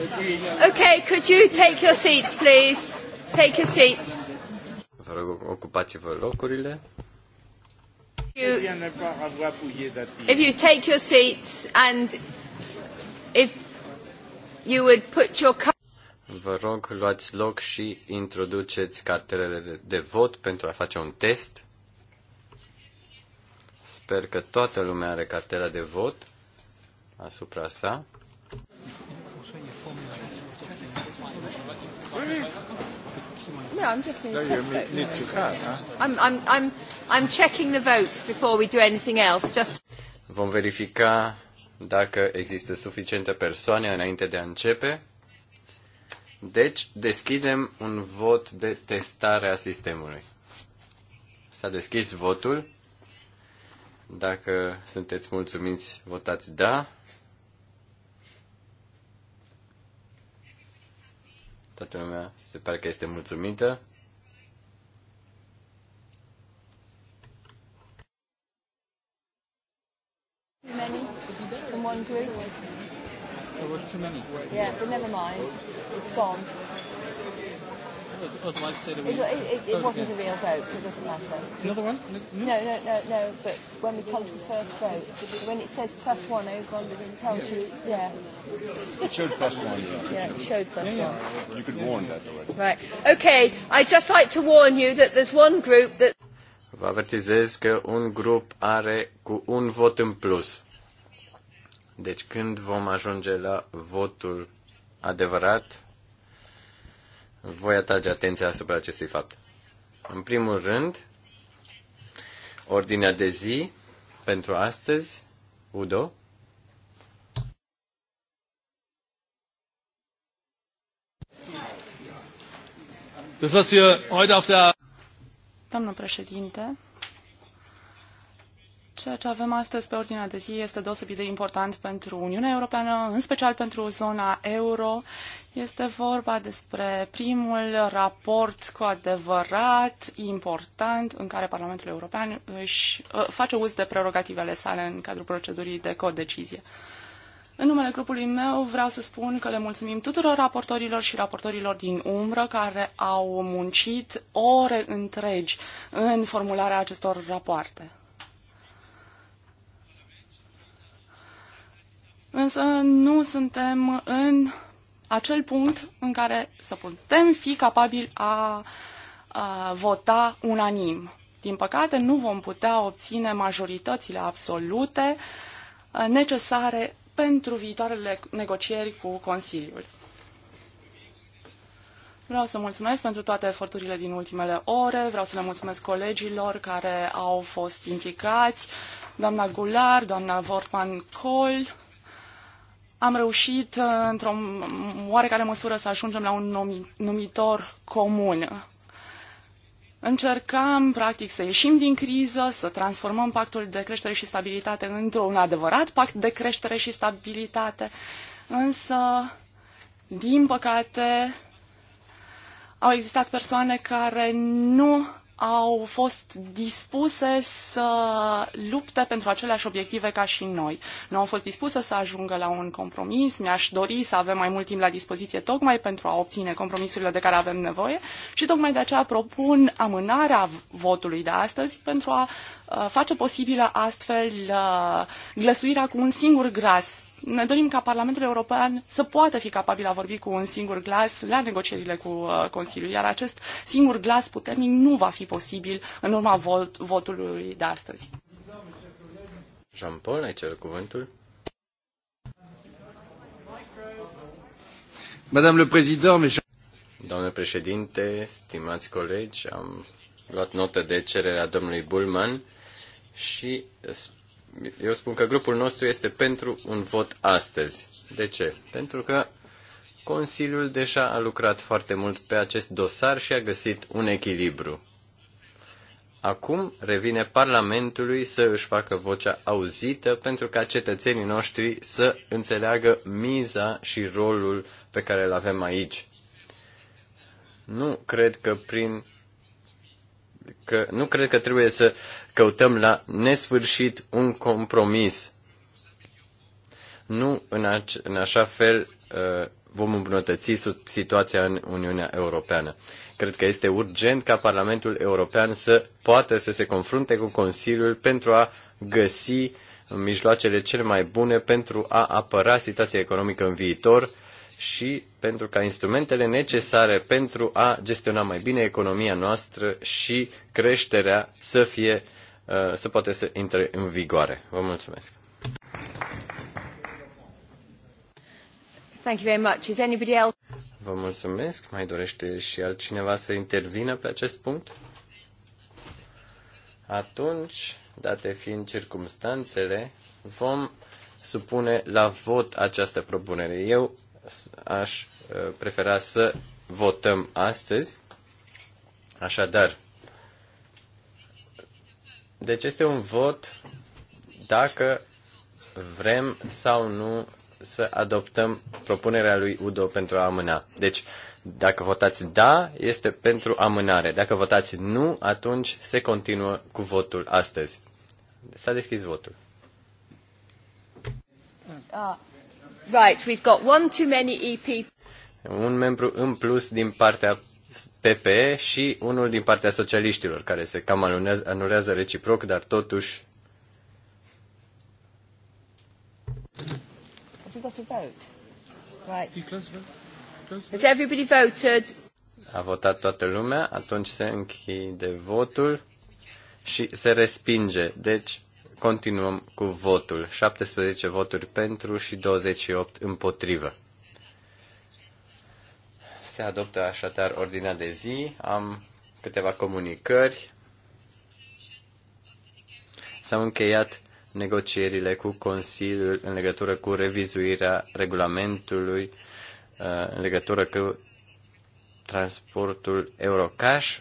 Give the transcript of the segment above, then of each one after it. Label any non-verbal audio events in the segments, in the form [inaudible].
Okay, could you take your seats, please? Take your seats. Vă rog, ocupați-vă locurile. You, if you take your seats and if you would put your Vă rog, luați loc și introduceți cartelele de vot pentru a face un test. Sper că toată lumea are cartela de vot asupra sa. No, I'm just doing no, a test vote. to have, I'm, I'm, I'm, I'm checking the votes before we do anything else. Just... Vom verifica dacă există suficiente persoane înainte de a începe. Deci, deschidem un vot de testare a sistemului. S-a deschis votul. Dacă sunteți mulțumiți, votați da. Toată lumea se pare că este mulțumită. Too many from one group? There were too many. Yeah, but never mind. It's gone. Otherwise, say that we. It, it, it it wasn't again. a real vote, so it doesn't matter. Another one? No, no, no, no. no but when we come to the first vote, when it says plus one over on it tells yeah. you, yeah. It showed plus one. Yeah, yeah it showed plus yeah, yeah. one. You could warn that already. Right. Okay. I'd just like to warn you that there's one group that. Vă avertizez că un grup are cu un vot în plus. Deci când vom ajunge la votul adevărat, voi atrage atenția asupra acestui fapt. În primul rând, ordinea de zi pentru astăzi, Udo. Das, was wir heute auf der președinte, Ceea ce avem astăzi pe ordinea de zi este deosebit de important pentru Uniunea Europeană, în special pentru zona euro. Este vorba despre primul raport cu adevărat important în care Parlamentul European își ă, face uz de prerogativele sale în cadrul procedurii de codecizie. În numele grupului meu vreau să spun că le mulțumim tuturor raportorilor și raportorilor din umbră care au muncit ore întregi în formularea acestor rapoarte. însă nu suntem în acel punct în care să putem fi capabili a, a vota unanim. Din păcate, nu vom putea obține majoritățile absolute necesare pentru viitoarele negocieri cu Consiliul. Vreau să mulțumesc pentru toate eforturile din ultimele ore, vreau să le mulțumesc colegilor care au fost implicați, doamna Gular, doamna Vortman coll am reușit, uh, într-o oarecare măsură, să ajungem la un numitor comun. Încercam, practic, să ieșim din criză, să transformăm pactul de creștere și stabilitate într-un adevărat pact de creștere și stabilitate, însă, din păcate, au existat persoane care nu au fost dispuse să lupte pentru aceleași obiective ca și noi. Nu au fost dispuse să ajungă la un compromis, mi-aș dori să avem mai mult timp la dispoziție tocmai pentru a obține compromisurile de care avem nevoie și tocmai de aceea propun amânarea votului de astăzi pentru a face posibilă astfel glăsuirea cu un singur glas ne dorim ca Parlamentul European să poată fi capabil a vorbi cu un singur glas la negocierile cu uh, Consiliul, iar acest singur glas puternic nu va fi posibil în urma vot, votului de astăzi. Jean-Paul, ai cer cuvântul? Madame le Président, mes președinte, stimați colegi, am luat notă de cererea domnului Bulman și eu spun că grupul nostru este pentru un vot astăzi. De ce? Pentru că Consiliul deja a lucrat foarte mult pe acest dosar și a găsit un echilibru. Acum revine Parlamentului să își facă vocea auzită pentru ca cetățenii noștri să înțeleagă miza și rolul pe care îl avem aici. Nu cred că prin că nu cred că trebuie să căutăm la nesfârșit un compromis. Nu în, ace- în așa fel uh, vom îmbunătăți situația în Uniunea Europeană. Cred că este urgent ca Parlamentul European să poată să se confrunte cu Consiliul pentru a găsi mijloacele cele mai bune pentru a apăra situația economică în viitor și pentru ca instrumentele necesare pentru a gestiona mai bine economia noastră și creșterea să fie Uh, să poate să intre în vigoare. Vă mulțumesc. Thank you very much. Is anybody else? Vă mulțumesc. Mai dorește și altcineva să intervină pe acest punct? Atunci, date fiind circumstanțele, vom supune la vot această propunere. Eu aș uh, prefera să votăm astăzi. Așadar, deci este un vot dacă vrem sau nu să adoptăm propunerea lui Udo pentru a amâna. Deci, dacă votați da, este pentru amânare. Dacă votați nu, atunci se continuă cu votul astăzi. S-a deschis votul. Ah, right, we've got one too many EP. Un membru în plus din partea PPE și unul din partea socialiștilor, care se cam anulează, anulează reciproc, dar totuși. A votat toată lumea, atunci se închide votul și se respinge. Deci, continuăm cu votul. 17 voturi pentru și 28 împotrivă. Se adoptă așadar ordinea de zi. Am câteva comunicări. S-au încheiat negocierile cu Consiliul în legătură cu revizuirea regulamentului uh, în legătură cu transportul Eurocash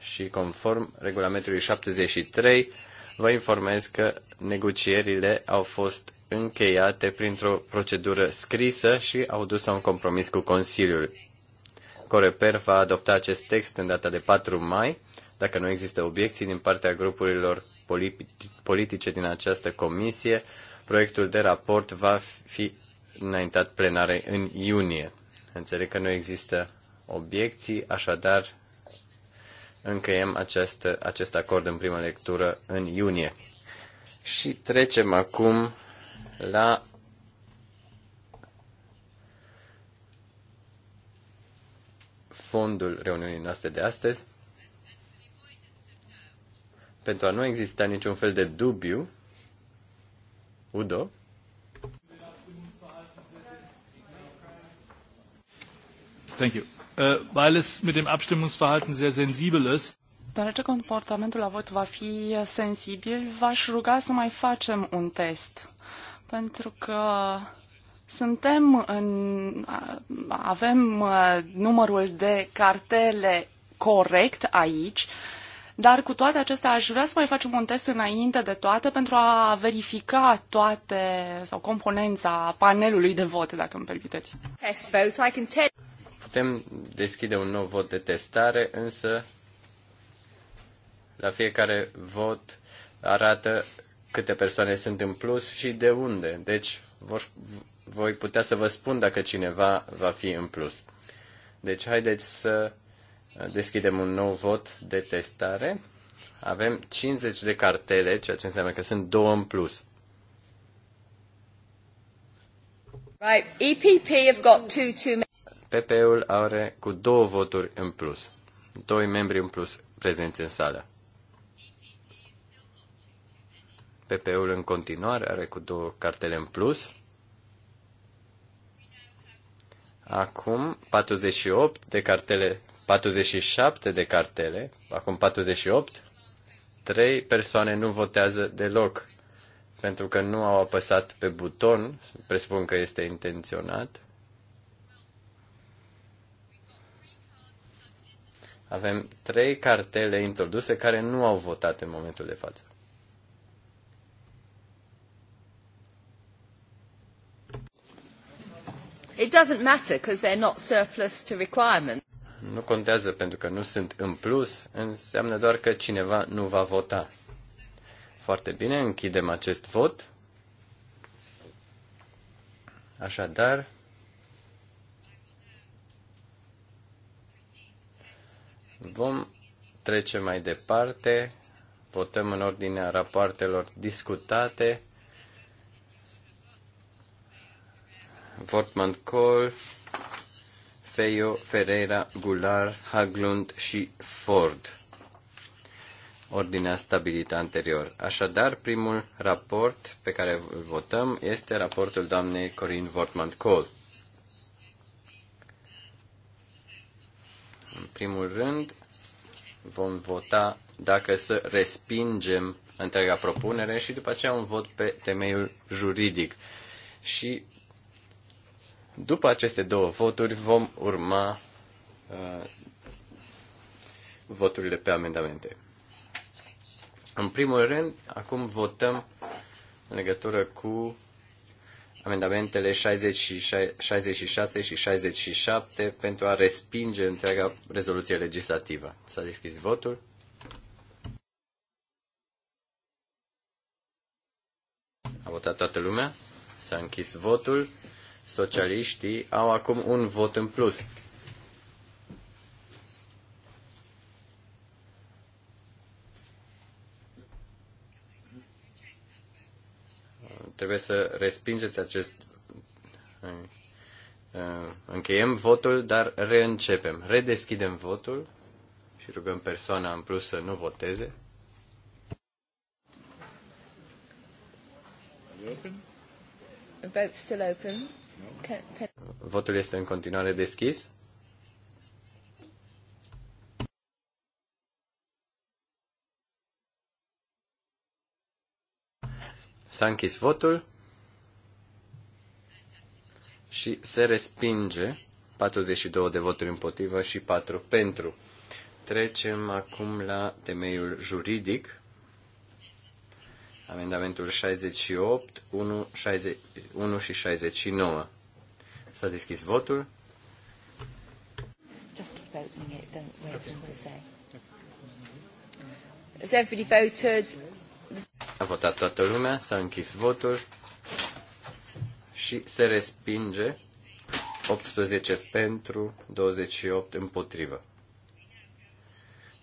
și conform regulamentului 73 vă informez că negocierile au fost încheiate printr-o procedură scrisă și au dus la un compromis cu Consiliul. Coreper va adopta acest text în data de 4 mai, dacă nu există obiecții din partea grupurilor politice din această comisie, proiectul de raport va fi înaintat plenare în iunie. Înțeleg că nu există obiecții, așadar încheiem această, acest acord în primă lectură în iunie. Și trecem acum la fondul reuniunii noastre de astăzi, pentru a nu exista niciun fel de dubiu, Udo, Thank you. Uh, weil es mit dem Abstimmungsverhalten sehr sensibel ist. Deoarece comportamentul la vot va fi sensibil, v-aș ruga să mai facem un test pentru că suntem în, avem uh, numărul de cartele corect aici, dar cu toate acestea aș vrea să mai facem un test înainte de toate pentru a verifica toate sau componența panelului de vot, dacă îmi permiteți. Putem deschide un nou vot de testare, însă la fiecare vot arată câte persoane sunt în plus și de unde. Deci voi putea să vă spun dacă cineva va fi în plus. Deci haideți să deschidem un nou vot de testare. Avem 50 de cartele, ceea ce înseamnă că sunt două în plus. Right, EPP have got two too many. PP-ul are cu două voturi în plus. Doi membri în plus prezenți în sală. PP-ul în continuare are cu două cartele în plus. Acum 48 de cartele, 47 de cartele, acum 48, trei persoane nu votează deloc pentru că nu au apăsat pe buton, presupun că este intenționat. Avem trei cartele introduse care nu au votat în momentul de față. It doesn't matter because they're not surplus to requirement. Nu contează pentru că nu sunt în plus, înseamnă doar că cineva nu va vota. Foarte bine, închidem acest vot. Așadar, vom trece mai departe. Votăm în ordinea rapoartelor discutate. Wortmann Kohl, Feio, Ferreira, Gular, Haglund și Ford. Ordinea stabilită anterior. Așadar, primul raport pe care îl votăm este raportul doamnei Corin Wortmann Kohl. În primul rând, vom vota dacă să respingem întreaga propunere și după aceea un vot pe temeiul juridic. Și după aceste două voturi vom urma uh, voturile pe amendamente. În primul rând, acum votăm în legătură cu amendamentele 66, 66 și 67 pentru a respinge întreaga rezoluție legislativă. S-a deschis votul. A votat toată lumea. S-a închis votul. Socialiștii au acum un vot în plus. Trebuie să respingeți acest. Încheiem votul, dar reîncepem. Redeschidem votul și rugăm persoana în plus să nu voteze. The vote's still open. Votul este în continuare deschis. S-a închis votul și se respinge 42 de voturi împotrivă și 4 pentru. Trecem acum la temeiul juridic. Amendamentul 68, 1, 60, 1 și 69. S-a deschis votul. Just keep opening it, don't wait for to say. Has everybody voted? A votat toată lumea, s-a închis votul și se respinge 18 pentru, 28 împotrivă.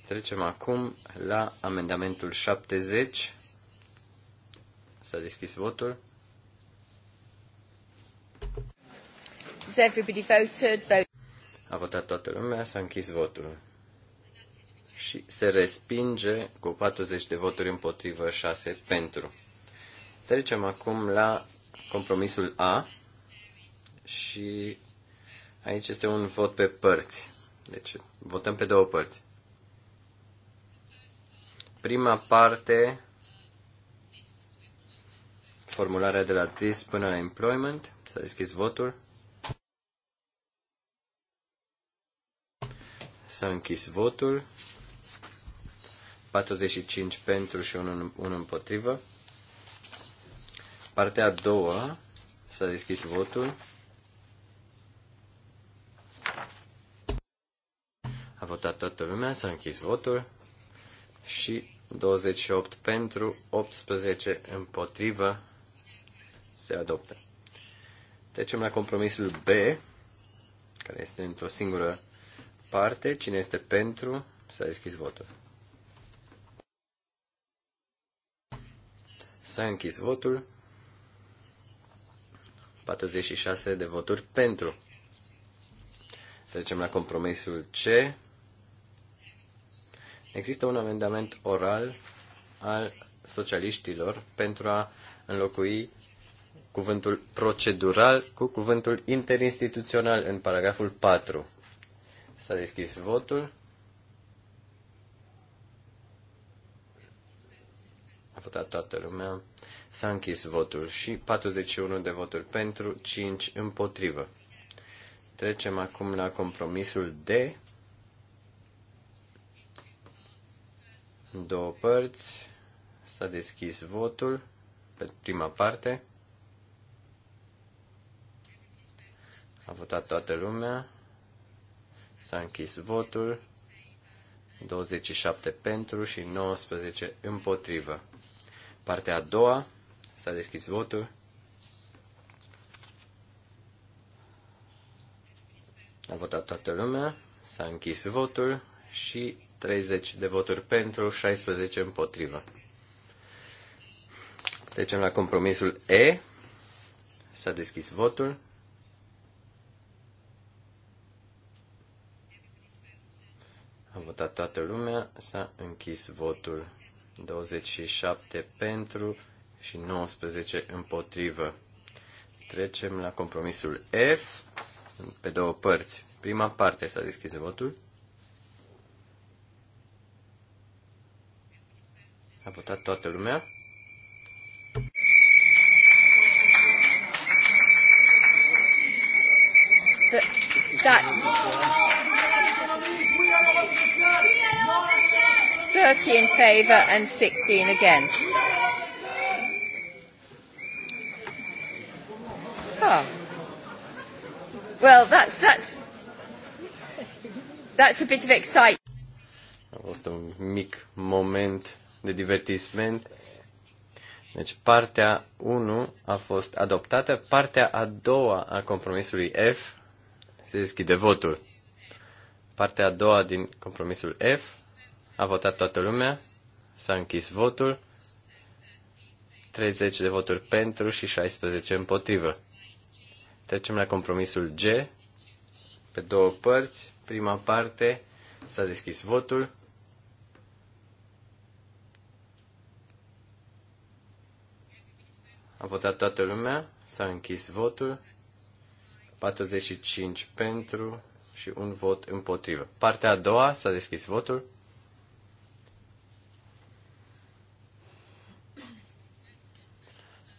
Trecem acum la amendamentul 70 S-a deschis votul. Has everybody voted? A votat toată lumea, s-a închis votul. Și se respinge cu 40 de voturi împotrivă, 6 pentru. Trecem acum la compromisul A și aici este un vot pe părți. Deci votăm pe două părți. Prima parte formularea de la TIS până la employment. S-a deschis votul. S-a închis votul. 45 pentru și 1, 1 împotrivă. Partea a doua s-a deschis votul. A votat toată lumea, s-a închis votul și 28 pentru, 18 împotrivă, se adoptă. Trecem la compromisul B, care este într-o singură parte. Cine este pentru? S-a deschis votul. S-a închis votul. 46 de voturi pentru. Trecem la compromisul C. Există un amendament oral al socialiștilor pentru a înlocui cuvântul procedural cu cuvântul interinstituțional în paragraful 4. S-a deschis votul. A votat toată lumea. S-a închis votul și 41 de voturi pentru, 5 împotrivă. Trecem acum la compromisul D. Două părți. S-a deschis votul pe prima parte. A votat toată lumea. S-a închis votul. 27 pentru și 19 împotrivă. Partea a doua. S-a deschis votul. A votat toată lumea. S-a închis votul și 30 de voturi pentru, 16 împotrivă. Trecem la compromisul E. S-a deschis votul. A votat toată lumea, s-a închis votul. 27 pentru și 19 împotrivă. Trecem la compromisul F pe două părți. Prima parte s-a deschis votul. A votat toată lumea. Da. 30 in favour and 16 against. Oh. Well, that's, that's, that's a bit of excitement. A fost un mic moment de divertisment. Deci partea 1 a fost adoptată, partea a doua a compromisului F se deschide votul. Partea a doua din compromisul F a votat toată lumea. S-a închis votul. 30 de voturi pentru și 16 împotrivă. Trecem la compromisul G. Pe două părți. Prima parte s-a deschis votul. A votat toată lumea, s-a închis votul, 45 pentru și un vot împotrivă. Partea a doua s-a deschis votul.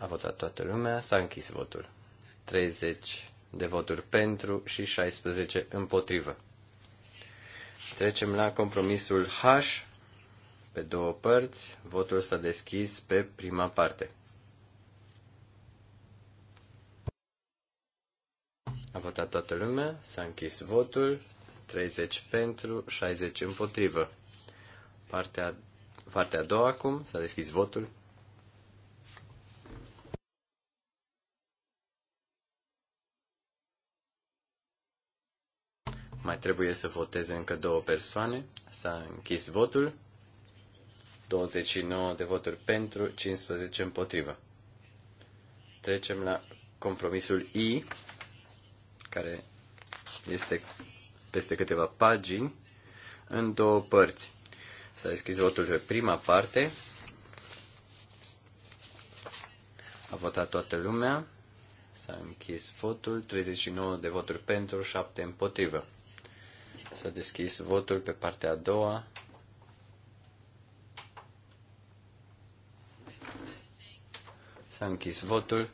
A votat toată lumea, s-a închis votul. 30 de voturi pentru și 16 împotrivă. Trecem la compromisul H pe două părți. Votul s-a deschis pe prima parte. A votat toată lumea, s-a închis votul, 30 pentru, 60 împotrivă. Partea, partea a doua acum, s-a deschis votul. Mai trebuie să voteze încă două persoane. S-a închis votul. 29 de voturi pentru, 15 împotrivă. Trecem la compromisul I, care este peste câteva pagini, în două părți. S-a deschis votul pe prima parte. A votat toată lumea. S-a închis votul. 39 de voturi pentru, 7 împotrivă. S-a deschis votul pe partea a doua. S-a închis votul.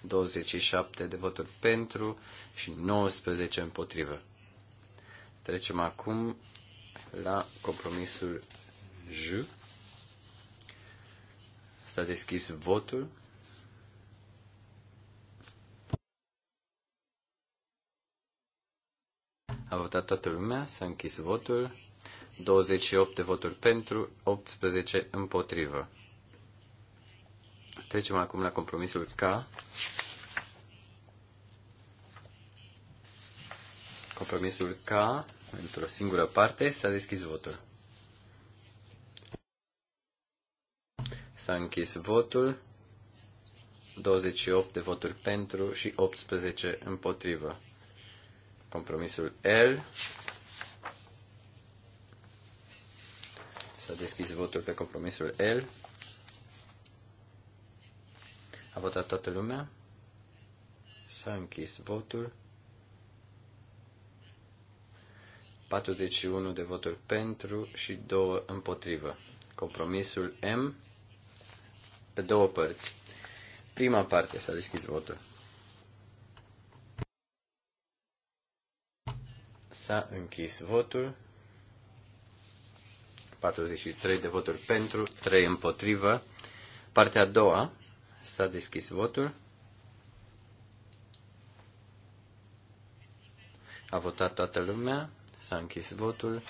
27 de voturi pentru și 19 împotrivă. Trecem acum la compromisul J. S-a deschis votul. votat toată lumea, s-a închis votul. 28 de voturi pentru, 18 împotrivă. Trecem acum la compromisul K. Compromisul K, într-o singură parte, s-a deschis votul. S-a închis votul. 28 de voturi pentru și 18 împotrivă. Compromisul L. S-a deschis votul pe compromisul L. A votat toată lumea. S-a închis votul. 41 de voturi pentru și 2 împotrivă. Compromisul M pe două părți. Prima parte s-a deschis votul. S-a închis votul. 43 de voturi pentru, 3 împotrivă. Partea a doua. S-a deschis votul. A votat toată lumea. S-a închis votul.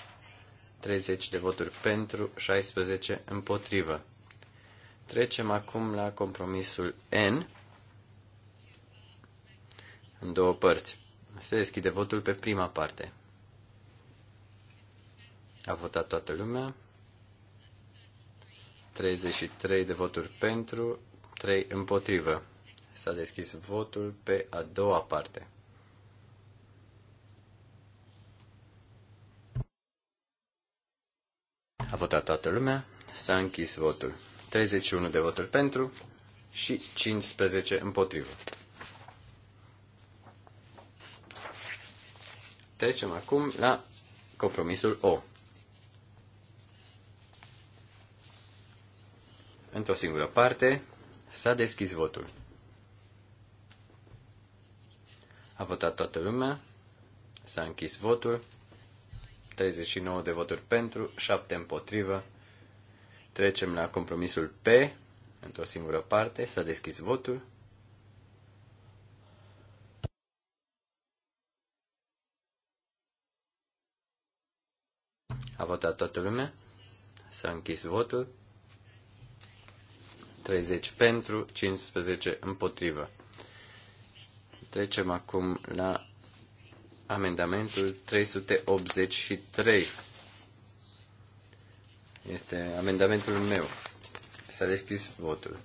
30 de voturi pentru, 16 împotrivă. Trecem acum la compromisul N în două părți. Se deschide votul pe prima parte. A votat toată lumea. 33 de voturi pentru, 3 împotrivă. S-a deschis votul pe a doua parte. A votat toată lumea, s-a închis votul. 31 de voturi pentru și 15 împotrivă. Trecem acum la compromisul O. într-o singură parte. S-a deschis votul. A votat toată lumea. S-a închis votul. 39 de voturi pentru, 7 împotrivă. Trecem la compromisul P, într-o singură parte. S-a deschis votul. A votat toată lumea. S-a închis votul. 30 pentru, 15 împotrivă. Trecem acum la amendamentul 383. Este amendamentul meu. S-a deschis votul.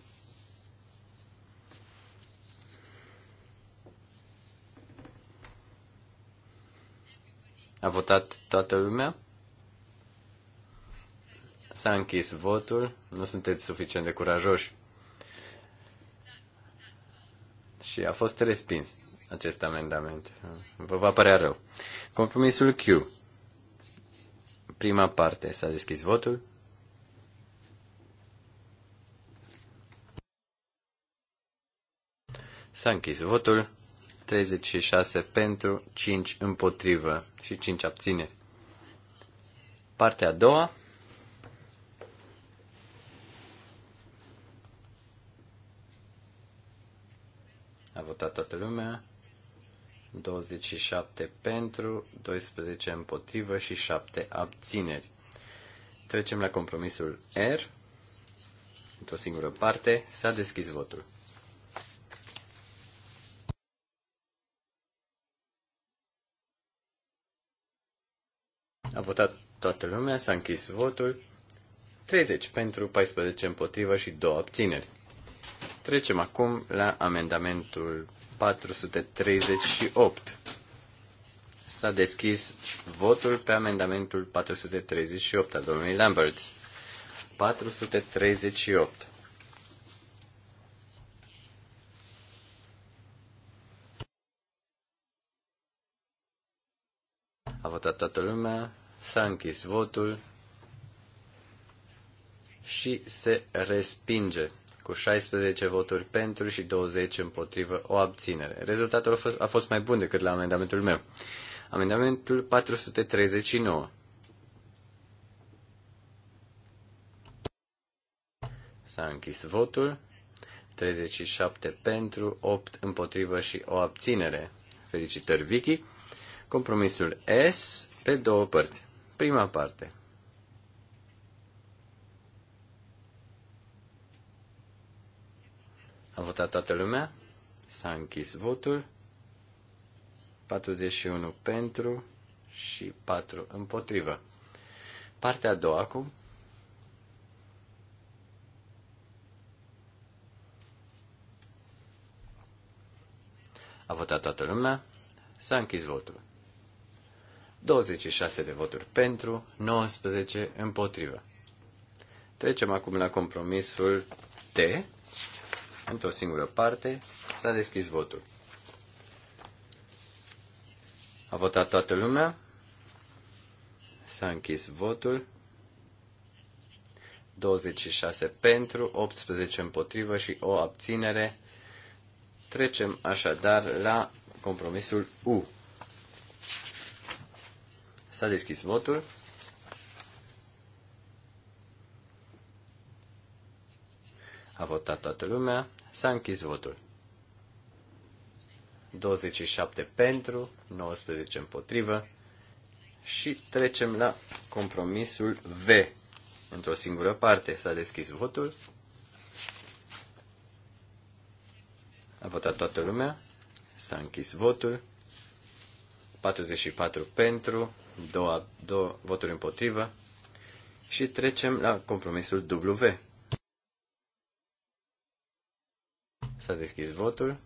A votat toată lumea? S-a închis votul. Nu sunteți suficient de curajoși. Și a fost respins acest amendament. Vă va părea rău. Compromisul Q. Prima parte. S-a deschis votul. S-a închis votul. 36 pentru, 5 împotrivă și 5 abțineri. Partea a doua. A votat toată lumea. 27 pentru, 12 împotrivă și 7 abțineri. Trecem la compromisul R. Într-o singură parte s-a deschis votul. A votat toată lumea, s-a închis votul. 30 pentru, 14 împotrivă și 2 abțineri. Trecem acum la amendamentul 438. S-a deschis votul pe amendamentul 438 al domnului Lamberts. 438. A votat toată lumea, s-a închis votul și se respinge cu 16 voturi pentru și 20 împotrivă, o abținere. Rezultatul a fost, a fost mai bun decât la amendamentul meu. Amendamentul 439. S-a închis votul. 37 pentru, 8 împotrivă și o abținere. Felicitări, Vicky. Compromisul S pe două părți. Prima parte. A votat toată lumea? S-a închis votul. 41 pentru și 4 împotrivă. Partea a doua acum. A votat toată lumea. S-a închis votul. 26 de voturi pentru, 19 împotrivă. Trecem acum la compromisul T într-o singură parte, s-a deschis votul. A votat toată lumea, s-a închis votul, 26 pentru, 18 împotrivă și o abținere. Trecem așadar la compromisul U. S-a deschis votul. A votat toată lumea. S-a închis votul. 27 pentru, 19 împotrivă. Și trecem la compromisul V. Într-o singură parte s-a deschis votul. A votat toată lumea. S-a închis votul. 44 pentru, 2, voturi împotrivă. Și trecem la compromisul W. S-a deschis votul.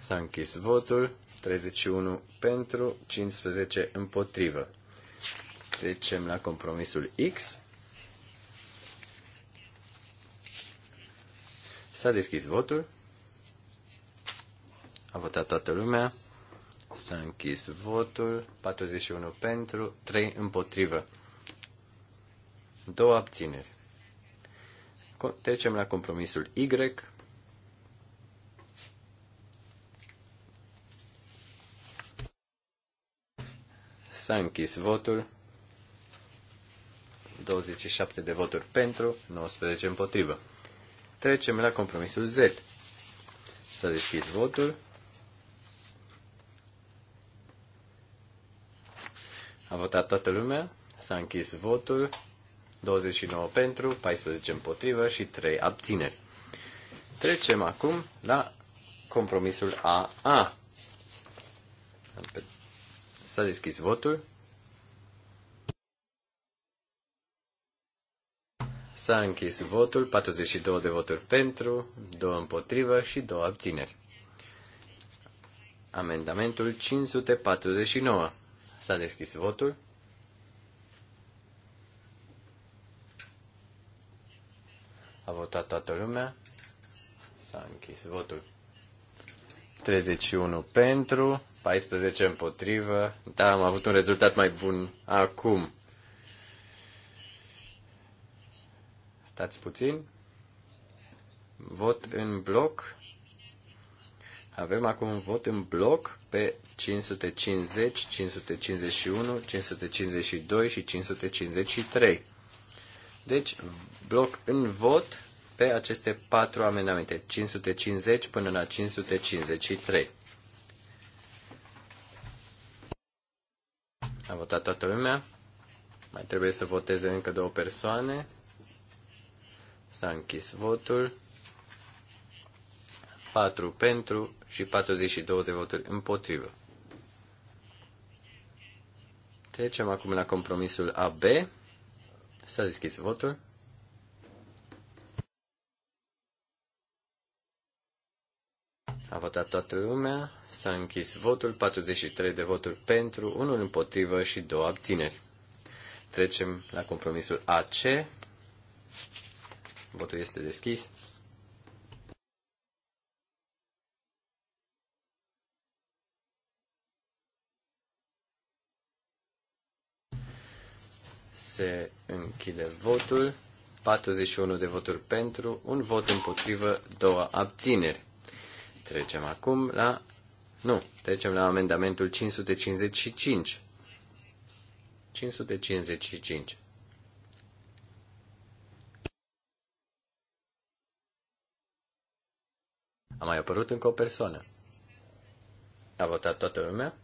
S-a închis votul. 31 pentru, 15 împotrivă. Trecem la compromisul X. S-a deschis votul. A votat toată lumea. S-a închis votul. 41 pentru, 3 împotrivă. Două abțineri. Trecem la compromisul Y. S-a închis votul. 27 de voturi pentru, 19 împotrivă. Trecem la compromisul Z. Să deschid votul. A votat toată lumea. S-a închis votul. 29 pentru, 14 împotrivă și 3 abțineri. Trecem acum la compromisul AA. S-a deschis votul. S-a închis votul, 42 de voturi pentru, 2 împotrivă și 2 abțineri. Amendamentul 549. S-a deschis votul. A votat toată lumea. S-a închis votul. 31 pentru, 14 împotrivă. Da, am avut un rezultat mai bun acum. Stați puțin. Vot în bloc. Avem acum un vot în bloc pe 550, 551, 552 și 553. Deci, bloc în vot pe aceste patru amendamente, 550 până la 553. A votat toată lumea. Mai trebuie să voteze încă două persoane. S-a închis votul. 4 pentru și 42 de voturi împotrivă. Trecem acum la compromisul AB. S-a deschis votul. A votat toată lumea, s-a închis votul, 43 de voturi pentru, unul împotrivă și două abțineri. Trecem la compromisul AC. Votul este deschis. Se închide votul. 41 de voturi pentru, un vot împotrivă, două abțineri. Trecem acum la... Nu, trecem la amendamentul 555. 555. A mai apărut încă o persoană. A votat toată lumea?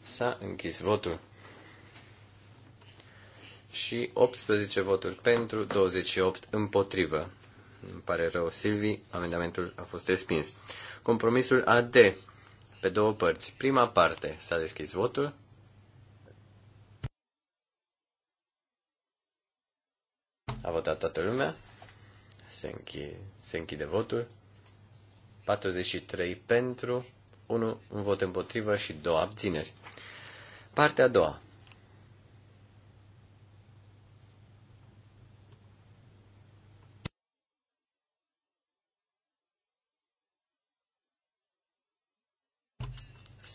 S-a închis votul și 18 voturi pentru, 28 împotrivă. Îmi pare rău, Silvi, amendamentul a fost respins. Compromisul AD, pe două părți. Prima parte, s-a deschis votul. A votat toată lumea. Se închide, se închide votul. 43 pentru, 1 un vot împotrivă și 2 abțineri. Partea a doua.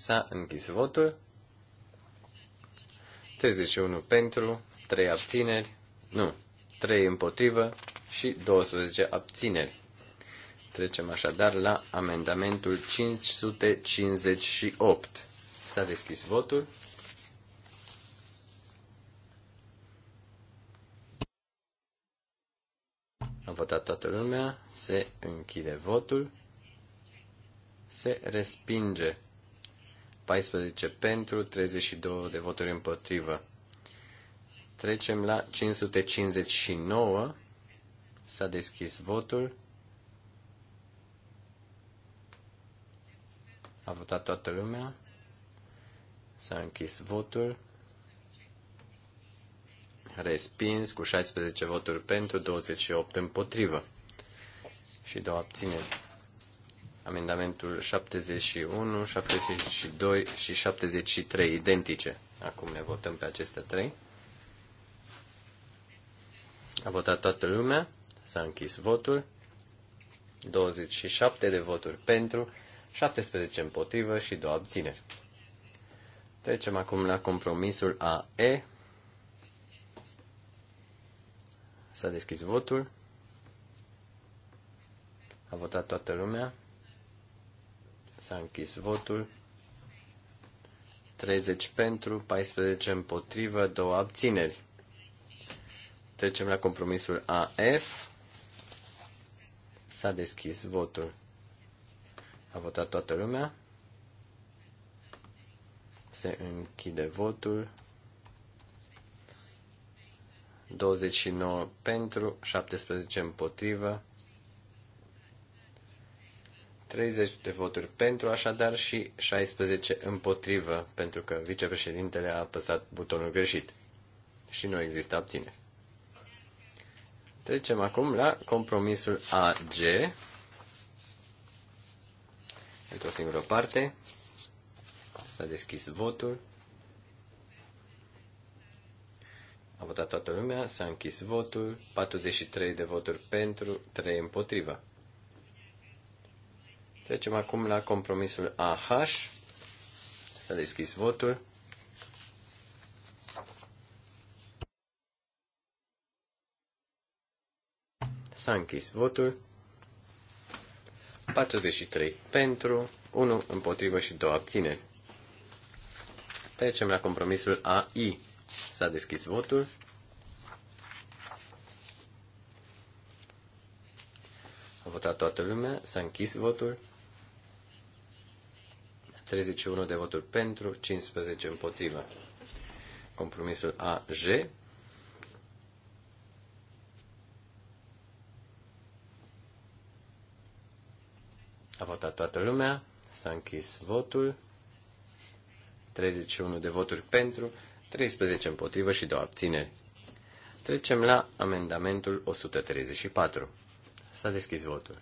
S-a închis votul. 31 pentru, 3 abțineri, nu, 3 împotrivă și 12 abțineri. Trecem așadar la amendamentul 558. S-a deschis votul. A votat toată lumea, se închide votul, se respinge 14 pentru, 32 de voturi împotrivă. Trecem la 559. S-a deschis votul. A votat toată lumea. S-a închis votul. Respins cu 16 voturi pentru, 28 împotrivă și două abțineri. Amendamentul 71, 72 și 73 identice. Acum ne votăm pe aceste trei. A votat toată lumea, s-a închis votul. 27 de voturi pentru, 17 împotrivă și 2 abțineri. Trecem acum la compromisul AE. S-a deschis votul. A votat toată lumea. S-a închis votul. 30 pentru, 14 împotrivă, 2 abțineri. Trecem la compromisul AF. S-a deschis votul. A votat toată lumea. Se închide votul. 29 pentru, 17 împotrivă, 30 de voturi pentru, așadar, și 16 împotrivă, pentru că vicepreședintele a apăsat butonul greșit și nu există abțineri. Trecem acum la compromisul AG, într-o singură parte. S-a deschis votul. A votat toată lumea, s-a închis votul, 43 de voturi pentru, 3 împotriva. Trecem acum la compromisul AH. S-a deschis votul. S-a închis votul. 43 pentru, 1 împotrivă și 2 abțineri. Trecem la compromisul AI. S-a deschis votul. A votat toată lumea, s-a închis votul. 31 de voturi pentru, 15 împotrivă. Compromisul AG. A votat toată lumea, s-a închis votul, 31 de voturi pentru, 13 împotrivă și două abțineri. Trecem la amendamentul 134. S-a deschis votul.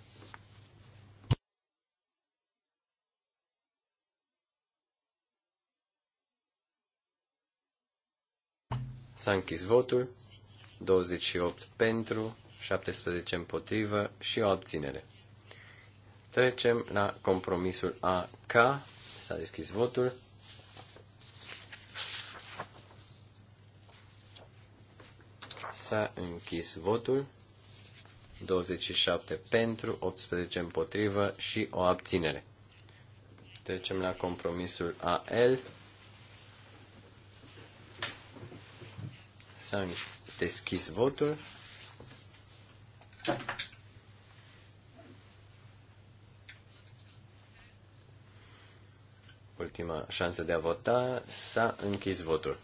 S-a închis votul. 28 pentru, 17 împotrivă și o abținere. Trecem la compromisul AK. S-a deschis votul. S-a închis votul. 27 pentru, 18 împotrivă și o abținere. Trecem la compromisul AL. S-a deschis votul. Ultima șansă de a vota. S-a închis votul.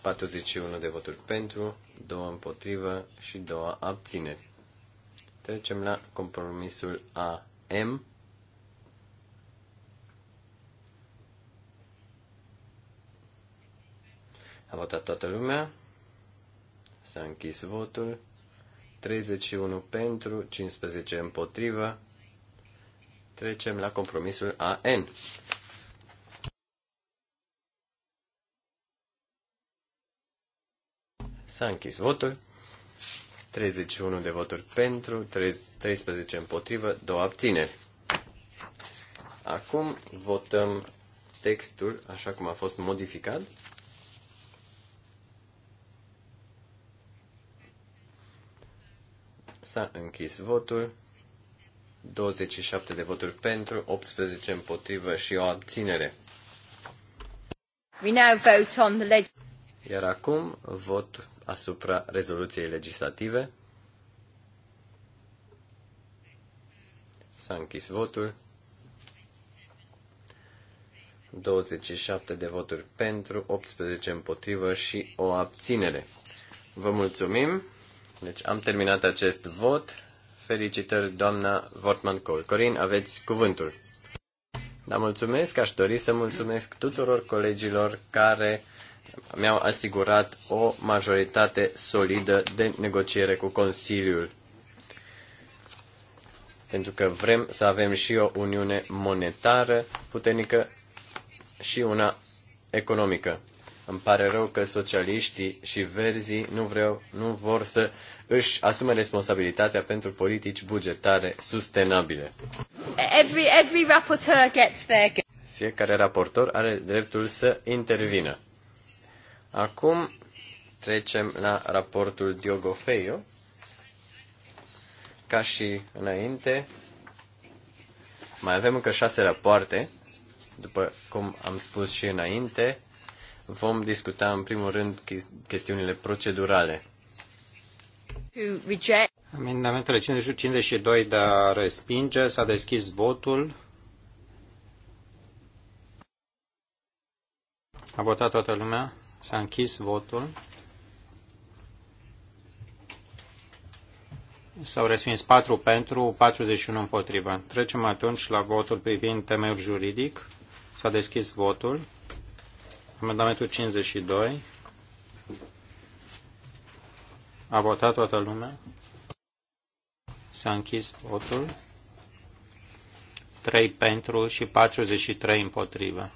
41 de voturi pentru, 2 împotrivă și 2 abțineri. Trecem la compromisul AM. A votat toată lumea. S-a închis votul. 31 pentru, 15 împotrivă. Trecem la compromisul AN. S-a închis votul. 31 de voturi pentru, 13 împotrivă, 2 abțineri. Acum votăm textul așa cum a fost modificat. S-a închis votul. 27 de voturi pentru, 18 împotrivă și o abținere. We now vote on the leg- Iar acum vot asupra rezoluției legislative. S-a închis votul. 27 de voturi pentru, 18 împotrivă și o abținere. Vă mulțumim! Deci am terminat acest vot. Felicitări, doamna Vortman col Corin, aveți cuvântul. Dar mulțumesc, aș dori să mulțumesc tuturor colegilor care mi-au asigurat o majoritate solidă de negociere cu Consiliul. Pentru că vrem să avem și o uniune monetară puternică și una economică. Îmi pare rău că socialiștii și verzii nu, vreau, nu vor să își asume responsabilitatea pentru politici bugetare sustenabile. Every, every rapporteur gets Fiecare raportor are dreptul să intervină. Acum trecem la raportul Diogo Feio. Ca și înainte, mai avem încă șase rapoarte, după cum am spus și înainte, Vom discuta în primul rând chestiunile procedurale. Amendamentele 52 de a respinge. S-a deschis votul. A votat toată lumea. S-a închis votul. S-au respins 4 pentru, 41 împotrivă. Trecem atunci la votul privind temeiul juridic. S-a deschis votul. Amendamentul 52. A votat toată lumea. S-a închis votul. 3 pentru și 43 împotrivă.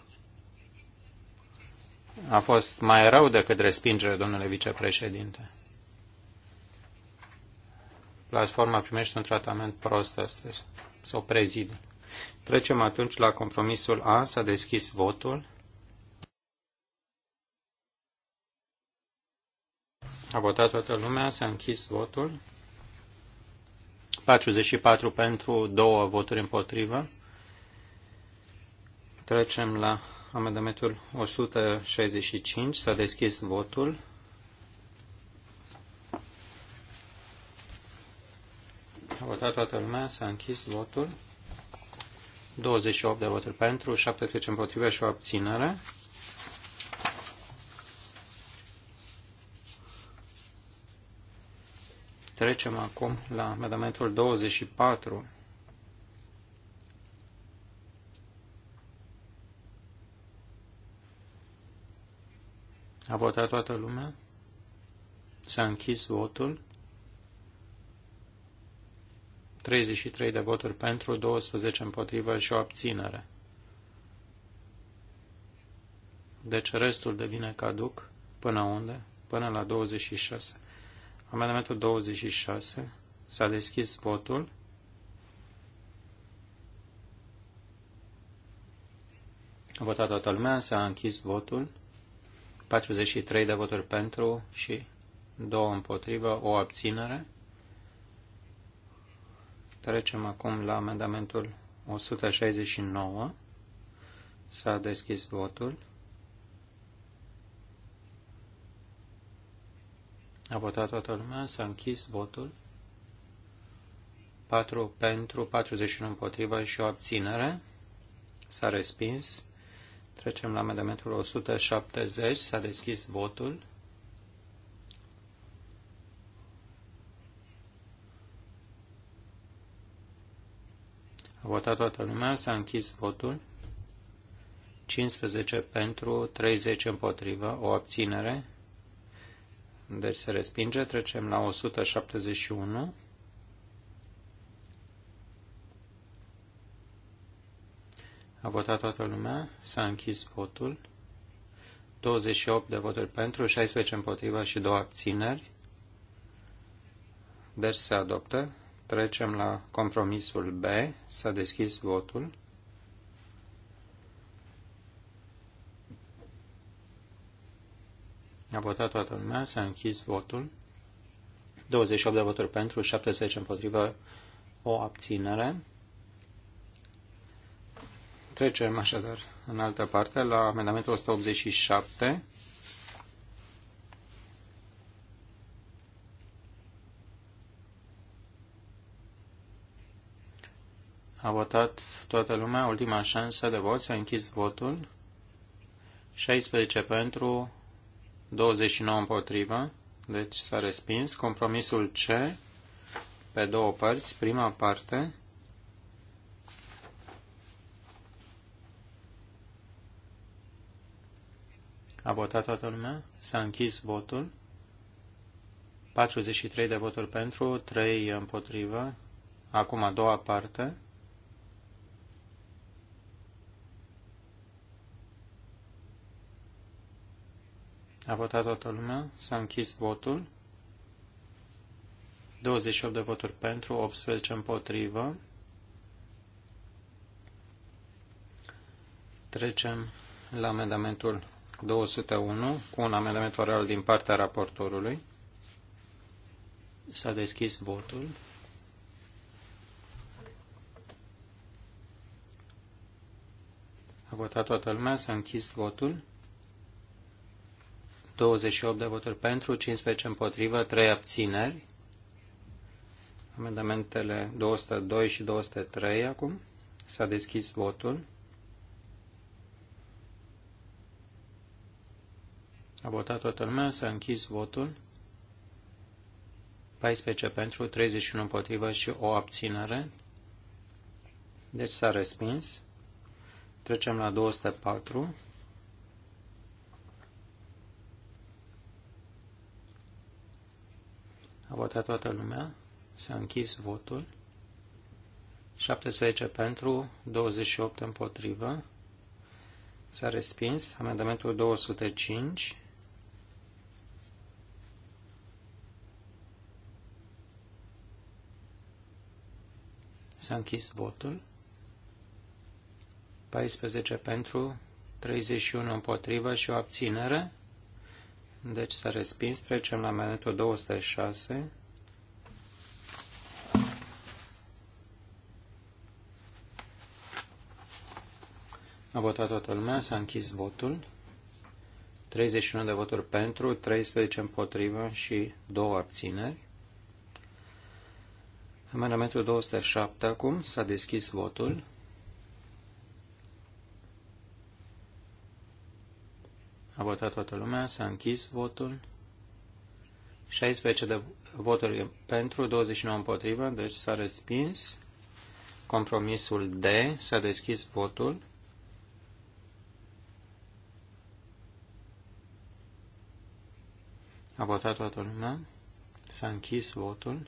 A fost mai rău decât respingere, domnule vicepreședinte. Platforma primește un tratament prost astăzi. Să o prezid. Trecem atunci la compromisul A. S-a deschis votul. A votat toată lumea, s-a închis votul. 44 pentru, două voturi împotrivă. Trecem la amendamentul 165. S-a deschis votul. A votat toată lumea, s-a închis votul. 28 de voturi pentru, 17 împotrivă și o abținere. Trecem acum la amendamentul 24. A votat toată lumea? S-a închis votul. 33 de voturi pentru, 12 împotrivă și o abținere. Deci restul devine caduc până unde? Până la 26. Amendamentul 26. S-a deschis votul. A votat toată lumea, s-a închis votul. 43 de voturi pentru și 2 împotrivă, o abținere. Trecem acum la amendamentul 169. S-a deschis votul. A votat toată lumea, s-a închis votul. 4 pentru, 41 împotriva și o abținere. S-a respins. Trecem la amendamentul 170. S-a deschis votul. A votat toată lumea, s-a închis votul. 15 pentru, 30 împotriva, o abținere. Deci se respinge. Trecem la 171. A votat toată lumea. S-a închis votul. 28 de voturi pentru, 16 împotriva și 2 abțineri. Deci se adoptă. Trecem la compromisul B. S-a deschis votul. A votat toată lumea, s-a închis votul. 28 de voturi pentru, 70 împotrivă, o abținere. Trecem așadar în altă parte la amendamentul 187. A votat toată lumea, ultima șansă de vot, s-a închis votul. 16 pentru, 29 împotrivă, deci s-a respins. Compromisul C, pe două părți, prima parte, A votat toată lumea? S-a închis votul. 43 de voturi pentru, 3 împotrivă. Acum a doua parte. A votat toată lumea. S-a închis votul. 28 de voturi pentru, 18 împotrivă. Trecem la amendamentul 201 cu un amendament oral din partea raportorului. S-a deschis votul. A votat toată lumea, s-a închis votul. 28 de voturi pentru, 15 împotrivă, 3 abțineri. Amendamentele 202 și 203 acum. S-a deschis votul. A votat toată lumea, s-a închis votul. 14 pentru, 31 împotrivă și o abținere. Deci s-a respins. Trecem la 204. A votat toată lumea. S-a închis votul. 17 pentru, 28 împotrivă. S-a respins amendamentul 205. S-a închis votul. 14 pentru, 31 împotrivă și o abținere. Deci s-a respins. Trecem la manetul 206. A votat toată lumea, s-a închis votul. 31 de voturi pentru, 13 împotrivă și 2 abțineri. Amendamentul 207 acum s-a deschis votul. A votat toată lumea, s-a închis votul. 16 de voturi pentru, 29 împotrivă, deci s-a respins. Compromisul D, s-a deschis votul. A votat toată lumea, s-a închis votul.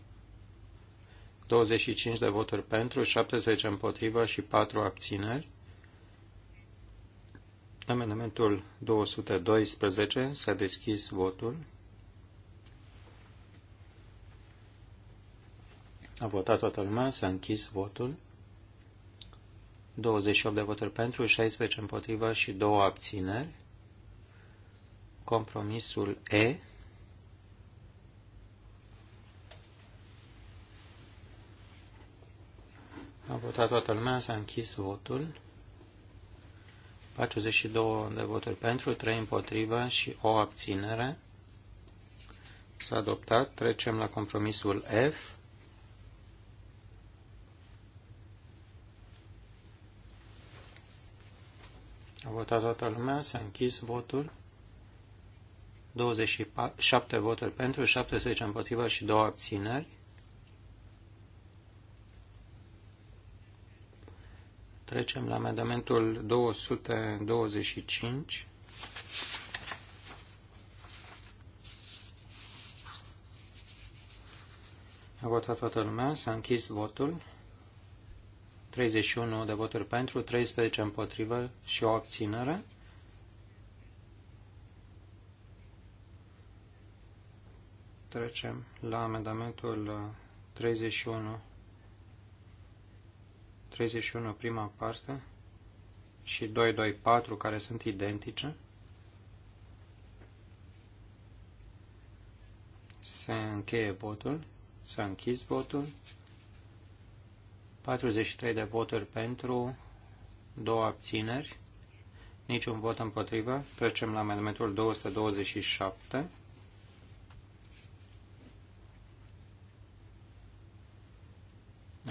25 de voturi pentru, 17 împotrivă și 4 abțineri. Amendamentul 212 s-a deschis votul. A votat toată lumea, s-a închis votul. 28 de voturi pentru, 16 împotriva și 2 abțineri. Compromisul E. A votat toată lumea, s-a închis votul. 42 de voturi pentru, 3 împotrivă și o abținere. S-a adoptat. Trecem la compromisul F. A votat toată lumea, s-a închis votul. 27 voturi pentru, 17 împotrivă și 2 abțineri. Trecem la amendamentul 225. A votat toată lumea, s-a închis votul. 31 de voturi pentru, 13 împotrivă și o abținere. Trecem la amendamentul 31 31, prima parte, și 224, care sunt identice, se încheie votul, s-a închis votul, 43 de voturi pentru, două abțineri, niciun vot împotrivă. Trecem la amendamentul 227.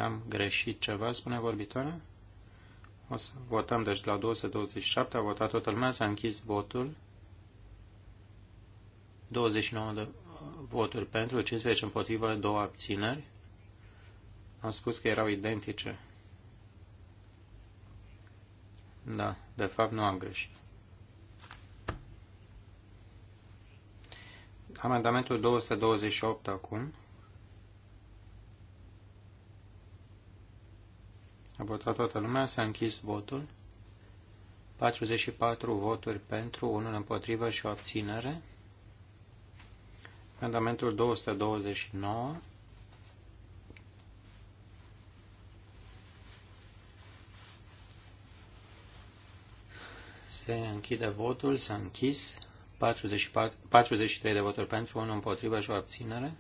Am greșit ceva, spune vorbitoarea. O să votăm, deci la 227 a votat toată lumea, s-a închis votul. 29 de uh, voturi pentru, 15 împotrivă, două abțineri. Am spus că erau identice. Da, de fapt nu am greșit. Amendamentul 228 acum. A votat toată lumea, s-a închis votul. 44 voturi pentru, unul împotrivă și o abținere. Amendamentul 229. Se închide votul, s-a închis. 44, 43 de voturi pentru, unul împotrivă și o abținere.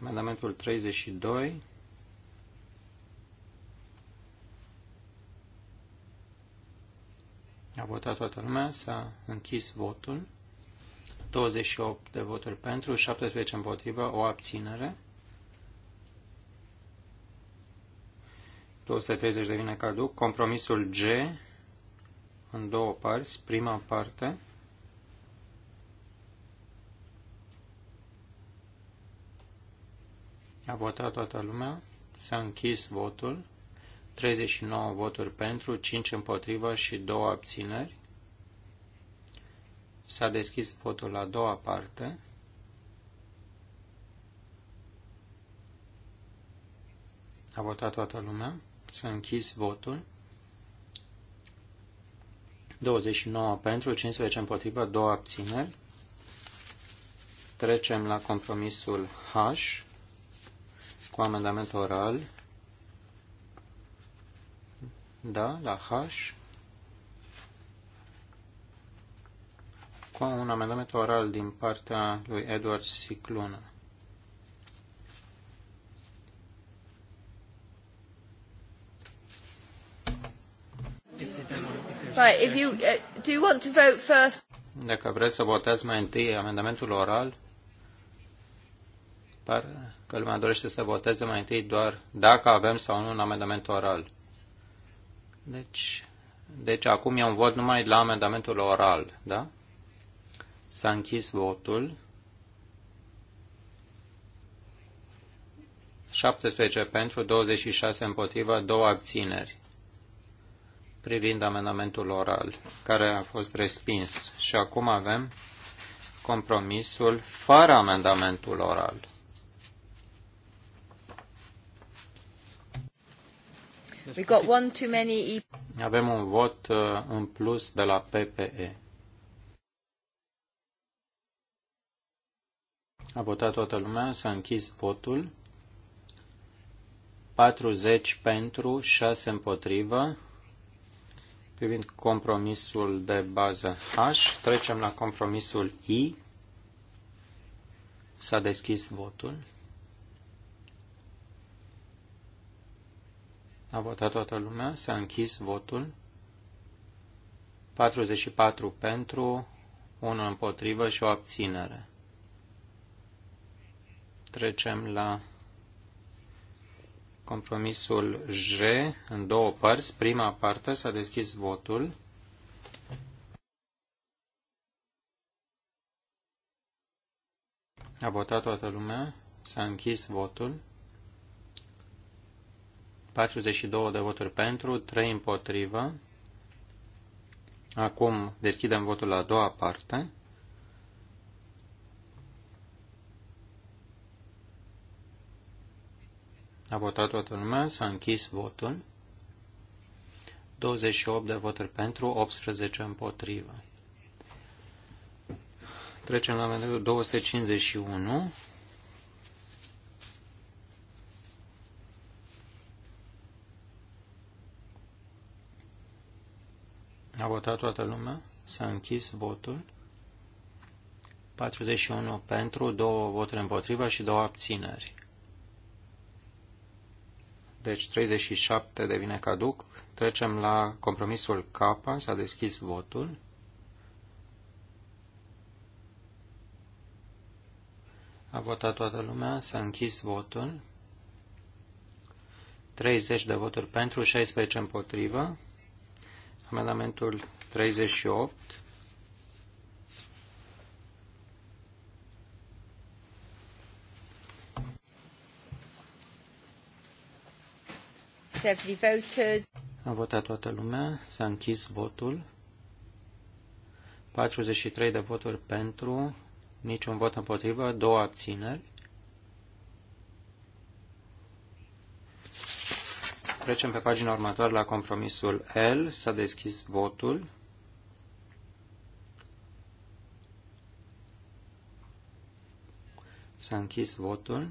Amendamentul 32. A votat toată lumea, s-a închis votul. 28 de voturi pentru, 17 împotrivă, o abținere. 230 devine caduc. Compromisul G în două părți. Prima parte. A votat toată lumea. S-a închis votul. 39 voturi pentru, 5 împotrivă și 2 abțineri. S-a deschis votul la a doua parte. A votat toată lumea. S-a închis votul. 29 pentru, 15 împotrivă, 2 abțineri. Trecem la compromisul H cu amendament oral da, la H. Cu un amendament oral din partea lui Edward Sicluna. Right, if you, uh, do you want to vote first? Dacă vreți să votați mai întâi amendamentul oral, pare că lumea dorește să voteze mai întâi doar dacă avem sau nu un amendament oral. Deci, deci acum e un vot numai la amendamentul oral, da? S-a închis votul. 17 pentru, 26 împotriva, două abțineri privind amendamentul oral, care a fost respins. Și acum avem compromisul fără amendamentul oral. We got one too many... Avem un vot uh, în plus de la PPE. A votat toată lumea, s-a închis votul. 40 pentru, 6 împotrivă. Privind compromisul de bază H, trecem la compromisul I. S-a deschis votul. A votat toată lumea, s-a închis votul. 44 pentru, 1 împotrivă și o abținere. Trecem la compromisul J în două părți. Prima parte s-a deschis votul. A votat toată lumea, s-a închis votul. 42 de voturi pentru, 3 împotrivă. Acum deschidem votul la a doua parte. A votat toată lumea, s-a închis votul. 28 de voturi pentru, 18 împotrivă. Trecem la amendamentul 251. A votat toată lumea? S-a închis votul. 41 pentru, 2 voturi împotriva și 2 abțineri. Deci 37 devine caduc. Trecem la compromisul K. S-a deschis votul. A votat toată lumea, s-a închis votul. 30 de voturi pentru, 16 împotriva. Amendamentul 38. Am votat toată lumea, s-a închis votul. 43 de voturi pentru, niciun vot împotrivă, două abțineri. Trecem pe pagina următoare la compromisul L. S-a deschis votul. S-a închis votul.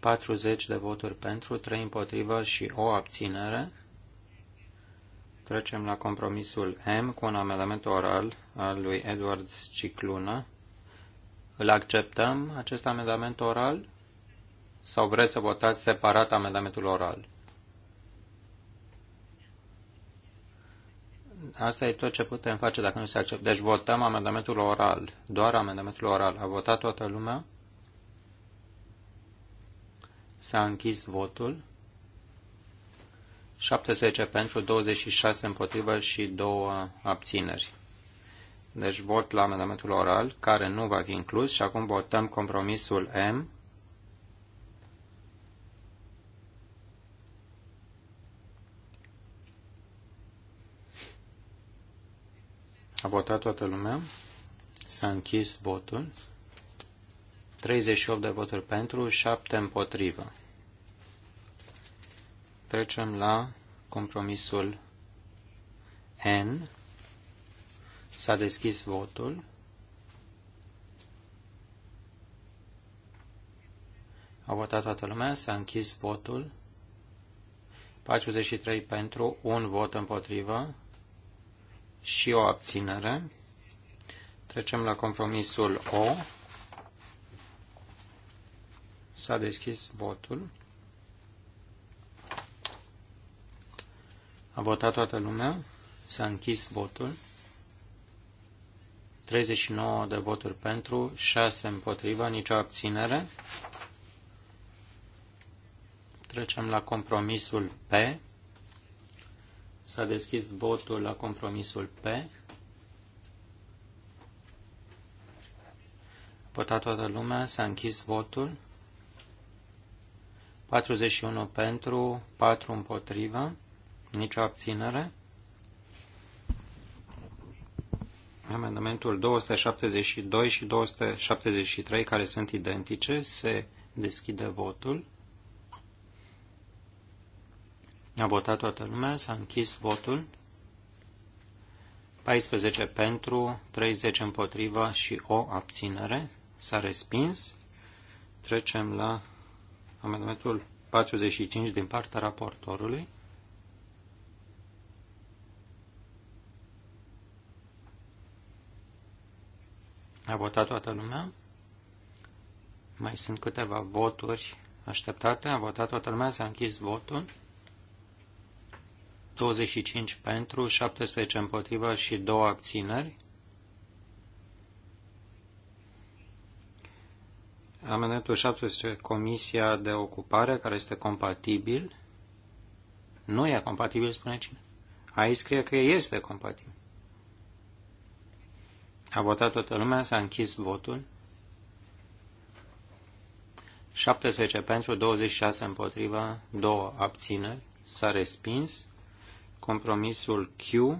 40 de voturi pentru, 3 împotrivă și o abținere. Trecem la compromisul M cu un amendament oral al lui Edward Cicluna. Îl acceptăm, acest amendament oral? Sau vreți să votați separat amendamentul oral? Asta e tot ce putem face dacă nu se acceptă. Deci votăm amendamentul oral, doar amendamentul oral. A votat toată lumea? S-a închis votul. 17 pentru, 26 împotrivă și 2 abțineri. Deci vot la amendamentul oral, care nu va fi inclus și acum votăm compromisul M A votat toată lumea. S-a închis votul. 38 de voturi pentru, 7 împotrivă. Trecem la compromisul N. S-a deschis votul. A votat toată lumea, s-a închis votul. 43 pentru, un vot împotrivă, și o abținere. Trecem la compromisul O. S-a deschis votul. A votat toată lumea. S-a închis votul. 39 de voturi pentru, 6 împotriva, nicio abținere. Trecem la compromisul P. S-a deschis votul la compromisul P. Votat toată lumea, s-a închis votul. 41 pentru, 4 împotriva, nicio abținere. Amendamentul 272 și 273, care sunt identice, se deschide votul. A votat toată lumea, s-a închis votul. 14 pentru, 30 împotriva și o abținere. S-a respins. Trecem la amendamentul 45 din partea raportorului. A votat toată lumea. Mai sunt câteva voturi așteptate. A votat toată lumea, s-a închis votul. 25 pentru, 17 împotrivă și 2 abțineri. Amendamentul 17, Comisia de Ocupare, care este compatibil. Nu e compatibil, spune cine? Aici scrie că este compatibil. A votat toată lumea, s-a închis votul. 17 pentru, 26 împotriva, 2 abțineri, s-a respins. Compromisul Q.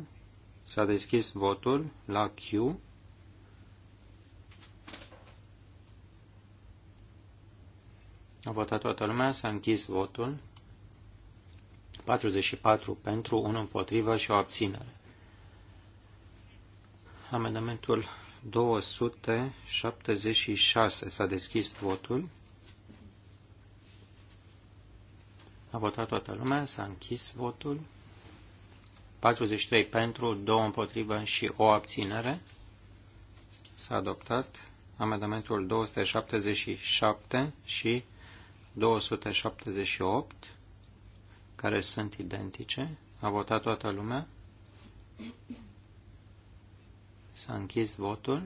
S-a deschis votul la Q. A votat toată lumea, s-a închis votul. 44 pentru, 1 împotrivă și o abținere. Amendamentul 276 s-a deschis votul. A votat toată lumea, s-a închis votul. 43 pentru, 2 împotrivă și o abținere. S-a adoptat amendamentul 277 și 278, care sunt identice. A votat toată lumea. S-a închis votul.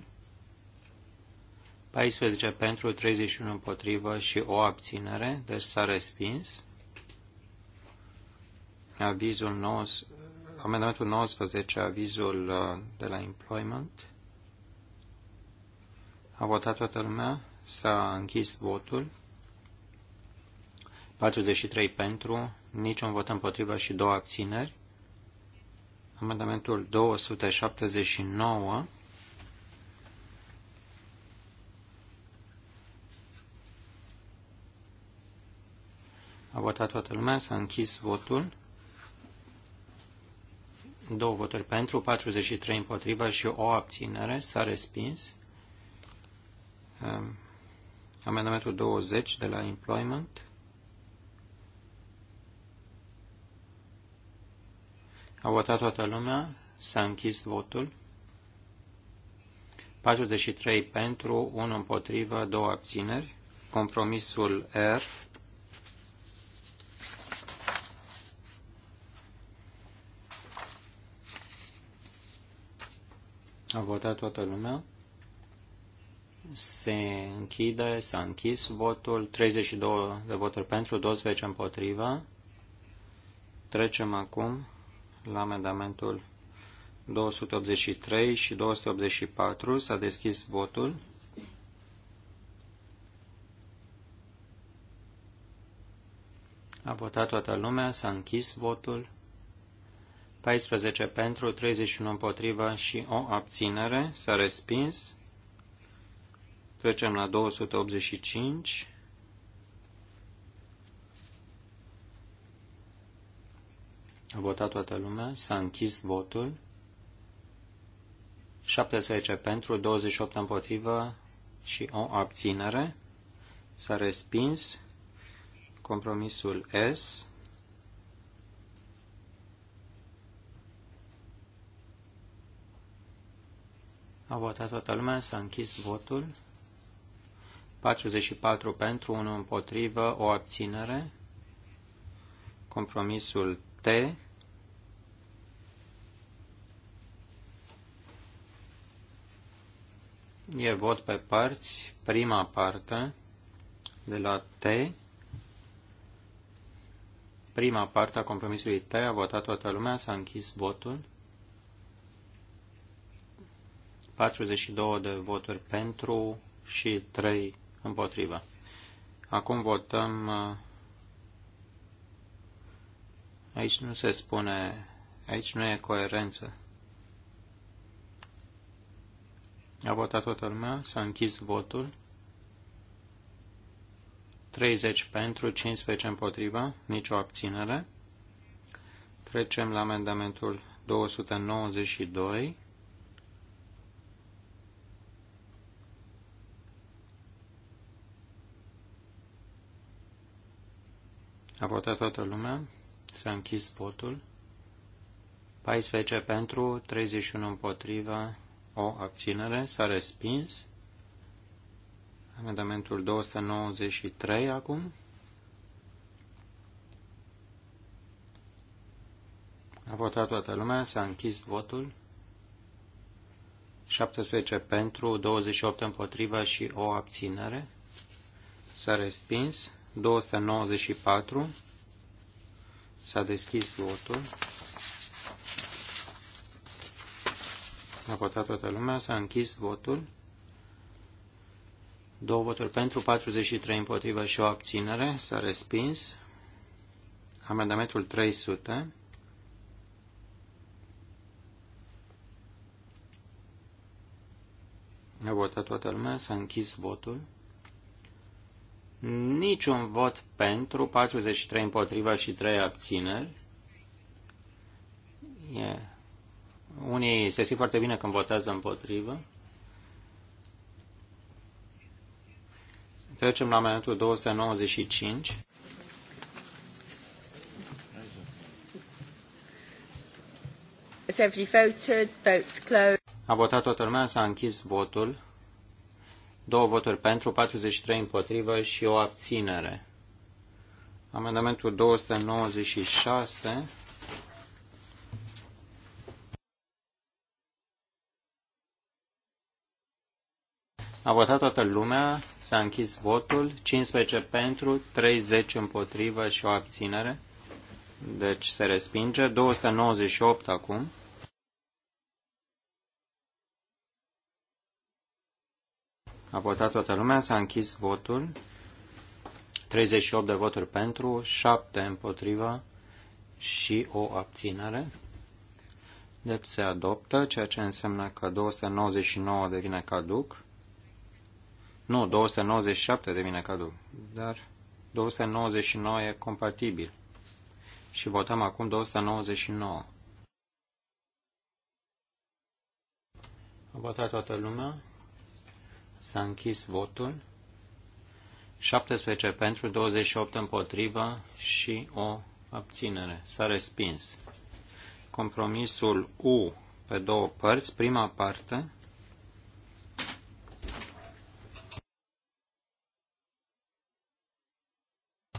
14 pentru, 31 împotrivă și o abținere, deci s-a respins. Avizul 9 amendamentul 19, avizul uh, de la employment. A votat toată lumea, s-a închis votul. 43 pentru, niciun vot împotrivă și două abțineri. Amendamentul 279 A votat toată lumea, s-a închis votul. Două voturi pentru, 43 împotriva și o abținere. S-a respins. Amendamentul 20 de la Employment. A votat toată lumea. S-a închis votul. 43 pentru, 1 împotrivă, 2 abțineri. Compromisul R A votat toată lumea. Se închide, s-a închis votul, 32 de voturi pentru, 12 împotriva. Trecem acum la amendamentul 283 și 284. S-a deschis votul. A votat toată lumea, s-a închis votul. 14 pentru, 31 împotriva și o abținere. S-a respins. Trecem la 285. A votat toată lumea. S-a închis votul. 17 pentru, 28 împotrivă și o abținere. S-a respins compromisul S. A votat toată lumea, s-a închis votul. 44 pentru, 1 împotrivă, o abținere. Compromisul T. E vot pe părți, prima parte de la T. Prima parte a compromisului T a votat toată lumea, s-a închis votul. 42 de voturi pentru și 3 împotrivă. Acum votăm. Uh, aici nu se spune, aici nu e coerență. A votat toată lumea, s-a închis votul. 30 pentru, 15 împotriva, nicio abținere. Trecem la amendamentul 292. A votat toată lumea. S-a închis votul. 14 pentru, 31 împotriva, o abținere. S-a respins. Amendamentul 293 acum. A votat toată lumea, s-a închis votul. 17 pentru, 28 împotriva și o abținere. S-a respins. 294. S-a deschis votul. A votat toată lumea, s-a închis votul. Două voturi pentru, 43 împotrivă și o abținere. S-a respins. Amendamentul 300. A votat toată lumea, s-a închis votul. Niciun vot pentru, 43 împotriva și 3 abțineri. Yeah. Unii se simt foarte bine când votează împotrivă. Trecem la amendamentul 295. A votat toată lumea, s-a închis votul. Două voturi pentru, 43 împotrivă și o abținere. Amendamentul 296. A votat toată lumea, s-a închis votul, 15 pentru, 30 împotrivă și o abținere. Deci se respinge. 298 acum. A votat toată lumea, s-a închis votul. 38 de voturi pentru, 7 împotriva și o abținere. Deci se adoptă, ceea ce înseamnă că 299 devine caduc. Nu, 297 devine caduc, dar 299 e compatibil. Și votăm acum 299. A votat toată lumea. S-a închis votul. 17 pentru, 28 împotrivă și o abținere. S-a respins. Compromisul U pe două părți, prima parte.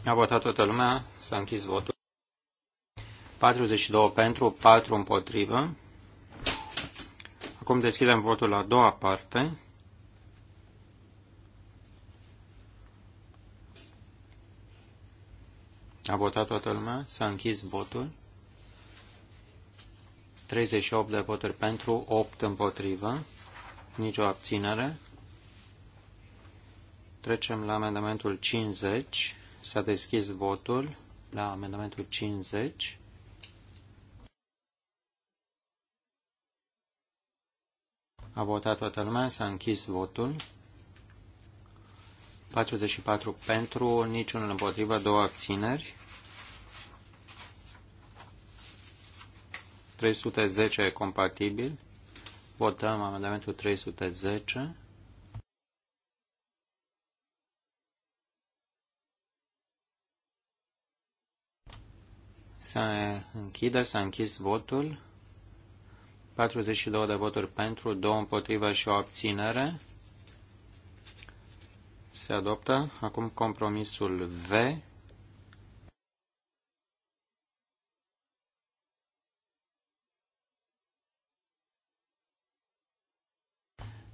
A votat toată lumea, s-a închis votul. 42 pentru, 4 împotrivă. Acum deschidem votul la a doua parte. A votat toată lumea? S-a închis votul. 38 de voturi pentru, 8 împotrivă, nicio abținere. Trecem la amendamentul 50. S-a deschis votul la amendamentul 50. A votat toată lumea, s-a închis votul. 44 pentru, niciunul împotrivă, două abțineri. 310 e compatibil. Votăm amendamentul 310. Se închide, s-a închis votul. 42 de voturi pentru, 2 împotrivă și o abținere. Se adoptă. Acum compromisul V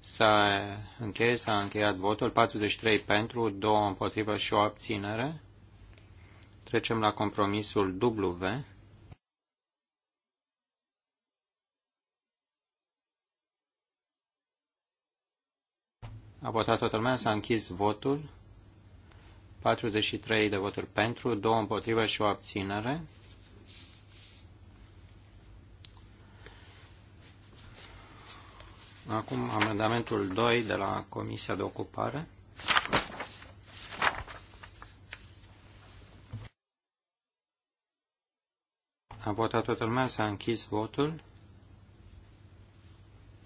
S-a încheiat, s-a încheiat votul, 43 pentru, 2 împotrivă și o abținere. Trecem la compromisul W. A votat toată lumea, s-a închis votul. 43 de voturi pentru, 2 împotrivă și o abținere. Acum amendamentul 2 de la Comisia de Ocupare. A votat toată lumea, s-a închis votul.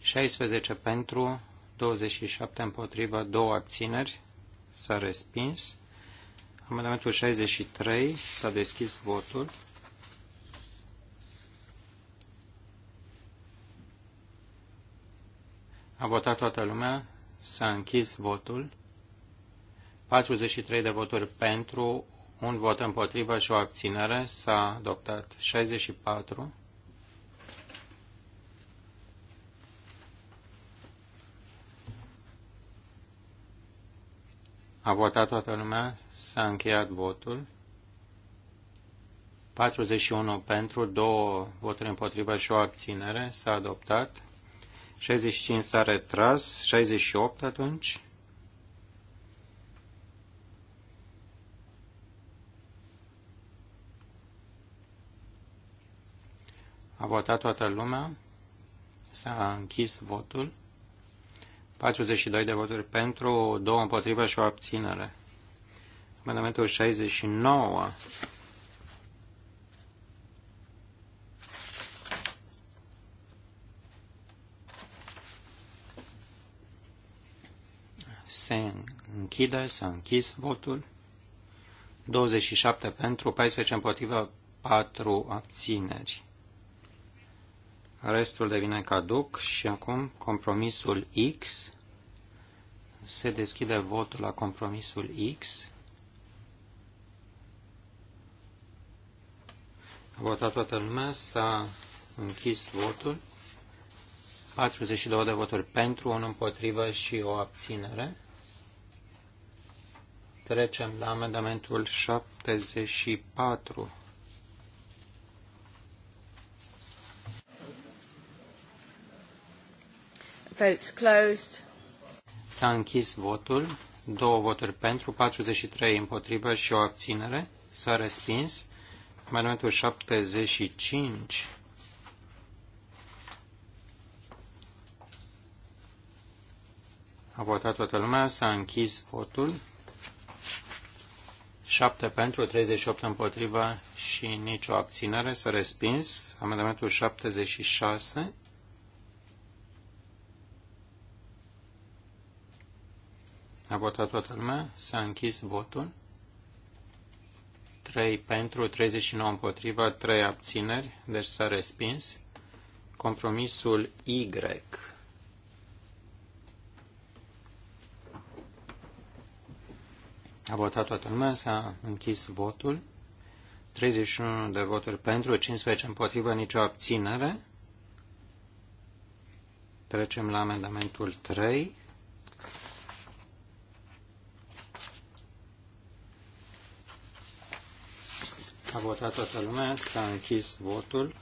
16 pentru, 27 împotriva, 2 abțineri, s-a respins. Amendamentul 63, s-a deschis votul. A votat toată lumea. S-a închis votul. 43 de voturi pentru, un vot împotrivă și o abținere. S-a adoptat 64. A votat toată lumea, s-a încheiat votul. 41 pentru, două voturi împotrivă și o abținere. S-a adoptat. 65 s-a retras, 68 atunci. A votat toată lumea. S-a închis votul. 42 de voturi pentru, 2 împotrivă și o abținere. Amendamentul 69 se închide, s-a închis votul. 27 pentru, 14 împotrivă, 4 abțineri. Restul devine caduc și acum compromisul X. Se deschide votul la compromisul X. A votat toată lumea, s-a închis votul. 42 de voturi pentru, 1 împotrivă și o abținere. Trecem la amendamentul 74. Votes closed. S-a închis votul. Două voturi pentru, 43 împotrivă și o abținere. S-a respins. Amendamentul 75. A votat toată lumea, s-a închis votul. 7 pentru, 38 împotriva și nicio abținere. S-a respins. Amendamentul 76. A votat toată lumea. S-a închis votul. 3 pentru, 39 împotriva, 3 abțineri, deci s-a respins. Compromisul Y. A votat toată lumea, s-a închis votul. 31 de voturi pentru, 15 împotrivă, nicio abținere. Trecem la amendamentul 3. A votat toată lumea, s-a închis votul.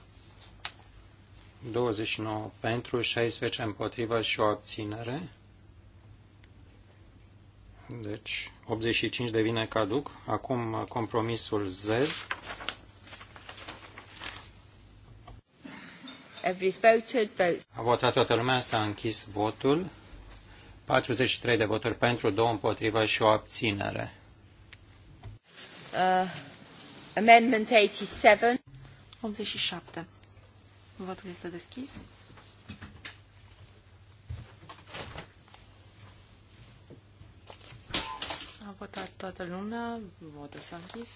29 pentru, 16 împotrivă și o abținere. Deci, 85 devine caduc. Acum compromisul Z. A votat toată lumea, s-a închis votul. 43 de voturi pentru, 2 împotrivă și o abținere. Uh, amendment 87. 87. Votul este deschis. votat toată lumea, votul s-a închis.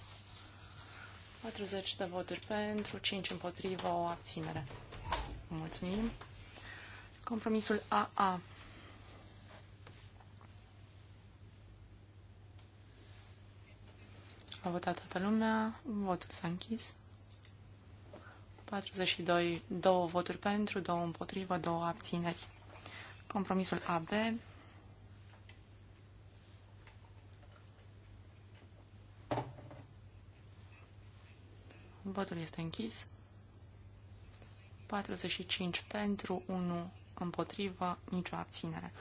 40 de voturi pentru, 5 împotrivă, o abținere. Mulțumim. Compromisul AA. A votat toată lumea, votul s-a închis. 42, 2 voturi pentru, 2 împotrivă, 2 abțineri. Compromisul AB. Votul este închis. 45 pentru, 1 împotrivă, nicio abținere.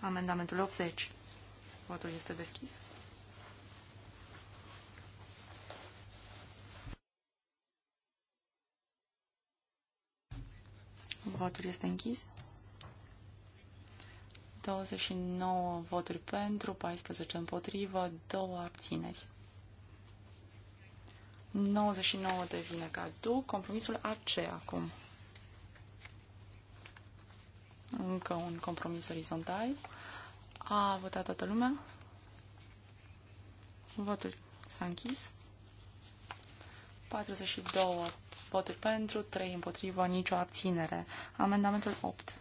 Amendamentul 80. Votul este deschis. Votul este închis. 29 voturi pentru, 14 împotrivă, 2 abțineri. 99 devine caduc. Compromisul AC acum. Încă un compromis orizontal. A votat toată lumea. Votul s-a închis. 42 voturi pentru, 3 împotrivă, nicio abținere. Amendamentul 8.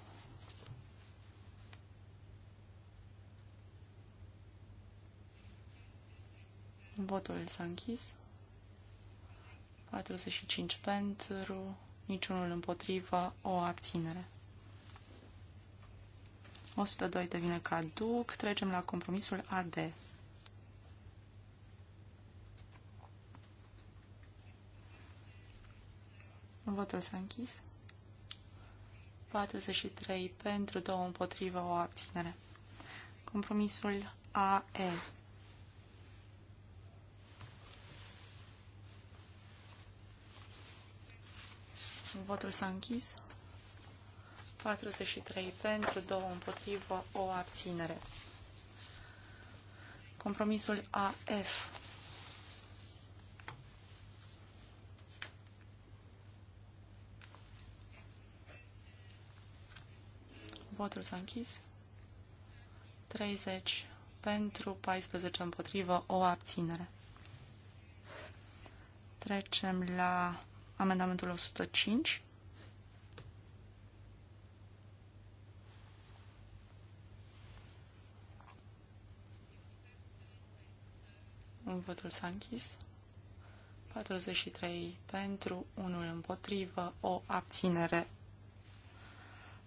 Votul s-a închis. 45 pentru, niciunul împotrivă, o abținere. 102 devine caduc, trecem la compromisul AD. Votul s-a închis. 43 pentru, 2 împotrivă, o abținere. Compromisul AE. Votul s-a închis. 43 pentru, 2 împotrivă, o abținere. Compromisul AF. Votul s-a închis. 30 pentru, 14 împotrivă, o abținere. Trecem la amendamentul 105. Votul s-a închis. 43 pentru, 1 împotrivă, o abținere.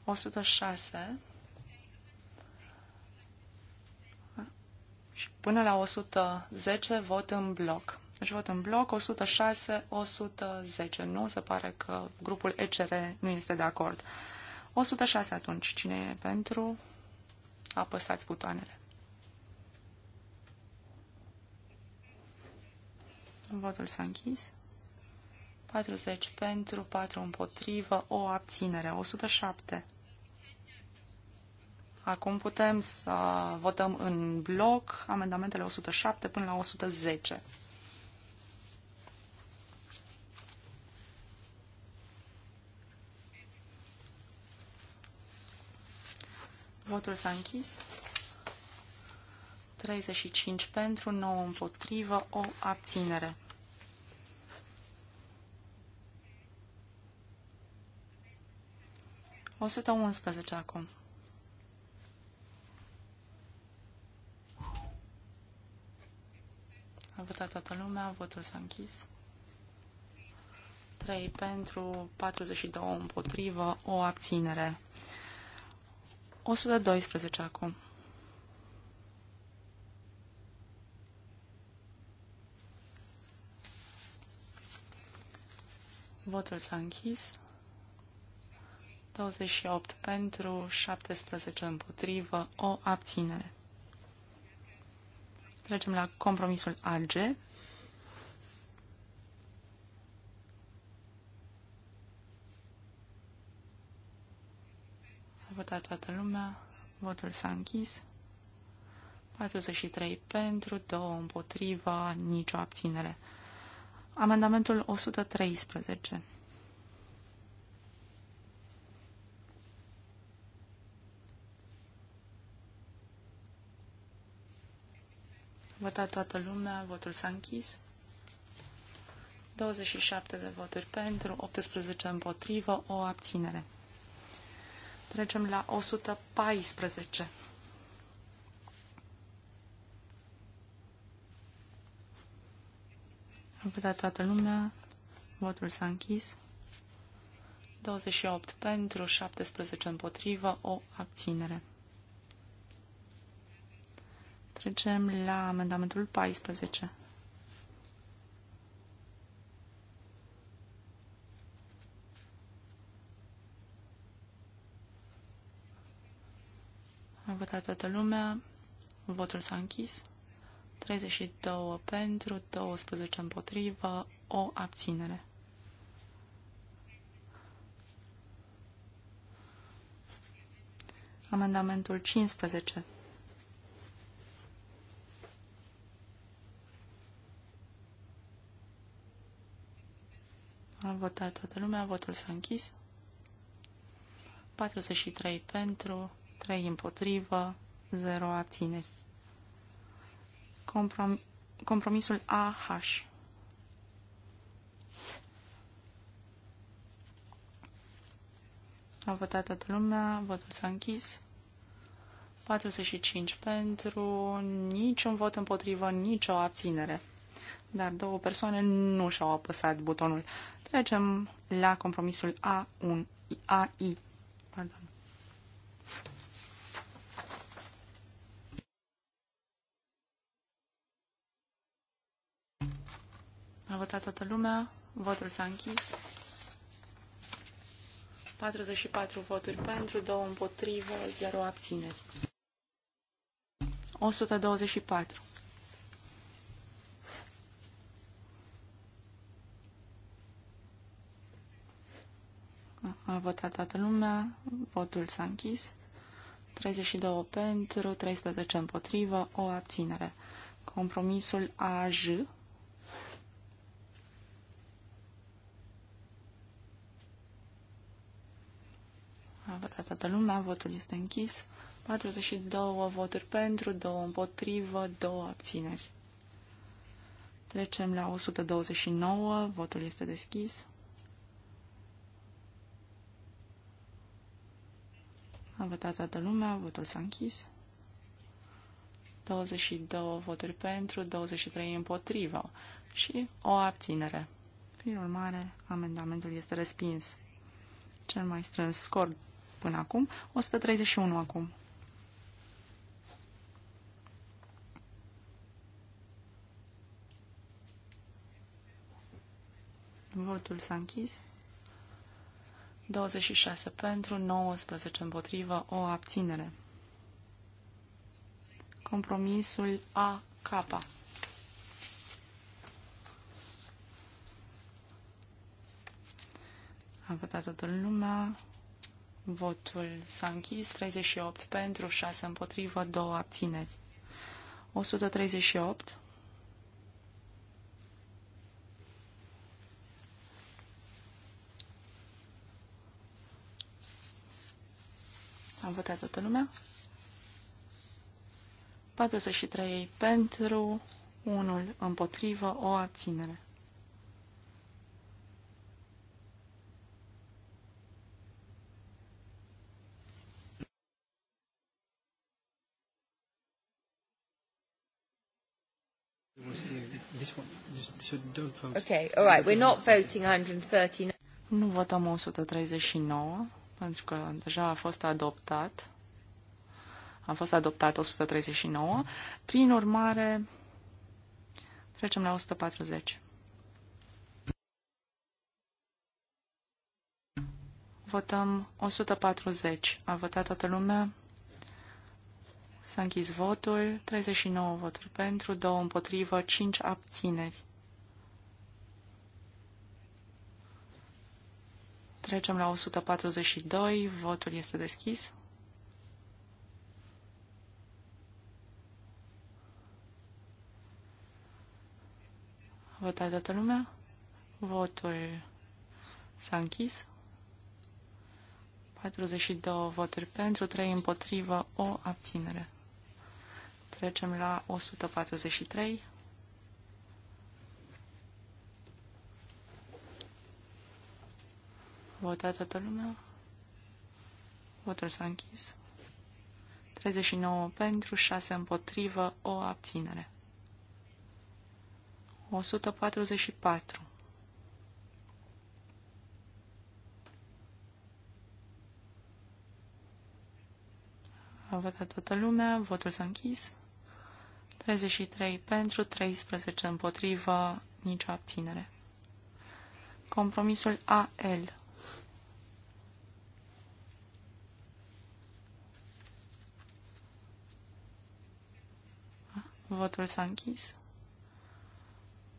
106 și până la 110 vot în bloc. Deci vot în bloc 106-110. Nu se pare că grupul ECR nu este de acord. 106 atunci. Cine e pentru? Apăsați butoanele. Votul s-a închis. 40 pentru, 4 împotrivă, o abținere. 107. Acum putem să votăm în bloc amendamentele 107 până la 110. Votul s-a închis. 35 pentru, 9 împotrivă, o abținere. O 111 acum. A votat toată lumea, votul s-a închis. 3 pentru, 42 împotrivă, o abținere. 112 acum. Votul s-a închis. 28 pentru, 17 împotrivă, o abținere. Trecem la compromisul AG. votat toată lumea. Votul s-a închis. 43 pentru, 2 împotriva, nicio abținere. Amendamentul 113. Votat toată lumea, votul s-a închis. 27 de voturi pentru, 18 împotrivă, o abținere. Trecem la 114. Am vedea toată lumea. Votul s-a închis. 28 pentru, 17 împotrivă, o abținere. Trecem la amendamentul 14. A votat toată lumea. Votul s-a închis. 32 pentru, 12 împotrivă, o abținere. Amendamentul 15. A votat toată lumea, votul s-a închis. 43 pentru, 3 împotrivă, 0 abțineri. Comprom compromisul AH. A votat toată lumea, votul s-a închis. 45 pentru, niciun vot împotrivă, nicio abținere. Dar două persoane nu și-au apăsat butonul. Trecem la compromisul A1, AI. A votat toată lumea. Votul s-a închis. 44 voturi pentru, 2 împotrivă, 0 abțineri. 124. A votat toată lumea, votul s-a închis. 32 pentru, 13 împotrivă, o abținere. Compromisul AJ votat toată lumea, votul este închis. 42 voturi pentru, 2 împotrivă, 2 abțineri. Trecem la 129, votul este deschis. A votat toată lumea, votul s-a închis. 22 voturi pentru, 23 împotrivă și o abținere. Prin urmare, amendamentul este respins. Cel mai strâns scor până acum, 131 acum. Votul s-a închis. 26 pentru, 19 împotrivă, o abținere. Compromisul AK. A votat toată lumea, Votul s-a închis. 38 pentru, 6 împotrivă, 2 abțineri. 138. Am votat toată lumea. 43 pentru, 1 împotrivă, o abținere. This one, don't vote. Okay, all right, we're not voting 139. Nu votăm 139, pentru că deja a fost adoptat. A fost adoptat 139. Prin urmare, trecem la 140. Votăm 140. A votat toată lumea? S-a închis votul. 39 voturi pentru, 2 împotrivă, 5 abțineri. Trecem la 142. Votul este deschis. A votat toată lumea. Votul s-a închis. 42 voturi pentru, 3 împotrivă, o abținere. Trecem la 143. Votat toată lumea. Votul s-a închis. 39 pentru, 6 împotrivă, o abținere. 144. A votat toată lumea, votul s-a închis. 33 pentru, 13 împotrivă, nicio abținere. Compromisul AL. Votul s-a închis.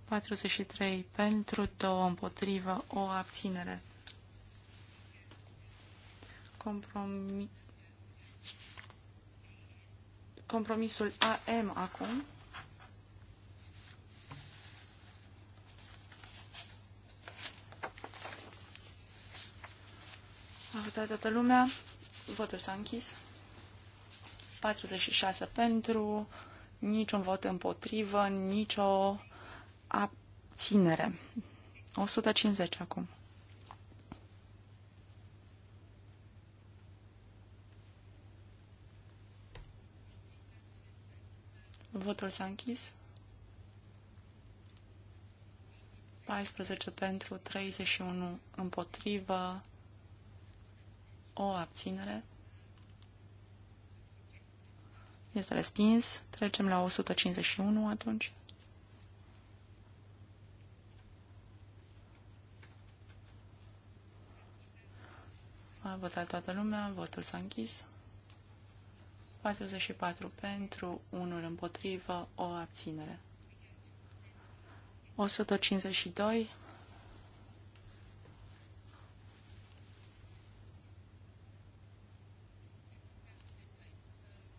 43 pentru, 2 împotrivă, o abținere. Compromis. Compromisul AM acum. A votat toată lumea. Votul s-a închis. 46 pentru, niciun vot împotrivă, nicio abținere. 150 acum. Votul s-a închis. 14 pentru, 31 împotrivă, o abținere. Este respins. Trecem la 151 atunci. A votat toată lumea, votul s-a închis. 44 pentru, 1 împotrivă, o abținere. 152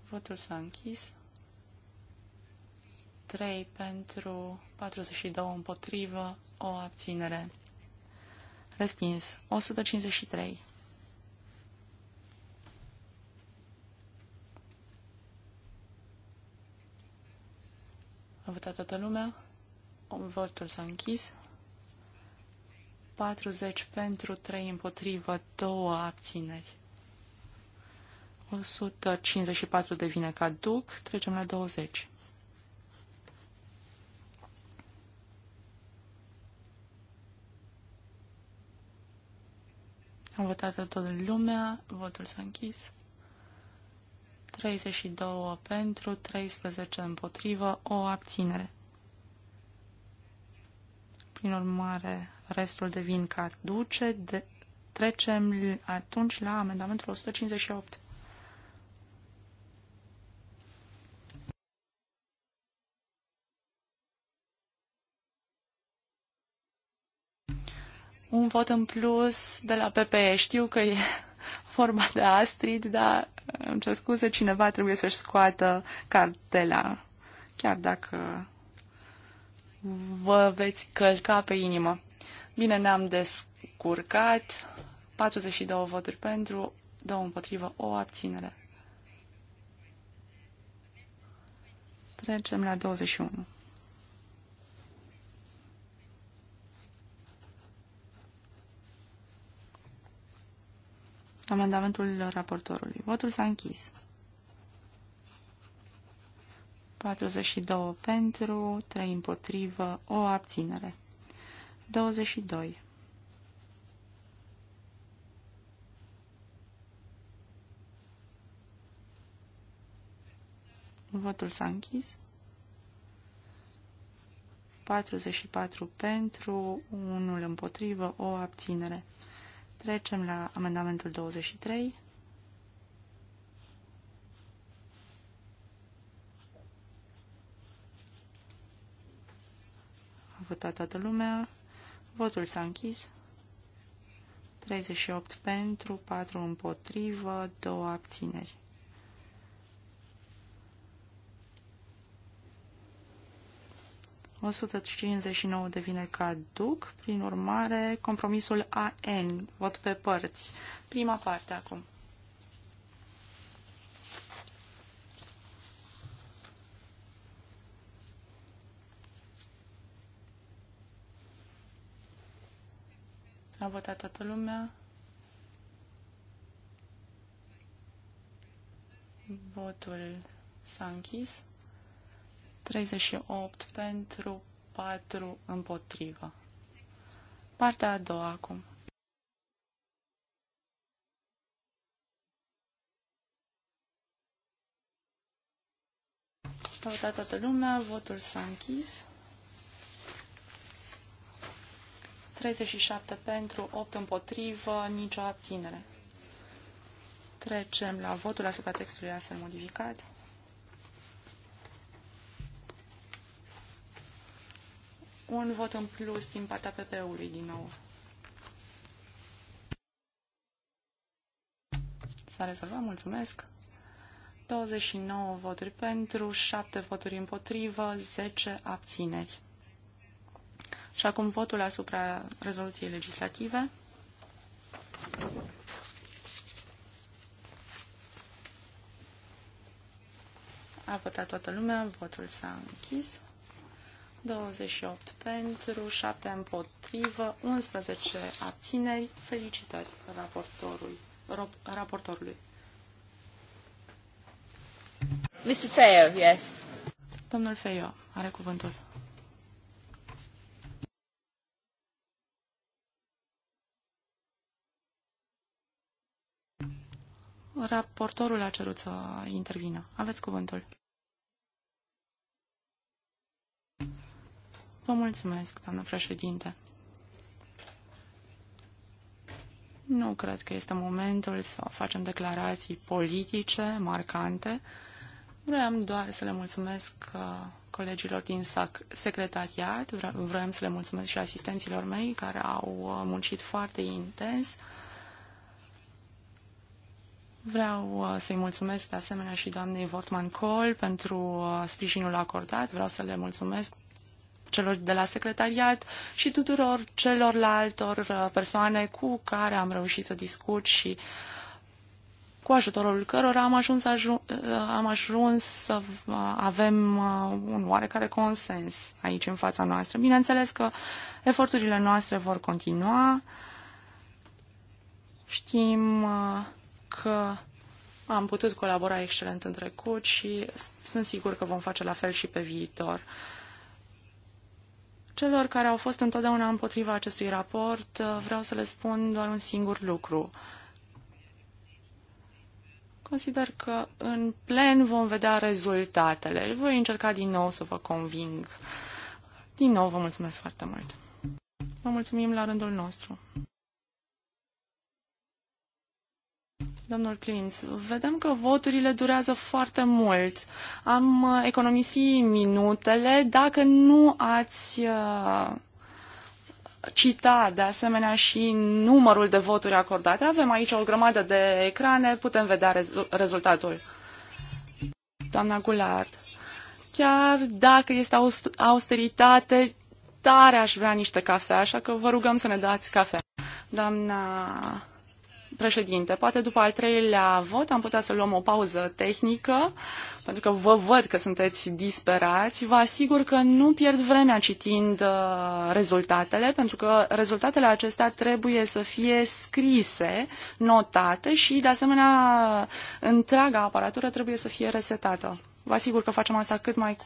Votul s-a închis. 3 pentru, 42 împotrivă, o abținere. Respins. 153. A votat toată lumea. Votul s-a închis. 40 pentru, 3 împotrivă, 2 abțineri. 154 devine caduc, trecem la 20. Am votat toată lumea, votul s-a închis. 32 pentru, 13 împotrivă, o abținere. Prin urmare, restul devin duce. De, trecem atunci la amendamentul 158. Un vot în plus de la PPE. Știu că e forma de Astrid, dar îmi cer scuze, cineva trebuie să-și scoată cartela, chiar dacă vă veți călca pe inimă. Bine, ne-am descurcat. 42 voturi pentru, 2 împotrivă, o abținere. Trecem la 21. amendamentul raportorului. Votul s-a închis. 42 pentru, 3 împotrivă, o abținere. 22. Votul s-a închis. 44 pentru, 1 împotrivă, o abținere. Trecem la amendamentul 23. A votat toată lumea. Votul s-a închis. 38 pentru, 4 împotrivă, 2 abțineri. 159 devine caduc, prin urmare, compromisul AN, vot pe părți. Prima parte acum. A votat toată lumea. Votul s-a închis. 38 pentru, 4 împotrivă. Partea a doua acum. A votat toată lumea, votul s-a închis. 37 pentru, 8 împotrivă, nicio abținere. Trecem la votul asupra textului astfel modificat. un vot în plus din partea PP-ului din nou. S-a rezolvat, mulțumesc. 29 voturi pentru, 7 voturi împotrivă, 10 abțineri. Și acum votul asupra rezoluției legislative. A votat toată lumea, votul s-a închis. 28 pentru, 7 împotrivă, 11 abțineri. Felicitări raportorului. raportorului. Mr. Feo, yes. Domnul Feo are cuvântul. Raportorul a cerut să intervină. Aveți cuvântul. Vă mulțumesc, doamnă președinte. Nu cred că este momentul să facem declarații politice marcante. Vreau doar să le mulțumesc uh, colegilor din secretariat, vreau să le mulțumesc și asistenților mei care au uh, muncit foarte intens. Vreau uh, să-i mulțumesc de asemenea și doamnei Vortman Col pentru sprijinul acordat. Vreau să le mulțumesc celor de la secretariat și tuturor celorlaltor uh, persoane cu care am reușit să discut și cu ajutorul cărora am ajuns, ajuns, uh, am ajuns să uh, avem un oarecare consens aici în fața noastră. Bineînțeles că eforturile noastre vor continua. Știm că am putut colabora excelent în trecut și sunt sigur că vom face la fel și pe viitor. Celor care au fost întotdeauna împotriva acestui raport, uh, vreau să le spun doar un singur lucru. Consider că în plen vom vedea rezultatele. Voi încerca din nou să vă conving. Din nou vă mulțumesc foarte mult. Vă mulțumim la rândul nostru. Domnul Clint, vedem că voturile durează foarte mult. Am uh, economisit minutele. Dacă nu ați uh, cita de asemenea și numărul de voturi acordate, avem aici o grămadă de ecrane, putem vedea rez rezultatul. Doamna Gulard, chiar dacă este austeritate, tare aș vrea niște cafea, așa că vă rugăm să ne dați cafea. Doamna președinte, poate după al treilea vot am putea să luăm o pauză tehnică, pentru că vă văd că sunteți disperați. Vă asigur că nu pierd vremea citind uh, rezultatele, pentru că rezultatele acestea trebuie să fie scrise, notate și, de asemenea, întreaga aparatură trebuie să fie resetată. Vă asigur că facem asta cât mai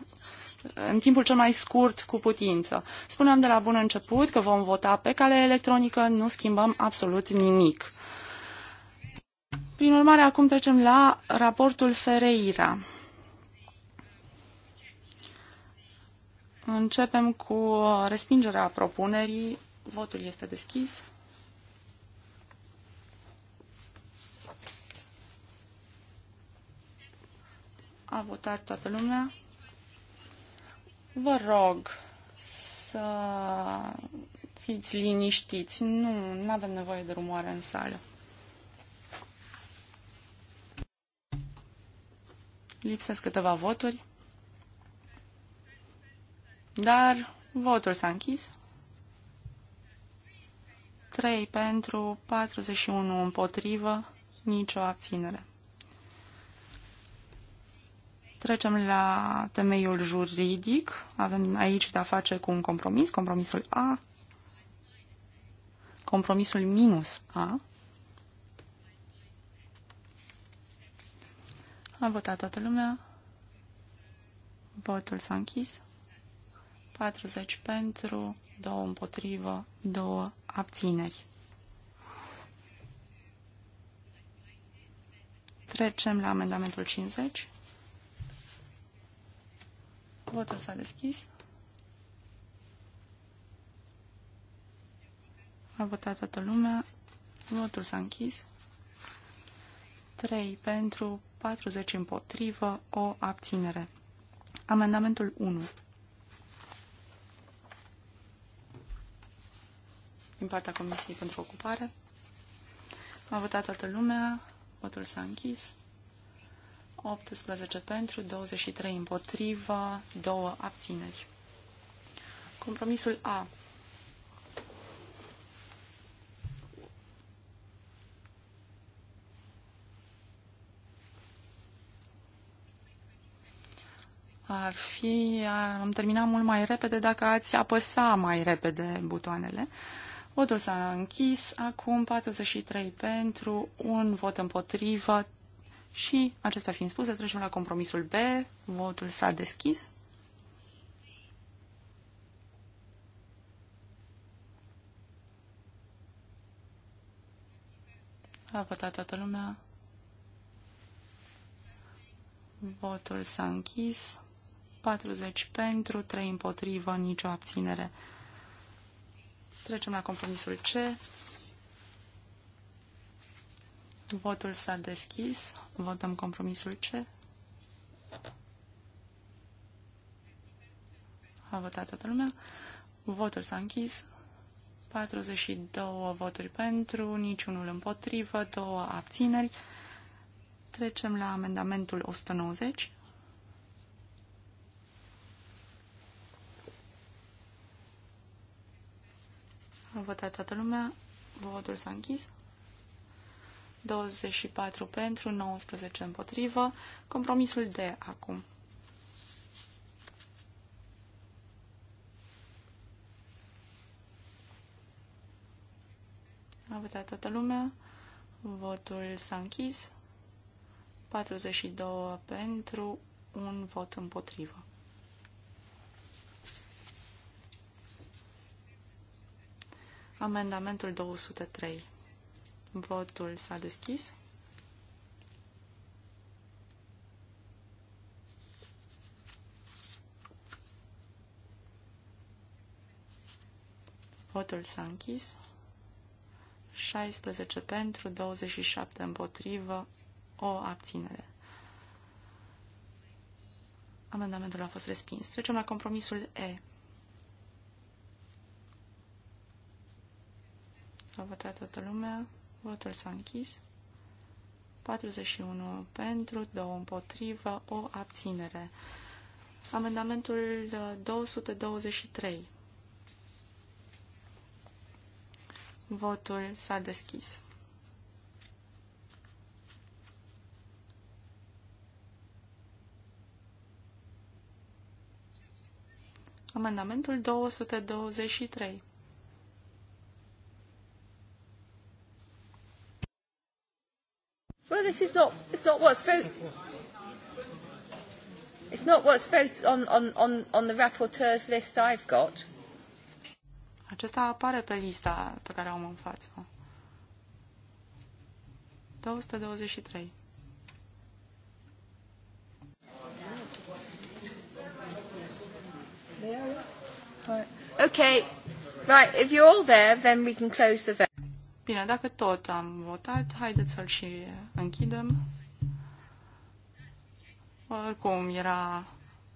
în timpul cel mai scurt cu putință. Spuneam de la bun început că vom vota pe cale electronică, nu schimbăm absolut nimic. Prin urmare, acum trecem la raportul Ferreira. Începem cu respingerea propunerii. Votul este deschis. A votat toată lumea. Vă rog să fiți liniștiți. Nu avem nevoie de rumoare în sală. Lipsesc câteva voturi. Dar votul s-a închis. 3 pentru, 41 împotrivă, nicio abținere. Trecem la temeiul juridic. Avem aici de-a face cu un compromis, compromisul A, compromisul minus A, A votat toată lumea. Votul s-a închis. 40 pentru, 2 împotrivă, 2 abțineri. Trecem la amendamentul 50. Votul s-a deschis. A votat toată lumea. Votul s-a închis. 3 pentru, 40 împotrivă, o abținere. Amendamentul 1. Din partea Comisiei pentru Ocupare. A votat toată lumea, votul s-a închis. 18 pentru, 23 împotrivă, 2 abțineri. Compromisul A Ar fi, am terminat mult mai repede dacă ați apăsa mai repede butoanele. Votul s-a închis, acum 43 pentru, un vot împotrivă și, acesta fiind spus, trecem la compromisul B. Votul s-a deschis. A votat toată lumea. Votul s-a închis. 40 pentru, 3 împotrivă, nicio abținere. Trecem la compromisul C. Votul s-a deschis. Votăm compromisul C. A votat toată lumea. Votul s-a închis. 42 voturi pentru, niciunul împotrivă, două abțineri. Trecem la amendamentul 190. A votat toată lumea. Votul s-a închis. 24 pentru, 19 împotrivă. Compromisul de acum. A votat toată lumea. Votul s-a închis. 42 pentru, un vot împotrivă. Amendamentul 203. Votul s-a deschis. Votul s-a închis. 16 pentru, 27 împotrivă, o abținere. Amendamentul a fost respins. Trecem la compromisul E. A votat toată lumea. Votul s-a închis. 41 pentru, 2 împotrivă, o abținere. Amendamentul 223. Uh, Votul s-a deschis. Amendamentul 223. Well, this is not, it's not what's voted. It's not what's voted on, on, on, on the rapporteur's list I've got. Acesta apare pe lista pe care am în față. 223. Okay. Right, if you're all there, then we can close the vote. Bine, dacă tot am votat, haideți să-l și închidem. Oricum, era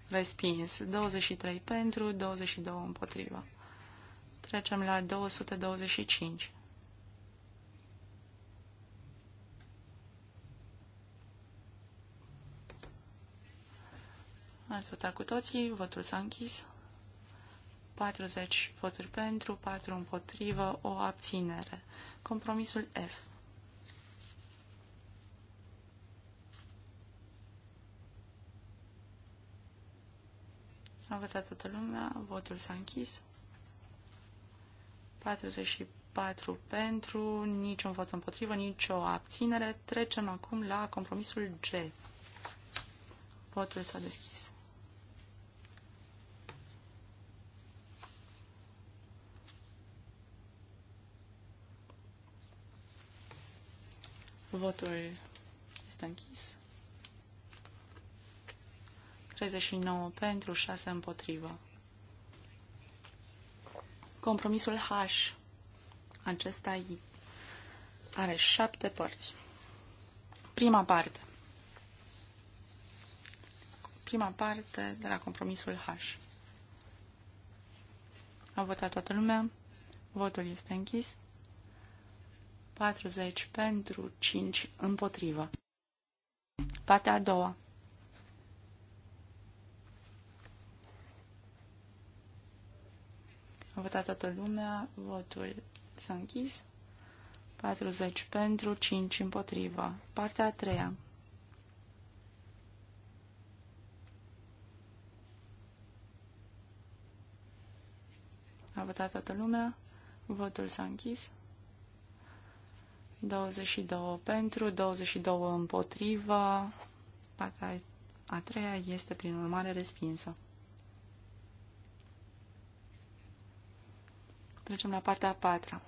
respins. 23 pentru, 22 împotriva. Trecem la 225. Ați votat cu toții, votul s-a închis. 40 voturi pentru, 4 împotrivă, o abținere. Compromisul F. A votat toată lumea, votul s-a închis. 44 pentru, niciun vot împotrivă, nicio abținere. Trecem acum la compromisul G. Votul s-a deschis. Votul este închis. 39 pentru, 6 împotrivă. Compromisul H. Acesta are șapte părți. Prima parte. Prima parte de la compromisul H. A votat toată lumea. Votul este închis. 40 pentru, 5 împotrivă. Partea a doua. A votat toată lumea, votul s-a închis. 40 pentru, 5 împotrivă. Partea a treia. A votat toată lumea, votul s-a închis. 22 pentru, 22 împotrivă. Partea a treia este, prin urmare, respinsă. Trecem la partea a patra.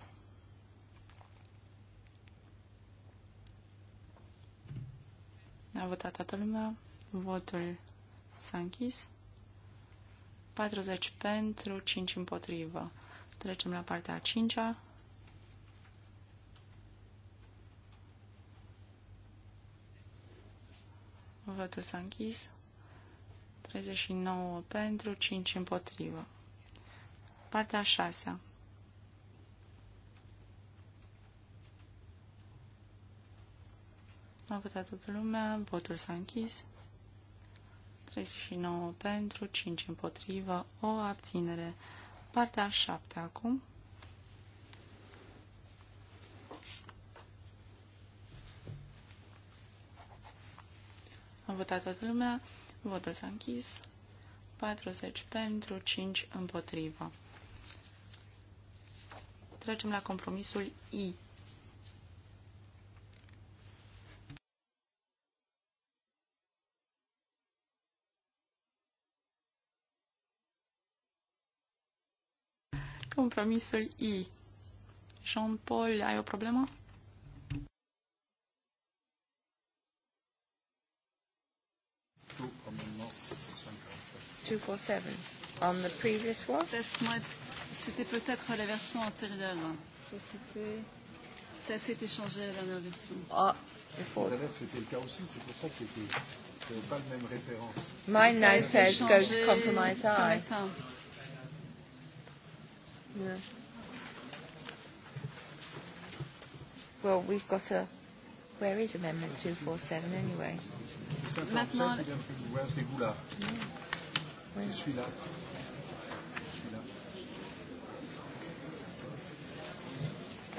A votat toată lumea. Votul s-a închis. 40 pentru, 5 împotrivă. Trecem la partea a cincea. Votul s-a închis. 39 pentru, 5 împotrivă. Partea a 6. A votat toată lumea, votul s-a închis. 39 pentru, 5 împotrivă, o abținere. Partea a șaptea acum. A votat toată lumea. Votul s-a închis. 40 pentru, 5 împotrivă. Trecem la compromisul I. Compromisul I. Jean-Paul, ai o problemă? 247 on the previous one. C'était peut-être la version antérieure. Ça, c'était... Ça s'est échangé la dernière version. Ah, il faut... C'était le cas aussi, c'est pour ça que était... pas le même référence. Mine now says go to compromise I. Yeah. Well, we've got a... Where is Amendment 247 anyway? Maintenant... Where's the Je suis là.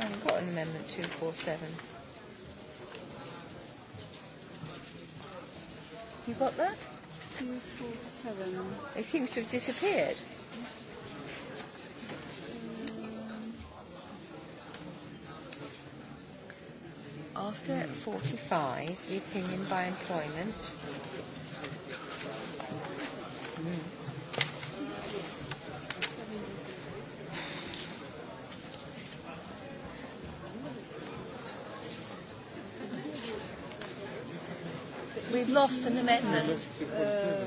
I haven't got an amendment 247. You got that? 247. It seems to have disappeared. After 45, the opinion by employment. lost an amendment. Uh,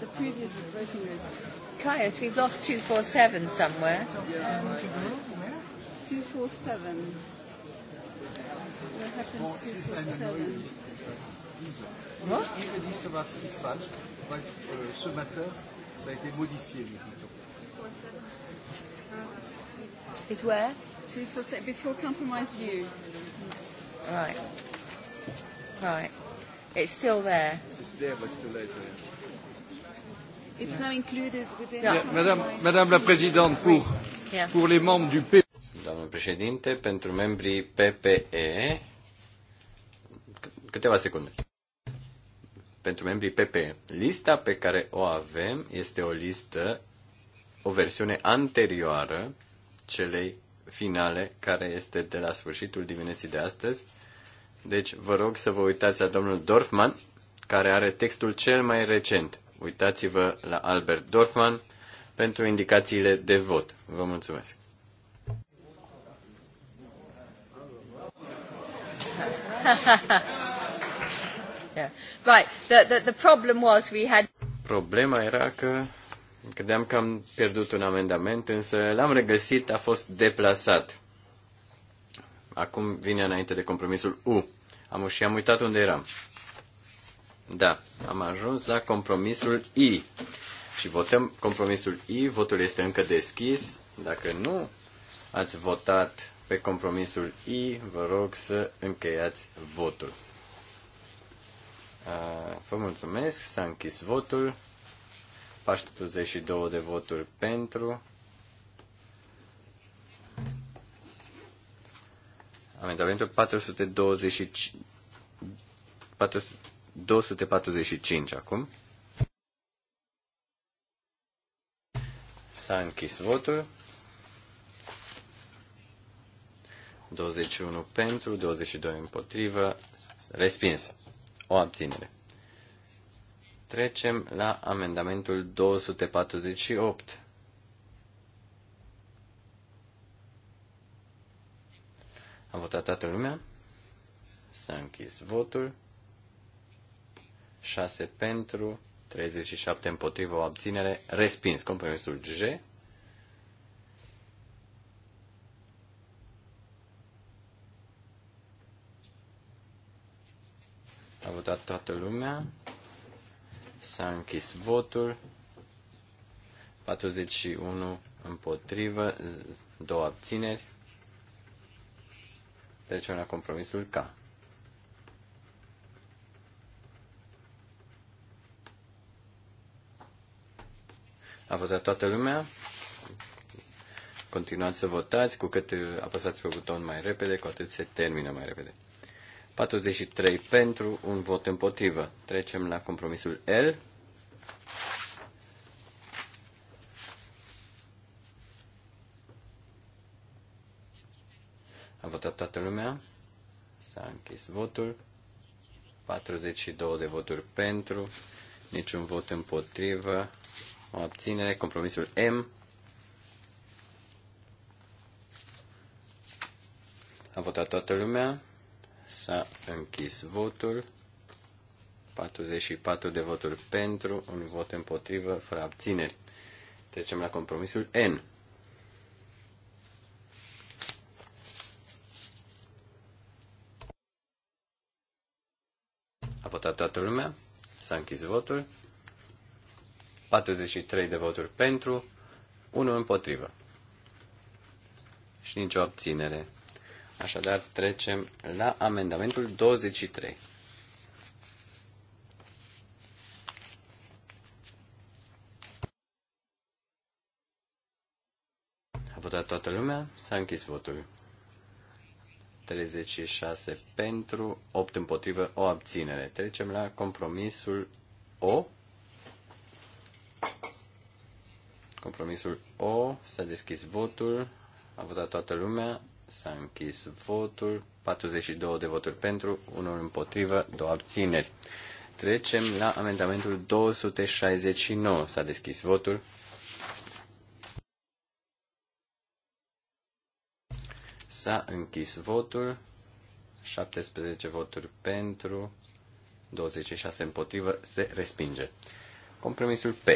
the previous voting list. Caius, we've lost 247 somewhere. Um, 247. What happened to 247? What? Ihre Liste war ziemlich falsch, weil euh, ce matin, ça a été modifié. Is where? 247, before compromise you. Right. Right. It's still there. It's there, but it's too late. Yeah. It's now included within yeah. yeah. Madame, Madame la Présidente, pour, yeah. pour les membres du PP. Doamnă președinte, pentru membrii PPE, câteva secunde. Pentru membrii PPE, lista pe care o avem este o listă, o versiune anterioară celei finale, care este de la sfârșitul dimineții de astăzi, deci vă rog să vă uitați la domnul Dorfman, care are textul cel mai recent. Uitați-vă la Albert Dorfman pentru indicațiile de vot. Vă mulțumesc. yeah. [laughs] Right. The, the, the problem was we had... Problema era că credeam că am pierdut un amendament, însă l-am regăsit, a fost deplasat. Acum vine înainte de compromisul U. Am și am uitat unde eram. Da, am ajuns la compromisul I. Și votăm compromisul I, votul este încă deschis. Dacă nu ați votat pe compromisul I, vă rog să încheiați votul. Uh, vă mulțumesc, s-a închis votul. 42 de voturi pentru, Amendamentul 425, 245 acum. S-a închis votul. 21 pentru, 22 împotrivă, respins. O abținere. Trecem la amendamentul 248. A votat toată lumea? S-a închis votul. 6 pentru, 37 împotrivă, o abținere, respins. Compromisul G. A votat toată lumea. S-a închis votul. 41 împotrivă, două abțineri, Trecem la compromisul K. A votat toată lumea? Continuați să votați, cu cât uh, apăsați pe buton mai repede, cu atât se termină mai repede. 43 pentru, un vot împotrivă. Trecem la compromisul L. votat toată lumea? S-a închis votul. 42 de voturi pentru, niciun vot împotrivă, o abținere, compromisul M. A votat toată lumea, s-a închis votul. 44 de voturi pentru, un vot împotrivă, fără abțineri. Trecem la compromisul N. votat toată lumea. S-a închis votul. 43 de voturi pentru, 1 împotrivă. Și nicio abținere. Așadar, trecem la amendamentul 23. A votat toată lumea, s-a închis votul. 36 pentru, 8 împotrivă, o abținere. Trecem la compromisul O. Compromisul O, s-a deschis votul, a votat toată lumea, s-a închis votul, 42 de voturi pentru, 1 împotrivă, 2 abțineri. Trecem la amendamentul 269. S-a deschis votul. S-a închis votul. 17 voturi pentru, 26 împotrivă, se respinge. Compromisul P.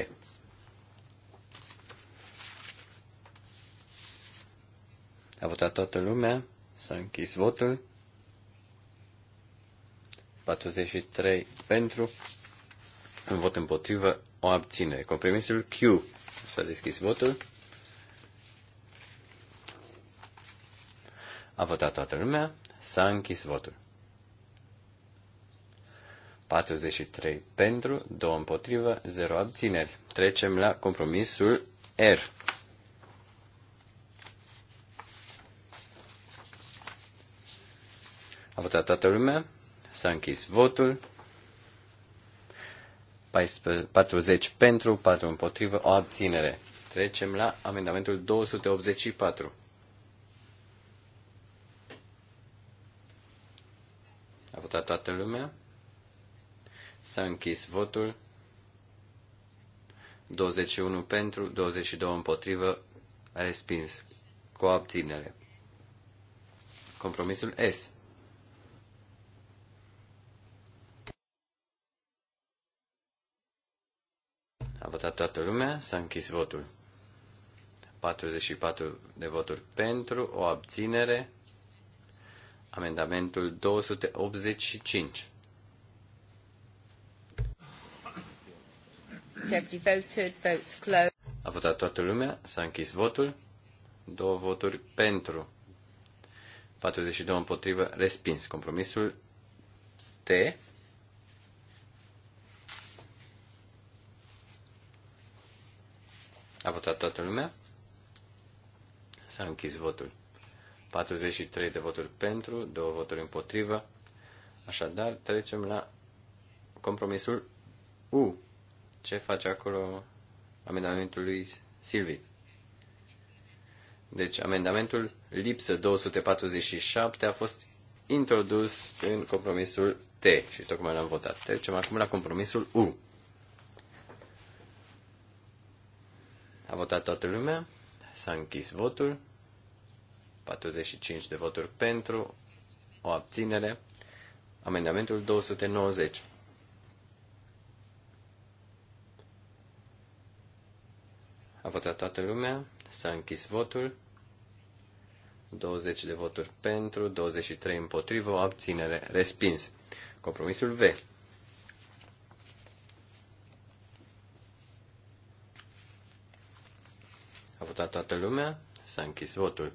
A votat toată lumea, s-a închis votul. 43 pentru, un vot împotrivă, o abținere. Compromisul Q. S-a deschis votul. A votat toată lumea. S-a închis votul. 43 pentru, 2 împotrivă, 0 abțineri. Trecem la compromisul R. A votat toată lumea, s-a închis votul. 40 pentru, 4 împotrivă, o abținere. Trecem la amendamentul 284. votat toată lumea? S-a închis votul. 21 pentru, 22 împotrivă, respins. Cu abținere. Compromisul S. A votat toată lumea, s-a închis votul. 44 de voturi pentru, o abținere, Amendamentul 285. A votat toată lumea, s-a închis votul, două voturi pentru, 42 împotrivă, respins. Compromisul T. A votat toată lumea, s-a închis votul. 43 de voturi pentru, 2 voturi împotrivă. Așadar, trecem la compromisul U. Ce face acolo amendamentul lui Silvi? Deci, amendamentul lipsă 247 a fost introdus în compromisul T și tocmai l-am votat. Trecem acum la compromisul U. A votat toată lumea, s-a închis votul. 45 de voturi pentru, o abținere. Amendamentul 290. A votat toată lumea, s-a închis votul. 20 de voturi pentru, 23 împotrivă, o abținere, respins. Compromisul V. A votat toată lumea, s-a închis votul.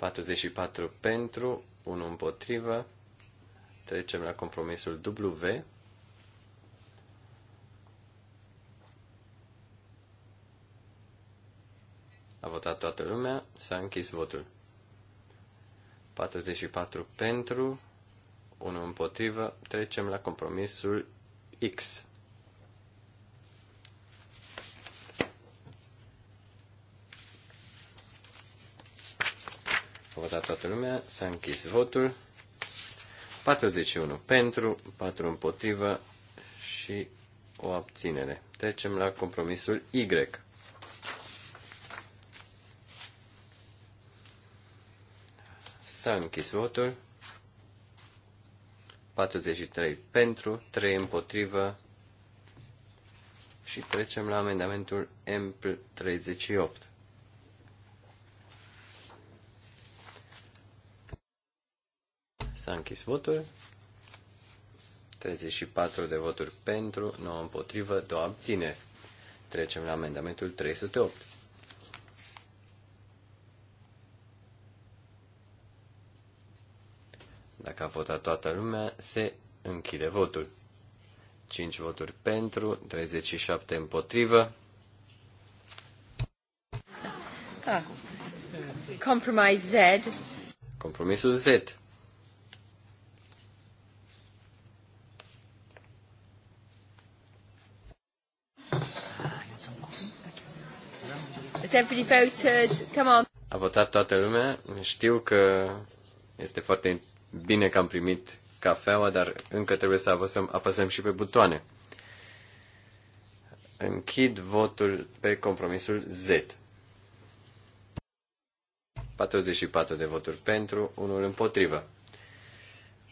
44 pentru, 1 împotrivă. Trecem la compromisul W. A votat toată lumea, s-a închis votul. 44 pentru, 1 împotrivă. Trecem la compromisul X. A votat toată lumea, s-a închis votul. 41 pentru, 4 împotrivă și o abținere. Trecem la compromisul Y. S-a închis votul. 43 pentru, 3 împotrivă și trecem la amendamentul M38. S-a închis votul. 34 de voturi pentru, 9 împotrivă, 2 abține. Trecem la amendamentul 308. Dacă a votat toată lumea, se închide votul. 5 voturi pentru, 37 împotrivă. Ah. Compromise Z. Compromisul Z. everybody voted? Come on. A votat toată lumea. Știu că este foarte bine că am primit cafeaua, dar încă trebuie să apăsăm, apăsăm și pe butoane. Închid votul pe compromisul Z. 44 de voturi pentru, unul împotrivă.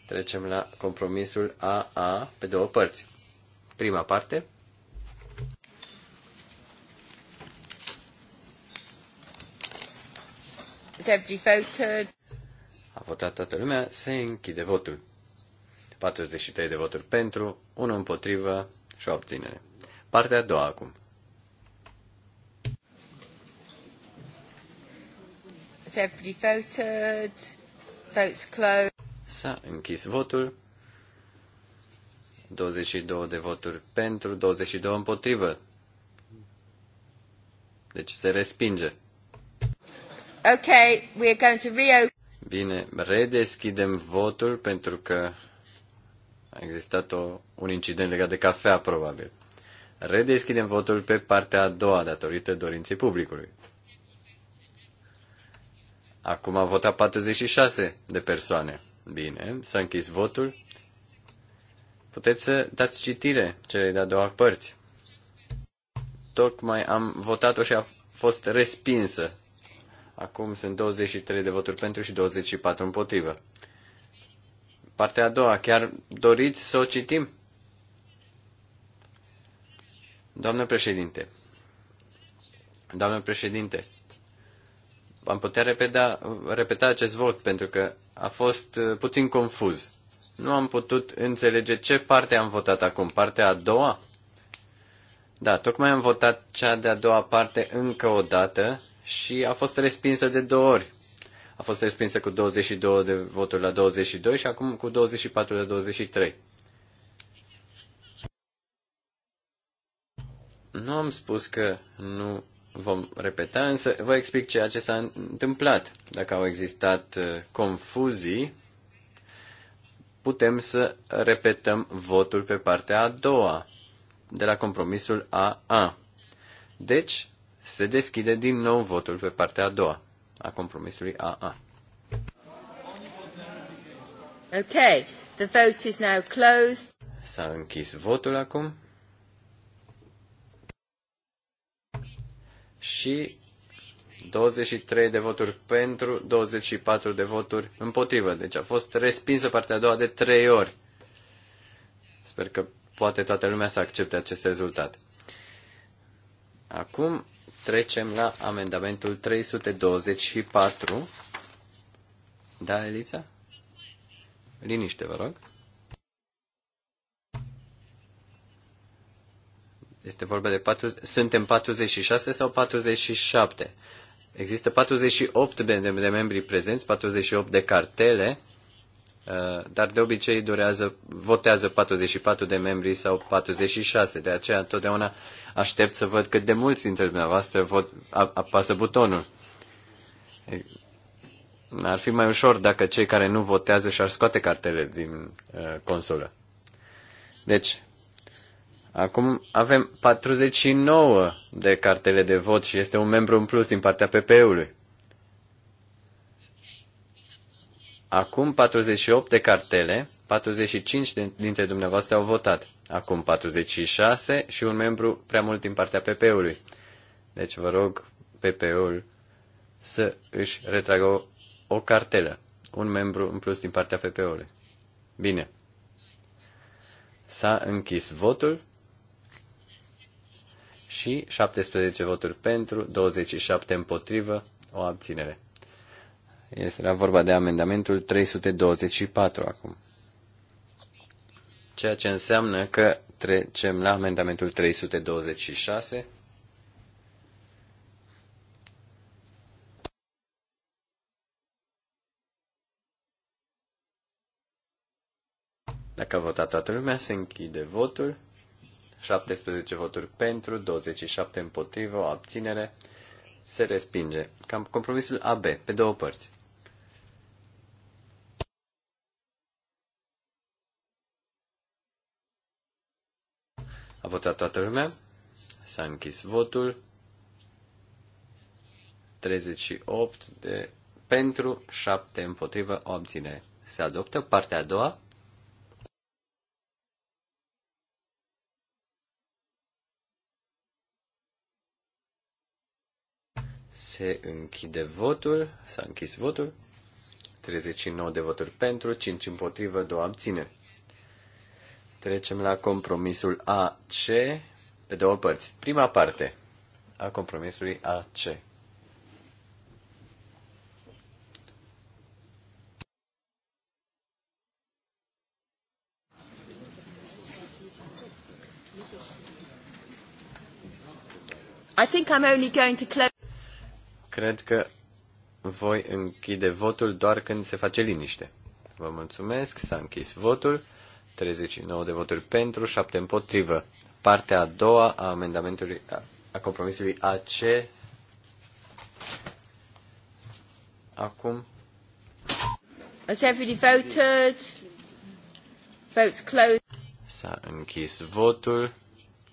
Trecem la compromisul AA pe două părți. Prima parte every voted. A votat toată lumea, se închide votul. 43 de voturi pentru, 1 împotrivă și o obținere. Partea a doua acum. Every voted. Votes closed. S-a închis votul. 22 de voturi pentru, 22 împotrivă. Deci se respinge. Okay, we are going to reopen. Bine, redeschidem votul pentru că a existat o, un incident legat de cafea, probabil. Redeschidem votul pe partea a doua datorită dorinței publicului. Acum a votat 46 de persoane. Bine, s-a închis votul. Puteți să dați citire celei de-a doua părți. Tocmai am votat-o și a fost respinsă. Acum sunt 23 de voturi pentru și 24 împotrivă. Partea a doua, chiar doriți să o citim? Doamnă președinte, doamnă președinte, am putea repeta, repeta acest vot pentru că a fost uh, puțin confuz. Nu am putut înțelege ce parte am votat acum, partea a doua? Da, tocmai am votat cea de-a doua parte încă o dată, și a fost respinsă de două ori. A fost respinsă cu 22 de voturi la 22 și acum cu 24 la 23. Nu am spus că nu vom repeta, însă vă explic ceea ce s-a întâmplat. Dacă au existat uh, confuzii, putem să repetăm votul pe partea a doua, de la compromisul AA. Deci, se deschide din nou votul pe partea a doua a compromisului AA. Okay, the vote is now closed. S-a închis votul acum. Și 23 de voturi pentru, 24 de voturi împotrivă. Deci a fost respinsă partea a doua de 3 ori. Sper că poate toată lumea să accepte acest rezultat. Acum Trecem la amendamentul 324. Da, Elița? Liniște, vă rog. Este vorba de 4, suntem 46 sau 47? Există 48 de, de, de membri prezenți, 48 de cartele. Uh, dar de obicei durează, votează 44 de membri sau 46, de aceea întotdeauna aștept să văd cât de mulți dintre dumneavoastră vot, apasă butonul. Ar fi mai ușor dacă cei care nu votează și-ar scoate cartele din uh, consolă. Deci, acum avem 49 de cartele de vot și este un membru în plus din partea PP-ului. Acum 48 de cartele, 45 dintre dumneavoastră au votat. Acum 46 și un membru prea mult din partea PP-ului. Deci vă rog PP-ul să își retragă o, o cartelă. Un membru în plus din partea PP-ului. Bine. S-a închis votul și 17 voturi pentru, 27 împotrivă, o abținere. Este la vorba de amendamentul 324 acum. Ceea ce înseamnă că trecem la amendamentul 326. Dacă a votat toată lumea, se închide votul. 17 voturi pentru, 27 împotrivă, o abținere. Se respinge. Compromisul AB, pe două părți. votat toată lumea? S-a închis votul. 38 de pentru, 7 împotrivă, obține. Se adoptă partea a doua. Se închide votul, s-a închis votul. 39 de voturi pentru, 5 împotrivă, 2 abțineri. Trecem la compromisul AC pe două părți. Prima parte a compromisului AC. I think I'm only going to close. Cred că voi închide votul doar când se face liniște. Vă mulțumesc, s-a închis votul. 39 de voturi pentru, 7 împotrivă. Partea a doua a amendamentului, a compromisului AC. Acum. Has everybody voted? Votes closed. S-a închis votul.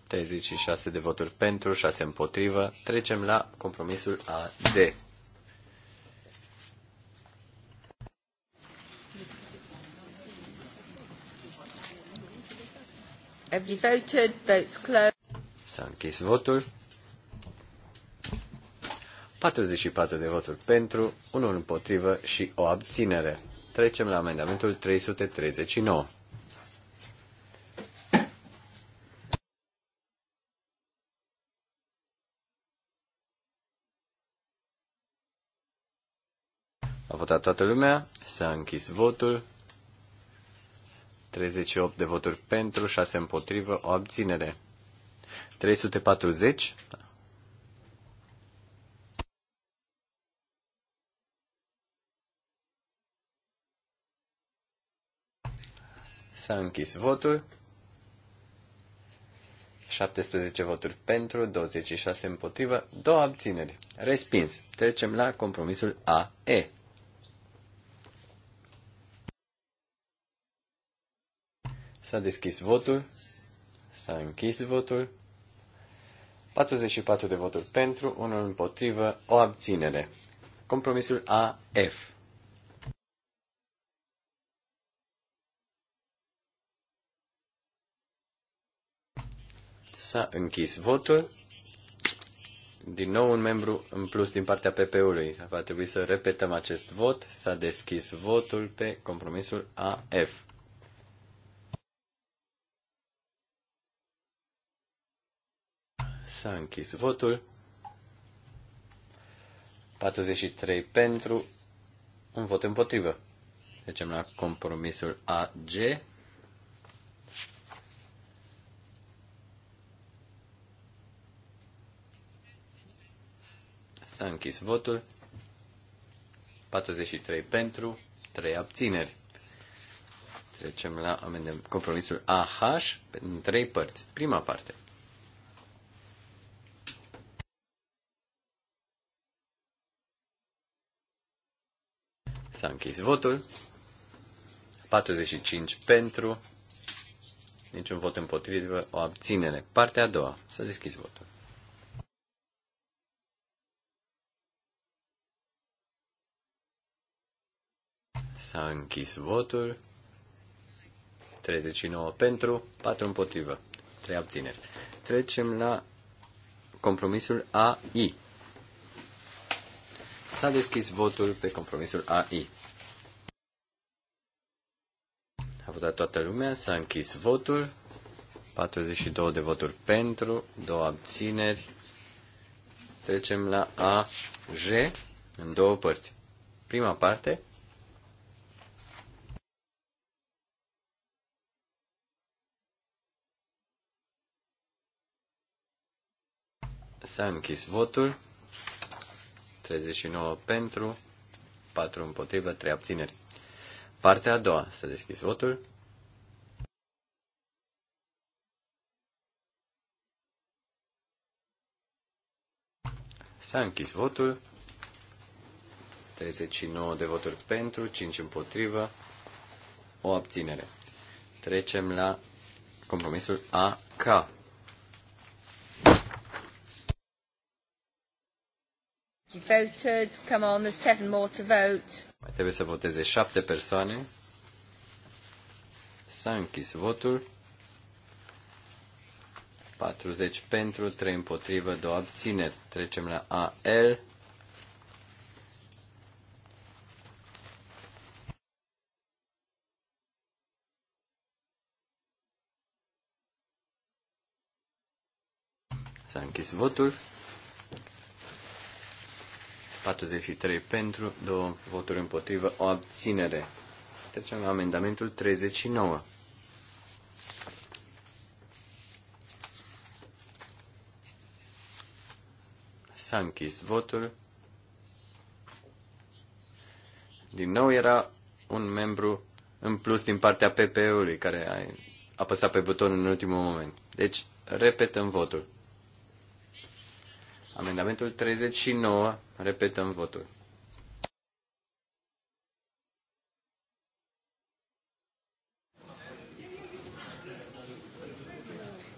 36 de voturi pentru, 6 împotrivă. Trecem la compromisul AD. Every voted, votes closed. S-a închis votul. 44 de voturi pentru, unul împotrivă și o abținere. Trecem la amendamentul 339. A votat toată lumea, s-a închis votul. 38 de voturi pentru, 6 împotrivă, o abținere. 340. S-a închis votul. 17 voturi pentru, 26 împotrivă, 2 abțineri. Respins. Trecem la compromisul AE. S-a deschis votul. S-a închis votul. 44 de voturi pentru, unul împotrivă, o abținere. Compromisul AF. S-a închis votul. Din nou un membru în plus din partea PP-ului. Va trebui să repetăm acest vot. S-a deschis votul pe compromisul AF. S-a închis votul. 43 pentru, un vot împotrivă. Trecem la compromisul AG. S-a închis votul. 43 pentru, 3 abțineri. Trecem la compromisul AH în 3 părți. Prima parte. S-a închis votul. 45 pentru, niciun vot împotrivă, o abținere. Partea a doua. Să deschizi votul. S-a închis votul. 39 pentru, 4 împotrivă, 3 abțineri. Trecem la compromisul AI. S-a deschis votul pe compromisul AI. A votat toată lumea, s-a închis votul. 42 de voturi pentru, 2 abțineri. Trecem la AJ în două părți. Prima parte. S-a închis votul. 39 pentru, 4 împotrivă, 3 abțineri. Partea a doua. Să deschis votul. S-a închis votul. 39 de voturi pentru, 5 împotrivă, o abținere. Trecem la compromisul AK. voted. Come on, there's seven more to vote. Mai trebuie să voteze șapte persoane. S-a închis votul. 40 pentru, 3 împotrivă, 2 abțineri. Trecem la AL. S-a închis votul. 43 pentru, 2 voturi împotrivă, o abținere. Trecem la amendamentul 39. S-a închis votul. Din nou era un membru în plus din partea PPE-ului care a apăsat pe buton în ultimul moment. Deci, repetăm votul. Amendamentul 39. Repetăm votul.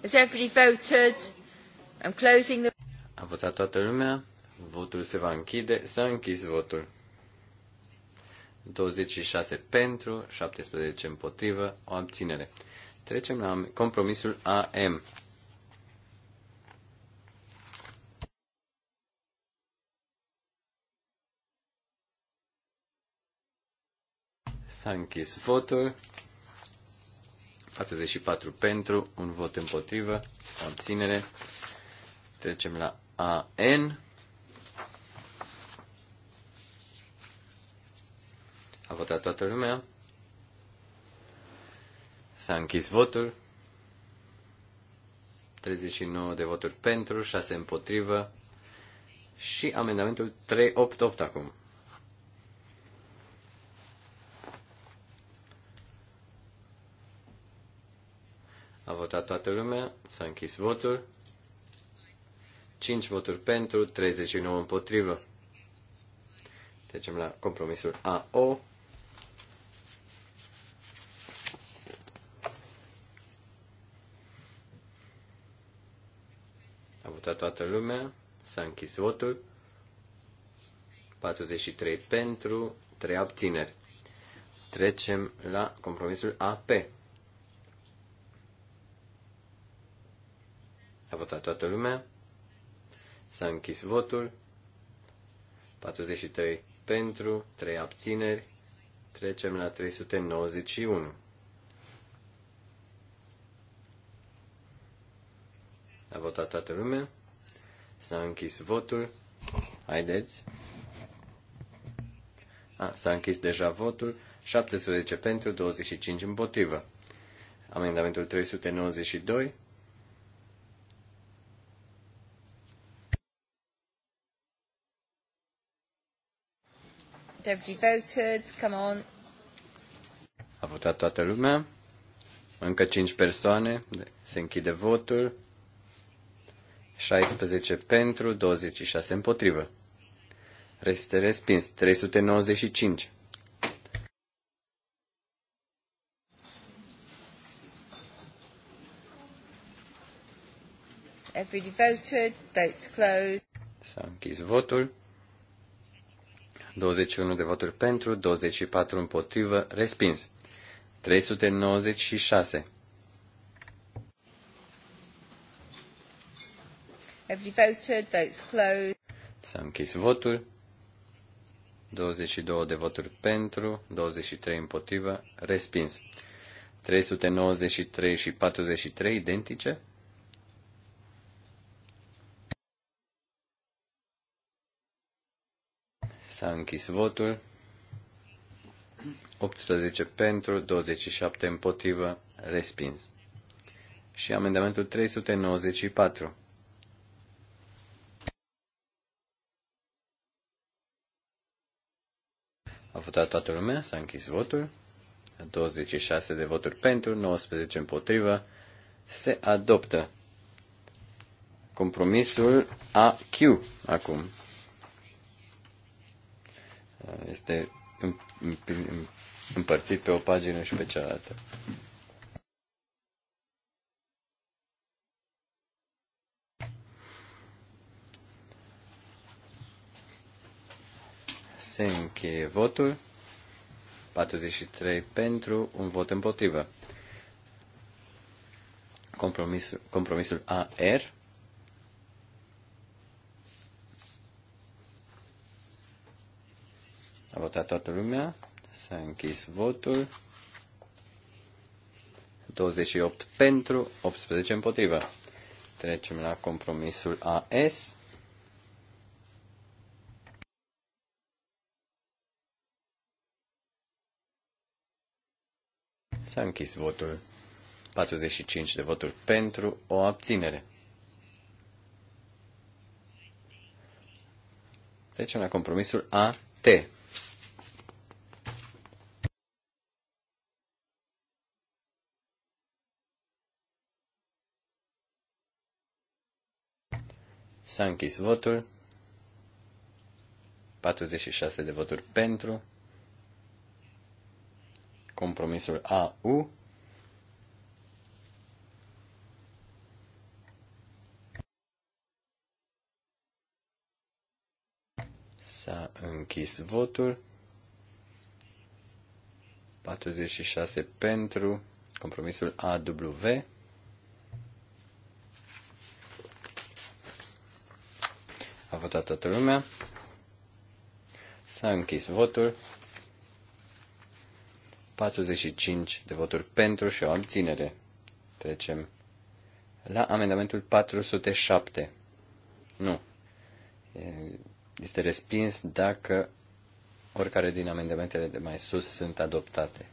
Has everybody voted? I'm closing the... A votat toată lumea. Votul se va închide. S-a închis votul. 26 pentru, 17 împotrivă, o abținere. Trecem la compromisul AM. S-a închis votul. 44 pentru, un vot împotrivă, abținere. Trecem la AN. A votat toată lumea. S-a închis votul. 39 de voturi pentru, 6 împotrivă. Și amendamentul 388 acum. A votat toată lumea, s-a închis votul. 5 voturi pentru, 39 împotrivă. Trecem la compromisul AO. A votat toată lumea, s-a închis votul. 43 pentru, 3 abțineri. Trecem la compromisul AP. votat toată lumea. S-a închis votul. 43 pentru, 3 abțineri. Trecem la 391. A votat toată lumea. S-a închis votul. Haideți. A, s-a închis deja votul. 17 pentru, 25 împotrivă. Amendamentul 392 Everybody voted. Come on. A votat toată lumea. Încă 5 persoane. Se închide votul. 16 pentru, 26 împotrivă. Reste respins. 395. Everybody voted. Votes closed. S-a închis votul. 21 de voturi pentru, 24 împotrivă, respins. 396. Every voter, votes closed. S-a închis votul. 22 de voturi pentru, 23 împotrivă, respins. 393 și 43 identice. S-a închis votul. 18 pentru, 27 împotrivă, respins. Și amendamentul 394. A votat toată lumea, s-a închis votul. 26 de voturi pentru, 19 împotrivă. Se adoptă compromisul AQ acum este împărțit pe o pagină și pe cealaltă. Se încheie votul. 43 pentru, un vot împotrivă. Compromisul, compromisul AR A votat toată lumea. S-a închis votul. 28 pentru, 18 împotrivă. Trecem la compromisul AS. S-a închis votul. 45 de voturi pentru o abținere. Trecem la compromisul AT. S-a închis votul. 46 de voturi pentru. Compromisul AU. S-a închis votul. 46 pentru compromisul AW. votat toată lumea. S-a închis votul. 45 de voturi pentru și o abținere. Trecem la amendamentul 407. Nu. Este respins dacă oricare din amendamentele de mai sus sunt adoptate.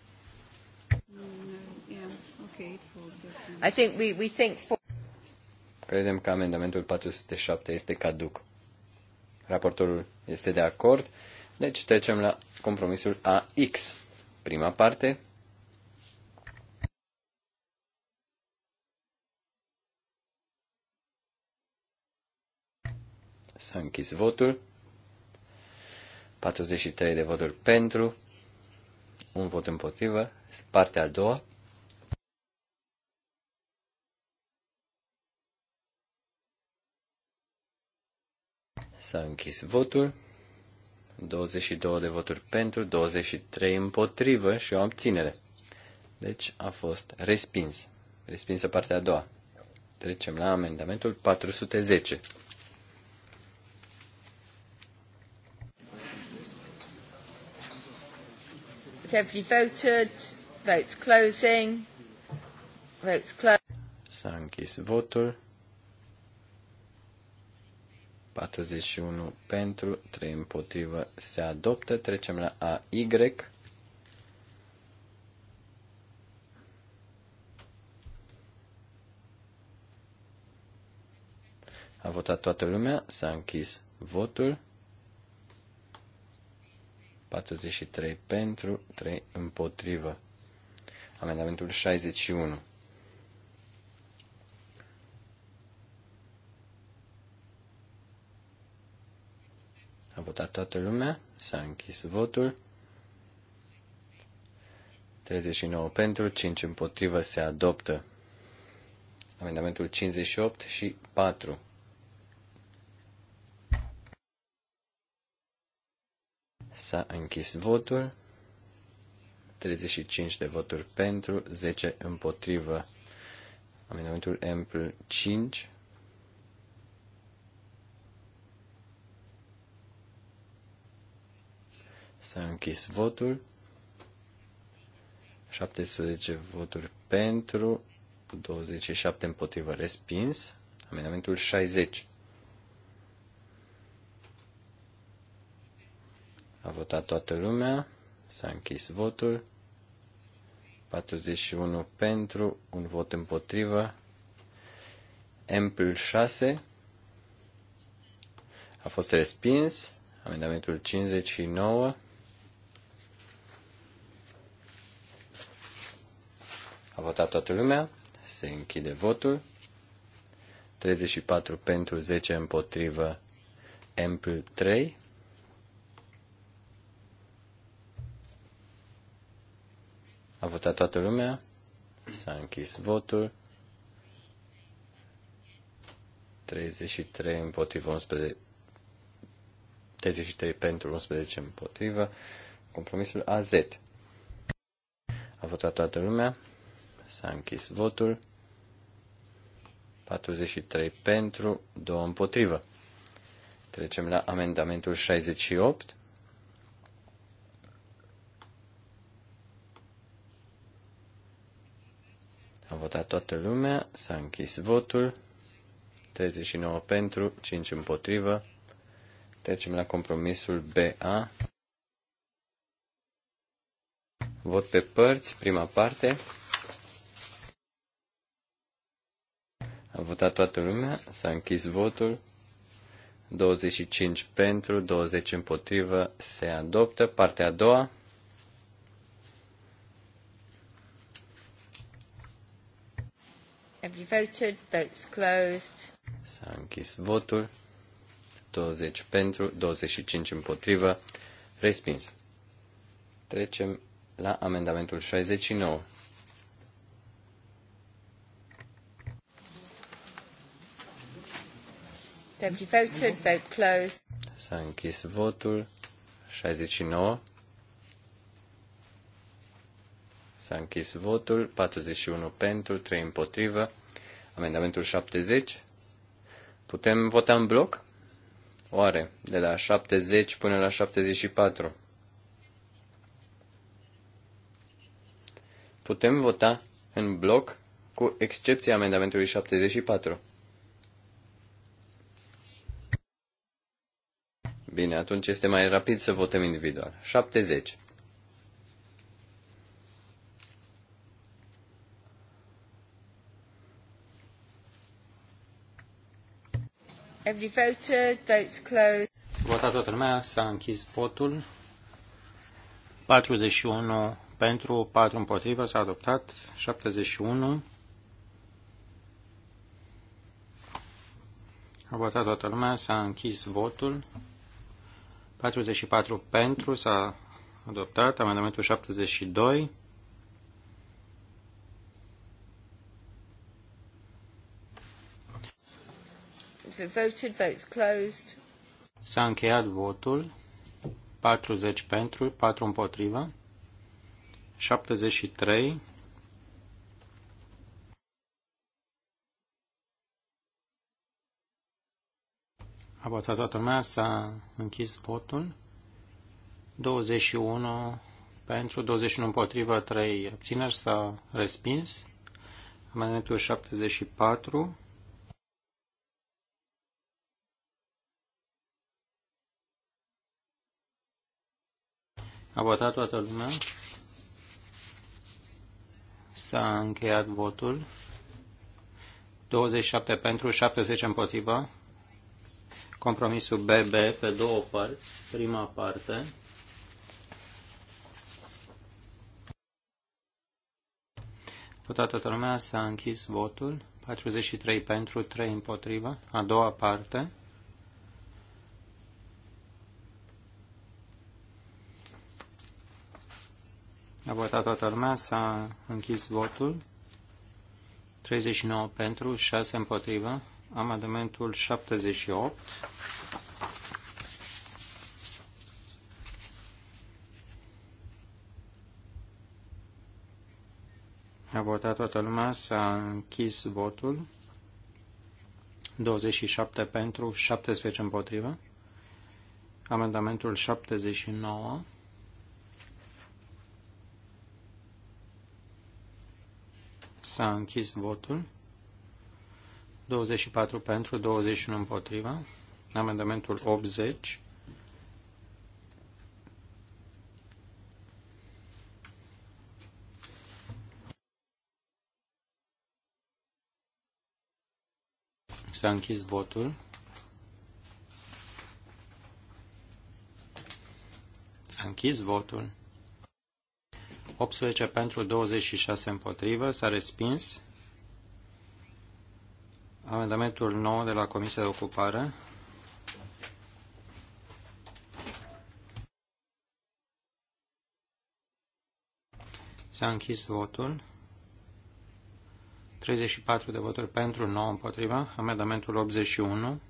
Credem că amendamentul 407 este caduc. Raportorul este de acord. Deci trecem la compromisul AX. Prima parte. S-a închis votul. 43 de voturi pentru, un vot împotrivă. Partea a doua. S-a închis votul. 22 de voturi pentru, 23 împotrivă și o abținere. Deci a fost respins. Respinsă partea a doua. Trecem la amendamentul 410. Every voted. Votes closing. Votes closed. S-a închis votul. 41 pentru, 3 împotrivă, se adoptă. Trecem la AY. A votat toată lumea, s-a închis votul. 43 pentru, 3 împotrivă. Amendamentul 61. A votat toată lumea, s-a închis votul. 39 pentru, 5 împotrivă se adoptă. Amendamentul 58 și 4. S-a închis votul. 35 de voturi pentru, 10 împotrivă. Amendamentul M 5 S-a închis votul. 17 voturi pentru, 27 împotrivă respins. Amendamentul 60. A votat toată lumea. S-a închis votul. 41 pentru, un vot împotrivă. Ample 6 a fost respins. Amendamentul 59 votat toată lumea. Se închide votul. 34 pentru 10 împotrivă. m 3. A votat toată lumea. S-a închis votul. 33 împotrivă 11 33 pentru 11 împotrivă. Compromisul AZ. A votat toată lumea. S-a închis votul. 43 pentru, 2 împotrivă. Trecem la amendamentul 68. A votat toată lumea, s-a închis votul. 39 pentru, 5 împotrivă. Trecem la compromisul BA. Vot pe părți, prima parte. A votat toată lumea, s-a închis votul. 25 pentru, 20 împotrivă, se adoptă. Partea a doua. Have you voted? Votes closed. S-a închis votul. 20 pentru, 25 împotrivă, respins. Trecem la amendamentul 69. Nobody voted, vote closed. S-a închis votul. 69. S-a închis votul. 41 pentru, 3 împotrivă. Amendamentul 70. Putem vota în bloc? Oare? De la 70 până la 74. Putem vota în bloc cu excepția amendamentului 74. Bine, atunci este mai rapid să votăm individual. 70. Every voted, votes closed. Votat toată lumea, s-a închis votul. 41 pentru, 4 împotrivă, s-a adoptat. 71. A votat toată lumea, s-a închis votul. 44 pentru s-a adoptat. Amendamentul 72. voted, votes closed. S-a încheiat votul. 40 pentru, 4 împotrivă. 73 A votat toată lumea, s-a închis votul. 21 pentru, 21 împotrivă, 3 abțineri, s-a respins. Amendamentul 74. A votat toată lumea. S-a încheiat votul. 27 pentru, 17 împotrivă, compromisul BB pe două părți. Prima parte Votat toată lumea, s-a închis votul. 43 pentru, 3 împotrivă. A doua parte. A votat toată lumea, s-a închis votul. 39 pentru, 6 împotrivă. Amendamentul 78. A votat toată lumea, s-a închis votul. 27 pentru, 17 împotrivă. Amendamentul 79. S-a închis votul. 24 pentru, 21 împotrivă. Amendamentul 80. S-a închis votul. S-a închis votul. 18 pentru, 26 împotrivă. S-a respins. Amendamentul 9 de la Comisia de Ocupare. S-a închis votul. 34 de voturi pentru, 9 împotriva. Amendamentul 81.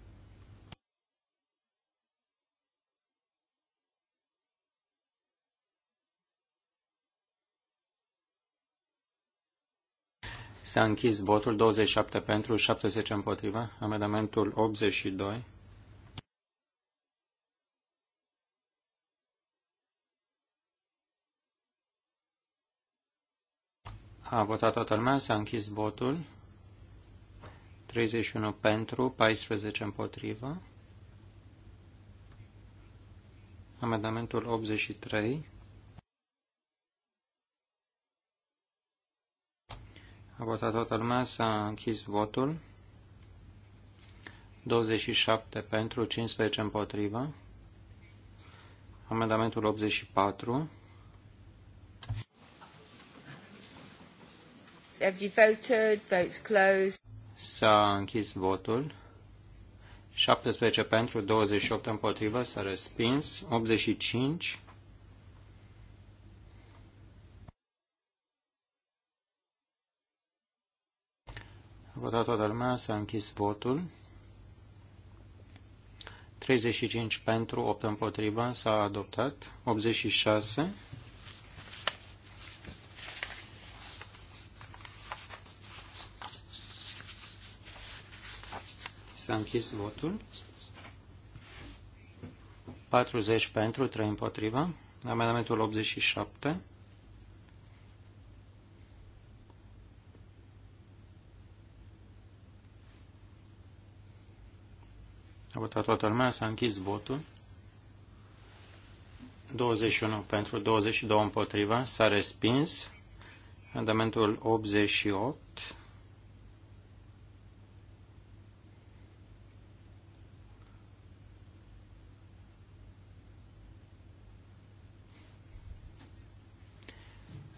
S-a închis votul 27 pentru, 17 împotriva. Amendamentul 82. A votat toată lumea, s-a închis votul. 31 pentru, 14 împotrivă. Amendamentul 83. A votat toată lumea, s-a închis votul. 27 pentru, 15 împotrivă. Amendamentul 84. votes closed. S-a închis votul. 17 pentru, 28 împotrivă, s-a respins. 85. A votat toată lumea, s-a închis votul. 35 pentru, 8 împotrivă, s-a adoptat. 86 S-a închis votul. 40 pentru, 3 împotriva. Amendamentul 87. A votat toată lumea, s-a închis votul. 21 pentru, 22 împotriva, s-a respins. Amendamentul 88.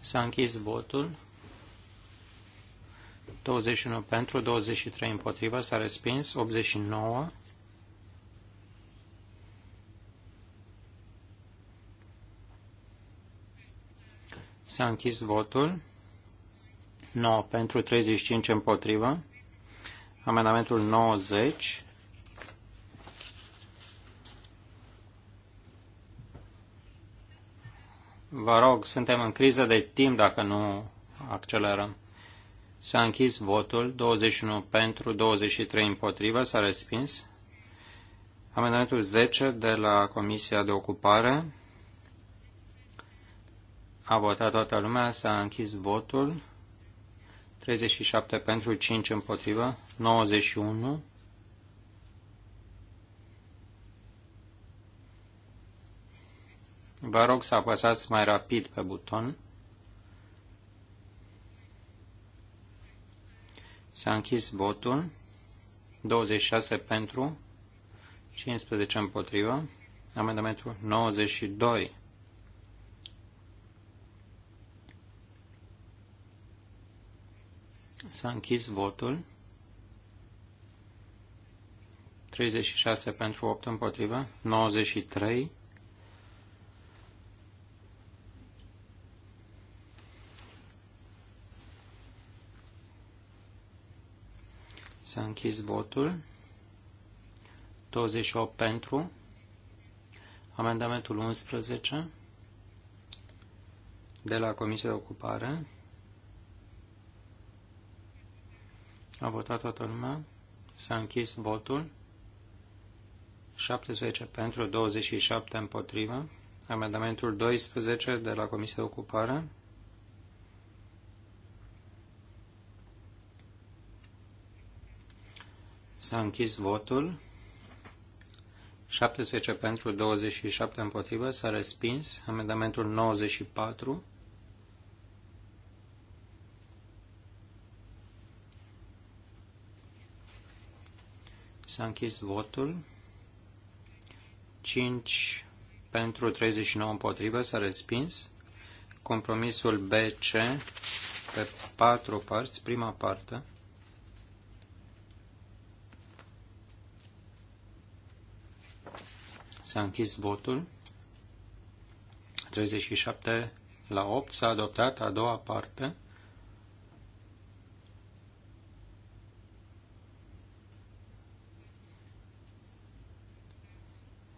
S-a închis votul. 21 pentru, 23 împotrivă, s-a respins, 89. S-a închis votul. 9 pentru, 35 împotrivă. Amendamentul 90 Vă rog, suntem în criză de timp dacă nu accelerăm. S-a închis votul, 21 pentru, 23 împotrivă, s-a respins. Amendamentul 10 de la Comisia de Ocupare. A votat toată lumea, s-a închis votul. 37 pentru, 5 împotrivă, 91 Vă rog să apăsați mai rapid pe buton. S-a închis votul. 26 pentru, 15 împotrivă. Amendamentul 92. S-a închis votul. 36 pentru 8 împotrivă, 93 S-a închis votul. 28 pentru. Amendamentul 11 de la Comisia de Ocupare. A votat toată lumea. S-a închis votul. 17 pentru, 27 împotrivă. Amendamentul 12 de la Comisia de Ocupare. S-a închis votul. 17 pentru, 27 împotrivă. S-a respins. Amendamentul 94. S-a închis votul. 5 pentru, 39 împotrivă. S-a respins. Compromisul BC pe patru părți. Prima parte. S-a închis votul. 37 la 8 s-a adoptat a doua parte.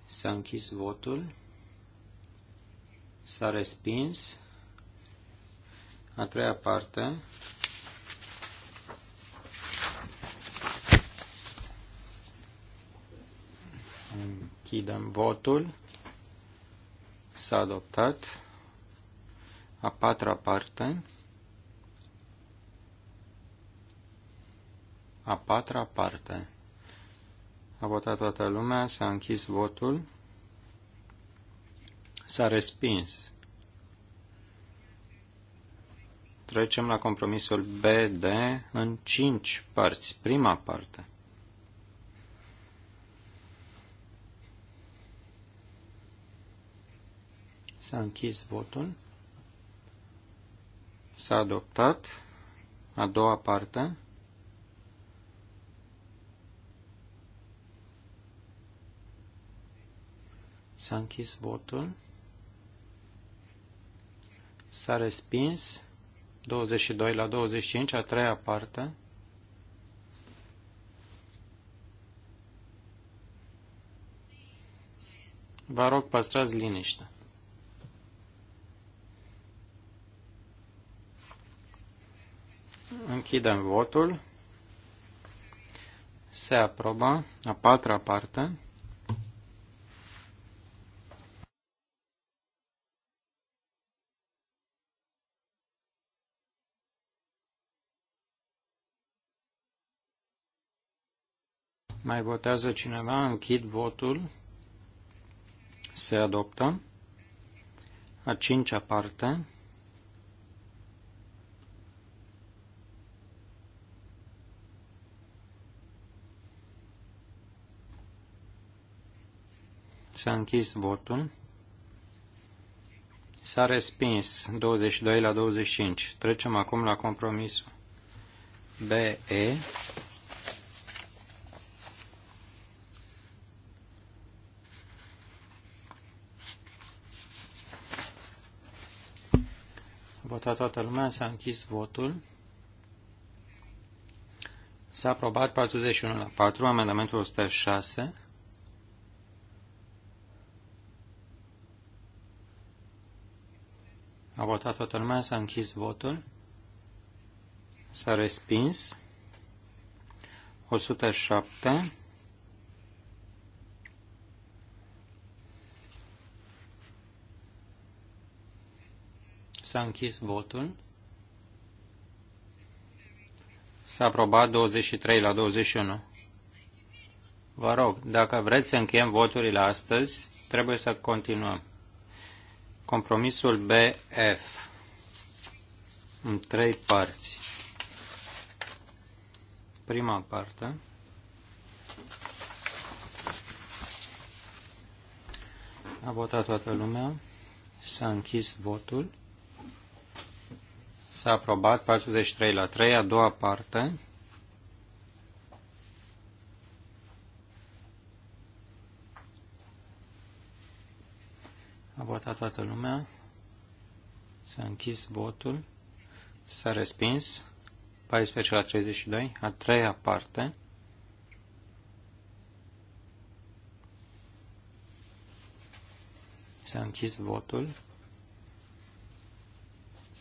S-a închis votul. S-a respins. A treia parte Închidem votul. S-a adoptat. A patra parte. A patra parte. A votat toată lumea, s-a închis votul. S-a respins. Trecem la compromisul BD în cinci părți. Prima parte. S-a închis votul. S-a adoptat a doua parte. S-a închis votul. S-a respins 22 la 25, a treia parte. Vă rog, păstrați liniștea. Închidem votul. Se aprobă a patra parte. Mai votează cineva? Închid votul. Se adoptă. A cincea parte. S-a închis votul. S-a respins 22 la 25. Trecem acum la compromisul BE. Votat toată lumea, s-a închis votul. S-a aprobat 41 la 4, amendamentul 106. A votat toată lumea, s-a închis votul. S-a respins. 107. S-a închis votul. S-a aprobat 23 la 21. Vă rog, dacă vreți să încheiem voturile astăzi, trebuie să continuăm. Compromisul BF în trei parți. Prima parte. A votat toată lumea. S-a închis votul. S-a aprobat 43 la 3. A doua parte. votat toată lumea. S-a închis votul. S-a respins. 14 la 32, a treia parte. S-a închis votul.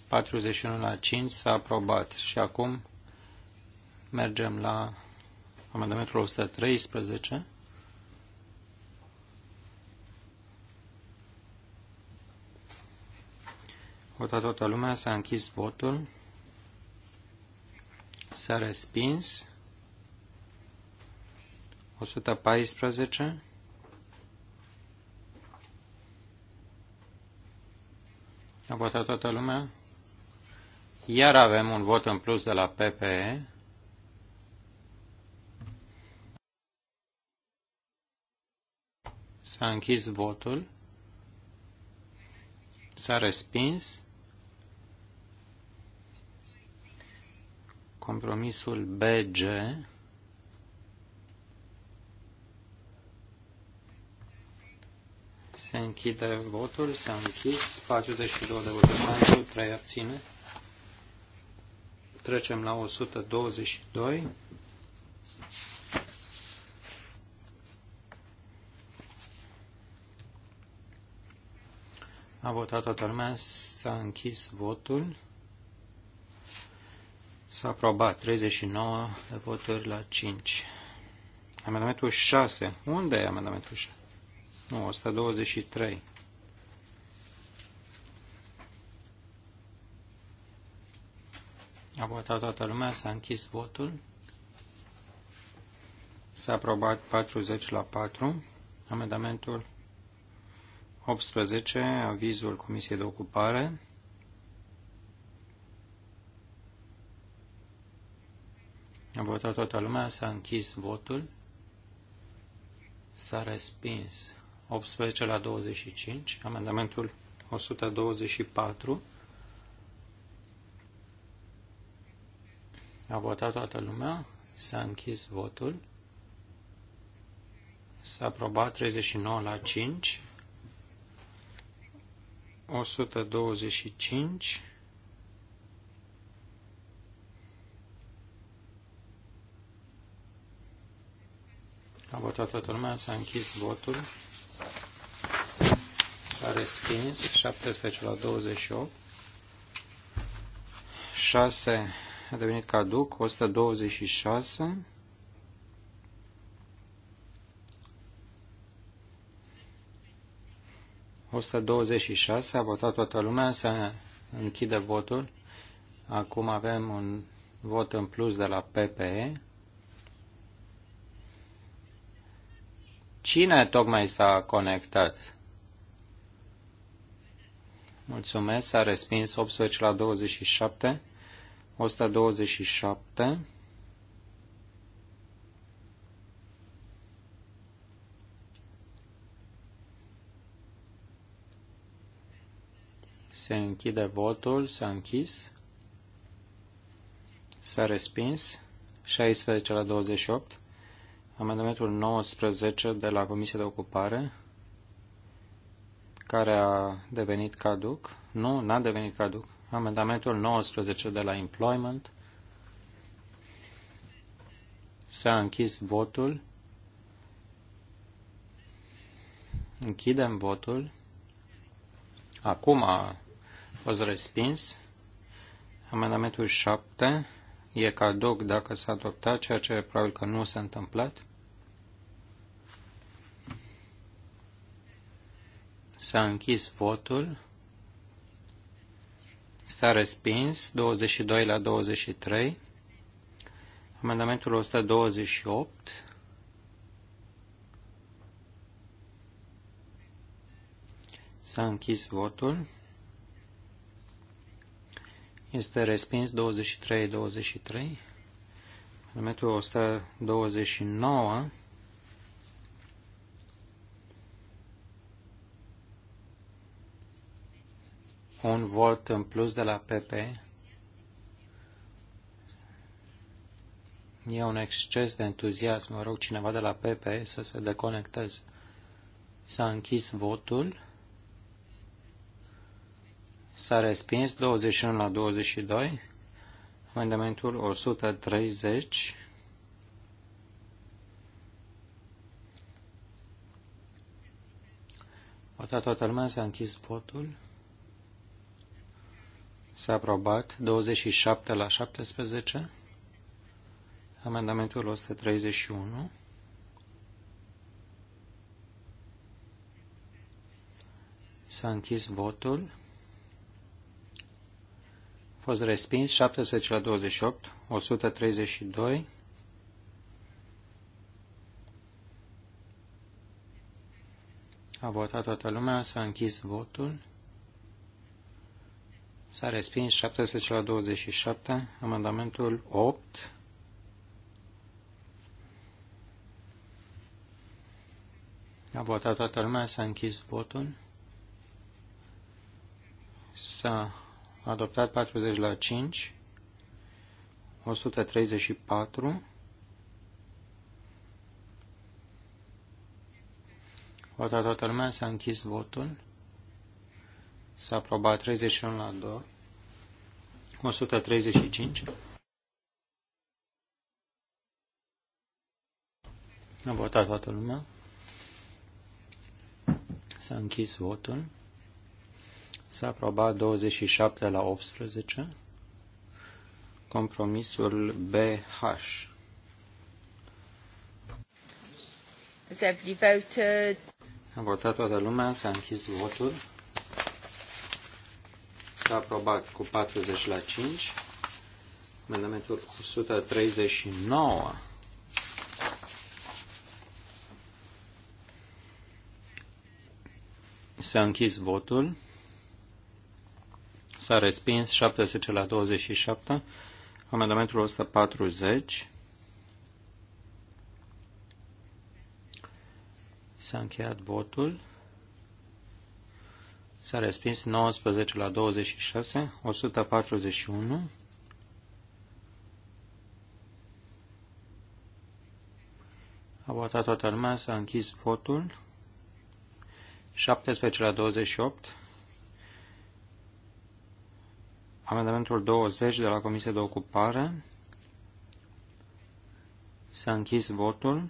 41 la 5 s-a aprobat și acum mergem la amendamentul 113. Votat toată lumea, s-a închis votul. S-a respins. 114. A votat toată lumea? Iar avem un vot în plus de la PPE. S-a închis votul. S-a respins. Compromisul BG se închide votul, s-a închis, 42 de voturi pentru, 3 abține. Trecem la 122. A votat toată lumea, s-a închis votul. S-a aprobat 39 de voturi la 5. Amendamentul 6. Unde e amendamentul 6? Nu, 123. A votat toată lumea, s-a închis votul. S-a aprobat 40 la 4. Amendamentul 18, avizul Comisiei de Ocupare. A votat toată lumea, s-a închis votul, s-a respins 18 la 25, amendamentul 124. A votat toată lumea, s-a închis votul, s-a aprobat 39 la 5, 125, A votat toată lumea, s-a închis votul. S-a respins 17 la 28. 6 a devenit caduc, 126. ...126, a votat toată lumea să închide votul. Acum avem un vot în plus de la PPE. Cine tocmai s-a conectat? Mulțumesc, s-a respins 18 la 27, 127. Se închide votul, s-a închis, s-a respins, 16 la 28 amendamentul 19 de la Comisia de Ocupare, care a devenit caduc. Nu, n-a devenit caduc. Amendamentul 19 de la Employment. S-a închis votul. Închidem votul. Acum a fost respins. Amendamentul 7 e caduc dacă s-a adoptat, ceea ce probabil că nu s-a întâmplat. S-a închis votul. S-a respins 22 la 23. Amendamentul 128. S-a închis votul. Este respins 23-23. Amendamentul 129. un volt în plus de la PP. E un exces de entuziasm. Mă rog cineva de la PP să se deconecteze. S-a închis votul. S-a respins 21 la 22. Amendamentul 130. Votat toată lumea, s-a închis votul. S-a aprobat 27 la 17. Amendamentul 131. S-a închis votul. A fost respins 17 la 28, 132. A votat toată lumea, s-a închis votul. S-a respins 17 la 27, amendamentul 8. A votat toată lumea, s-a închis votul. S-a adoptat 40 la 5, 134. Votat toată lumea, s-a închis votul. S-a aprobat 31 la 2. 135. A votat toată lumea. S-a închis votul. S-a aprobat 27 la 18. Compromisul BH. Am A votat toată lumea, s-a închis votul. S-a aprobat cu 40 la 5. Amendamentul 139. S-a închis votul. S-a respins 17 la 27. Amendamentul 140. S-a încheiat votul. S-a respins 19 la 26, 141. A votat toată lumea, s-a închis votul. 17 la 28. Amendamentul 20 de la Comisia de Ocupare. S-a închis votul.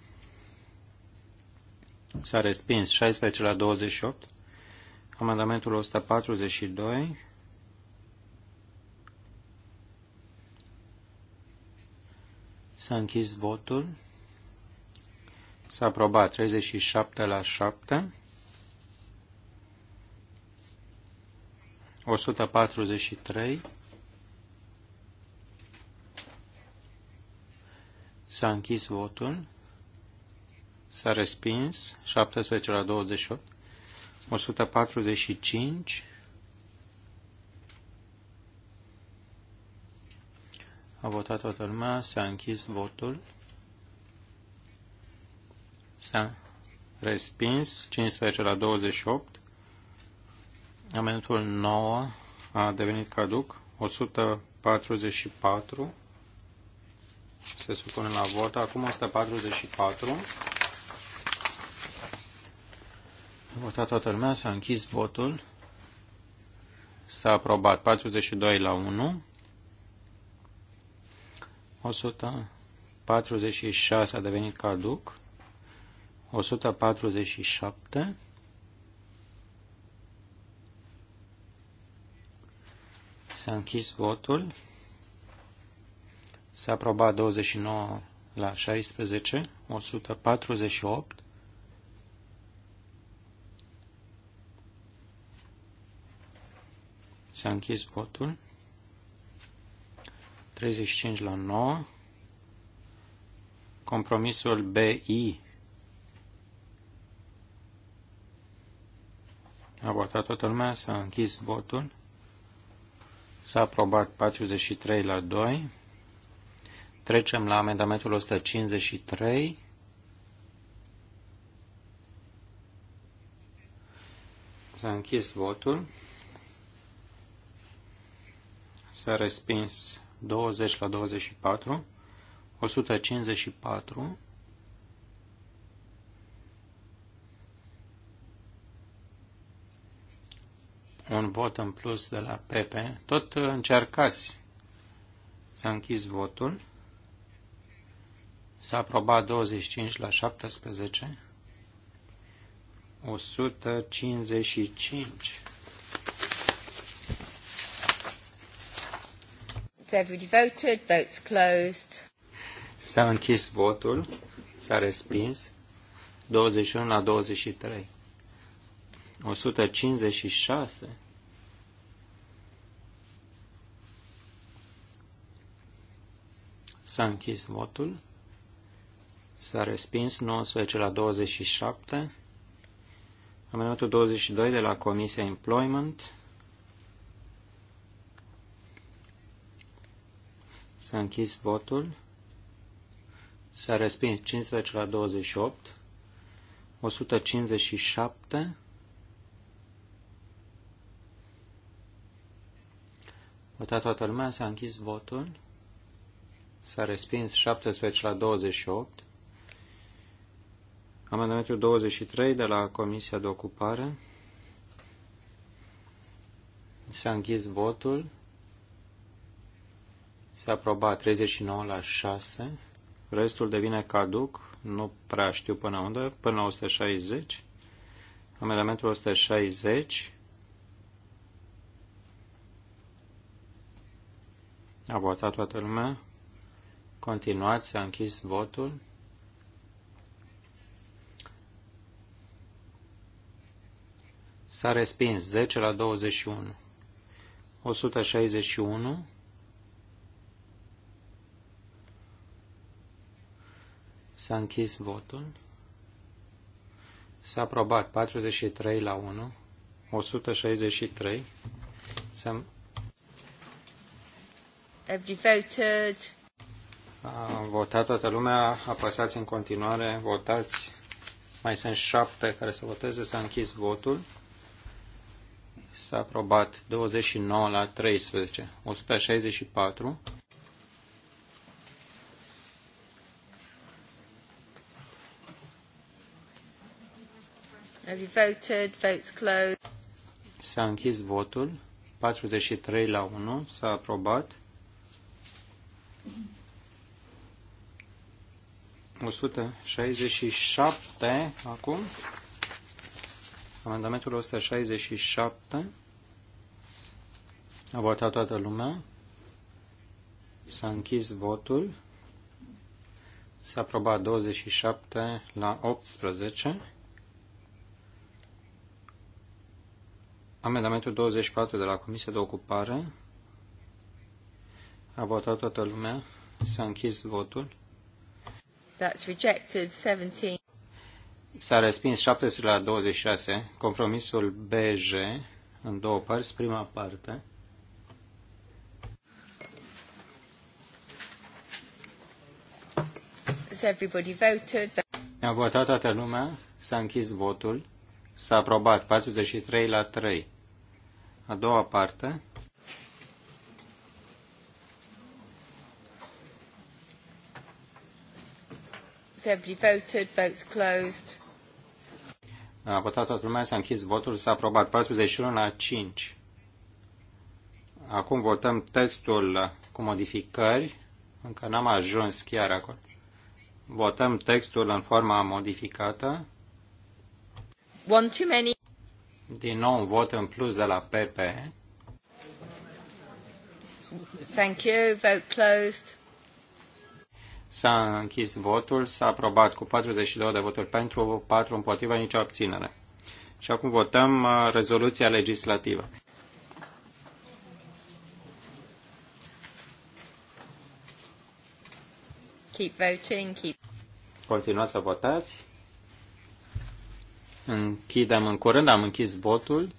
S-a respins 16 la 28. Amendamentul 142. S-a închis votul. S-a aprobat 37 la 7. 143. S-a închis votul. S-a respins 17 la 28. 145. A votat toată lumea, s-a închis votul. S-a respins 15 la 28. Amendamentul 9 a devenit caduc. 144 se supune la vot. Acum 144. A votat toată lumea, s-a închis votul. S-a aprobat 42 la 1. 146 a devenit caduc. 147. S-a închis votul. S-a aprobat 29 la 16. 148. S-a închis votul. 35 la 9. Compromisul BI A votat toată lumea, s-a închis votul. S-a aprobat 43 la 2. Trecem la amendamentul 153. S-a închis votul s-a respins 20 la 24, 154, un vot în plus de la Pepe, tot încercați S-a închis votul. S-a aprobat 25 la 17. 155. everybody voted? Votes closed. S-a închis votul. S-a respins. 21 la 23. 156. S-a închis votul. S-a respins 19 la 27. Amendamentul 22 de la Comisia Employment. S-a închis votul. S-a respins 15 la 28. 157. Votat toată lumea, s-a închis votul. S-a respins 17 la 28. Amendamentul 23 de la Comisia de Ocupare. S-a închis votul. Se aproba 39 la 6. Restul devine caduc. Nu prea știu până unde. Până la 160. Amendamentul 160. A votat toată lumea. Continuați, s-a închis votul. S-a respins 10 la 21. 161 S-a închis votul. S-a aprobat 43 la 1, 163. S-a... A votat toată lumea, apăsați în continuare, votați. Mai sunt șapte care să voteze, s-a închis votul. S-a aprobat 29 la 13, 164. Have you voted? Votes closed. S-a închis votul. 43 la 1. S-a aprobat. 167 acum. Amendamentul 167. A votat toată lumea. S-a închis votul. S-a aprobat 27 la 18. Amendamentul 24 de la Comisia de Ocupare. A votat toată lumea. S-a închis votul. That's rejected 17. S-a respins 17 la 26. Compromisul BJ în două părți, prima parte. Has everybody voted? A votat toată lumea, s-a închis votul. S-a aprobat 43 la 3. A doua parte. Everybody voted, votes closed. A votat toată lumea, s-a închis votul, s-a aprobat 41 la 5. Acum votăm textul cu modificări. Încă n-am ajuns chiar acolo. Votăm textul în forma modificată. One too many. Din nou un vot în plus de la PP. Thank you. Vote closed. S-a închis votul, s-a aprobat cu 42 de voturi pentru, 4 împotriva, nicio abținere. Și acum votăm uh, rezoluția legislativă. Keep voting, keep... Continuați să votați. Închidem în curând, am închis votul.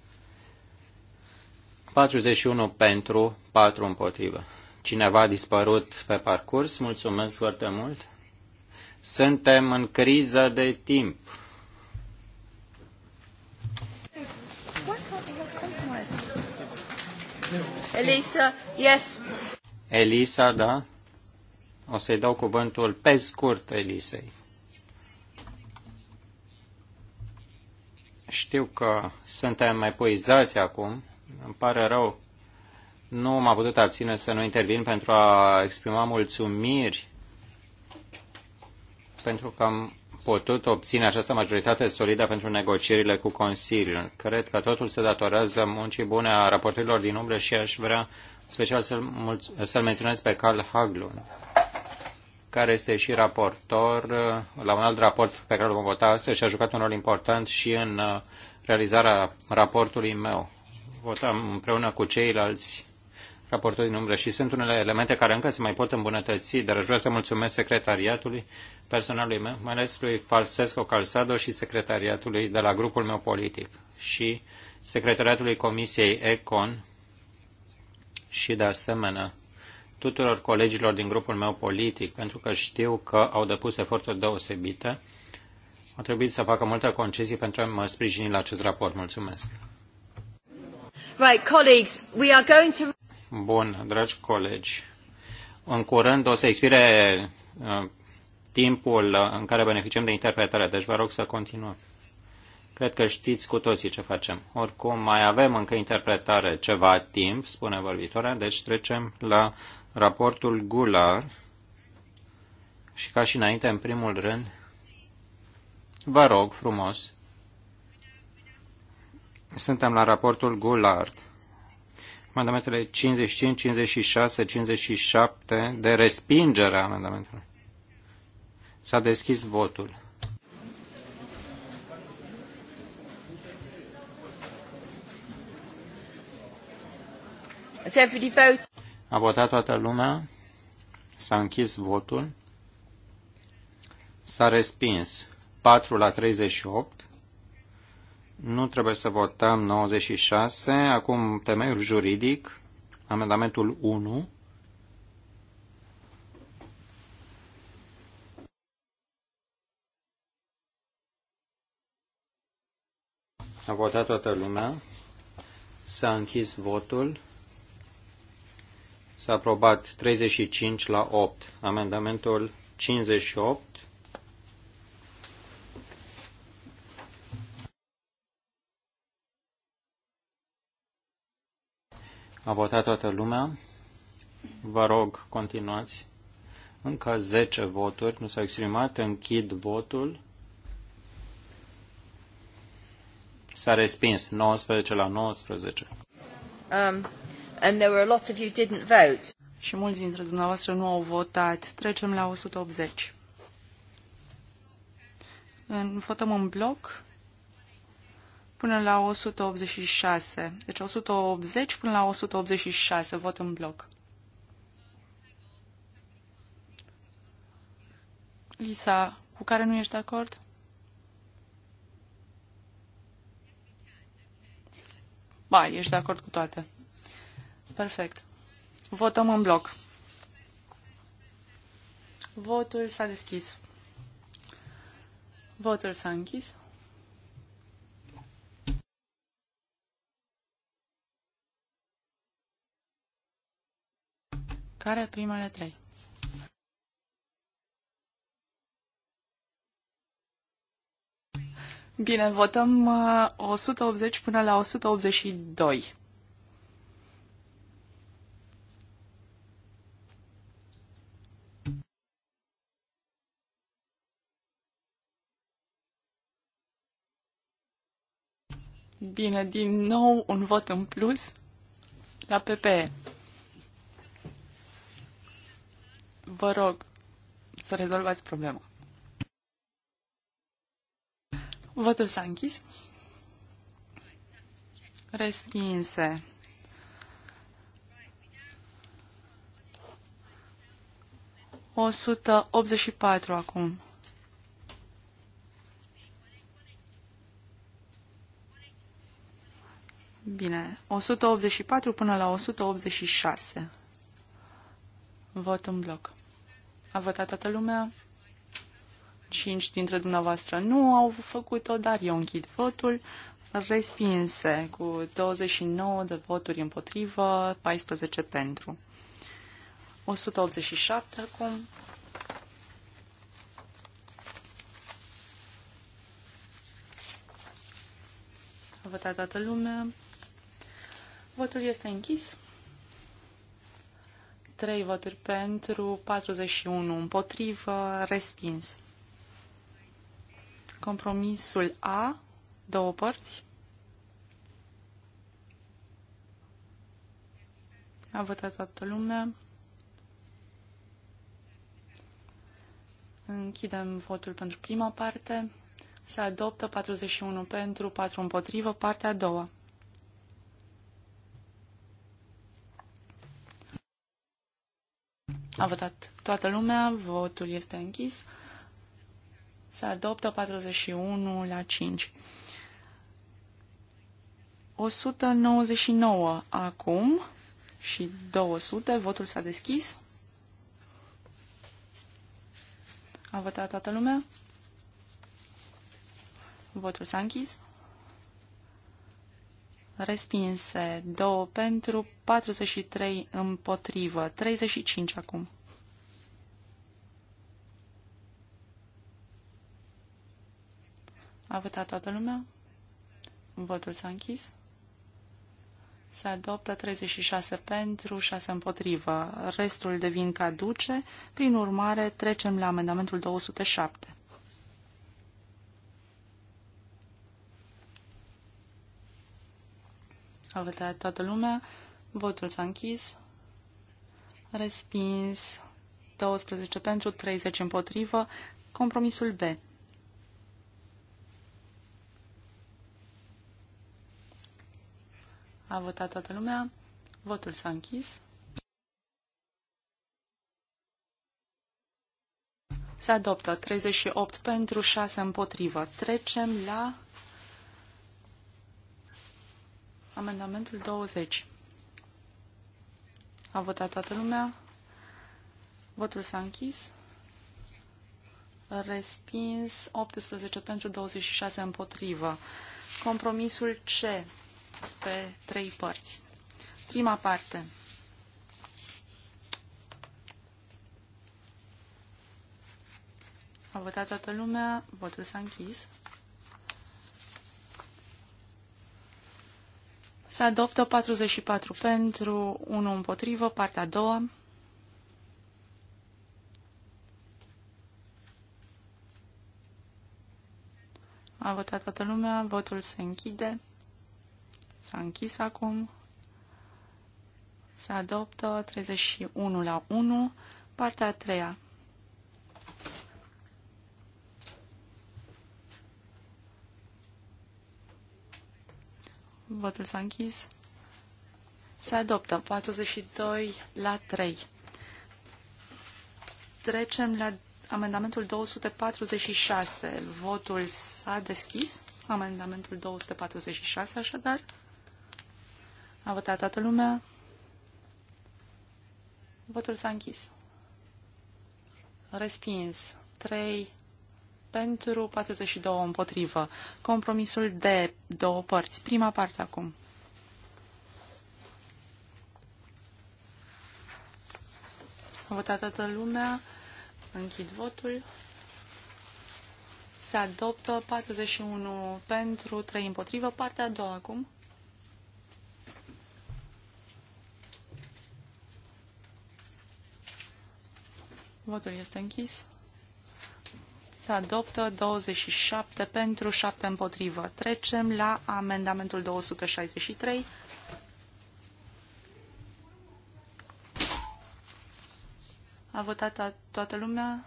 41 pentru, 4 împotrivă. Cineva a dispărut pe parcurs, mulțumesc foarte mult. Suntem în criză de timp. Elisa, yes. Elisa, da? O să-i dau cuvântul pe scurt Elisei. Știu că suntem mai poizați acum. Îmi pare rău. Nu m-am putut abține să nu intervin pentru a exprima mulțumiri pentru că am putut obține această majoritate solidă pentru negocierile cu Consiliul. Cred că totul se datorează muncii bune a raportorilor din umbră și aș vrea special să-l, mulț- să menționez pe Carl Haglund care este și raportor uh, la un alt raport pe care îl vom vota astăzi și a jucat un rol important și în uh, realizarea raportului meu. Votam împreună cu ceilalți raportori din umbră și sunt unele elemente care încă se mai pot îmbunătăți, dar aș vrea să mulțumesc secretariatului, personalului meu, mai ales lui Falsesco Calsado și secretariatului de la grupul meu politic și secretariatului Comisiei Econ și de asemenea tuturor colegilor din grupul meu politic, pentru că știu că au depus eforturi deosebite. A trebuit să facă multe concesii pentru a mă sprijini la acest raport. Mulțumesc. Right, colleagues, we are going to... Bun, dragi colegi, în curând o să expire uh, timpul uh, în care beneficiem de interpretare, deci vă rog să continuăm. Cred că știți cu toții ce facem. Oricum, mai avem încă interpretare ceva timp, spune vorbitoarea, deci trecem la raportul Gular și ca și înainte, în primul rând, vă rog frumos, suntem la raportul Gulard. Amendamentele 55, 56, 57 de respingere a amendamentului. S-a deschis votul. A votat toată lumea. S-a închis votul. S-a respins 4 la 38. Nu trebuie să votăm 96. Acum temeiul juridic, amendamentul 1. A votat toată lumea. S-a închis votul. S-a aprobat 35 la 8. Amendamentul 58. A votat toată lumea. Vă rog, continuați. Încă 10 voturi nu s a exprimat. Închid votul. S-a respins 19 la 19. Um, and there were a lot of you didn't vote. Și mulți dintre dumneavoastră nu au votat. Trecem la 180. Votăm în bloc până la 186. Deci 180 până la 186, vot în bloc. Lisa, cu care nu ești de acord? Ba, ești de acord cu toate. Perfect. Votăm în bloc. Votul s-a deschis. Votul s-a închis. Care primele trei? Bine, votăm 180 uh, până la 182. Bine, din nou un vot în plus la PPE. Vă rog să rezolvați problema. Votul s-a închis. Respinse. O sută și patru acum. Bine, 184 până la 186. Vot în bloc. A votat toată lumea? Cinci dintre dumneavoastră nu au făcut-o, dar eu închid votul. Respinse cu 29 de voturi împotrivă, 14 pentru. 187 acum. A votat toată lumea. Votul este închis. 3 voturi pentru, 41 împotrivă, respins. Compromisul A, două părți. A votat toată lumea. Închidem votul pentru prima parte. Se adoptă 41 pentru, 4 împotrivă, partea a doua. A votat toată lumea, votul este închis. Se adoptă 41 la 5. 199 acum și 200. Votul s-a deschis. A votat toată lumea. Votul s-a închis respinse, 2 pentru, 43 împotrivă, 35 acum. A votat toată lumea? Votul s-a închis. Se adoptă 36 pentru, 6 împotrivă. Restul devin caduce. Prin urmare, trecem la amendamentul 207. A votat toată lumea. Votul s-a închis. Respins. 12 pentru, 30 împotrivă. Compromisul B. A votat toată lumea. Votul s-a închis. Se adoptă 38 pentru, 6 împotrivă. Trecem la Amendamentul 20. A votat toată lumea. Votul s-a închis. Respins 18 pentru 26 împotrivă. Compromisul C pe trei părți. Prima parte. A votat toată lumea, votul s-a închis. Se adoptă 44 pentru, 1 împotrivă, partea a doua. A votat toată lumea, votul se închide. S-a închis acum. Se adoptă 31 la 1, partea a treia. Votul s-a închis. Se adoptă 42 la 3. Trecem la amendamentul 246. Votul s-a deschis. Amendamentul 246, așadar. A votat toată lumea. Votul s-a închis. Respins. 3 pentru, 42 împotrivă. Compromisul de două părți. Prima parte acum. A votat toată lumea. Închid votul. Se adoptă 41 pentru, 3 împotrivă. Partea a doua acum. Votul este închis se adoptă, 27 pentru, 7 împotrivă. Trecem la amendamentul 263. A votat toată lumea?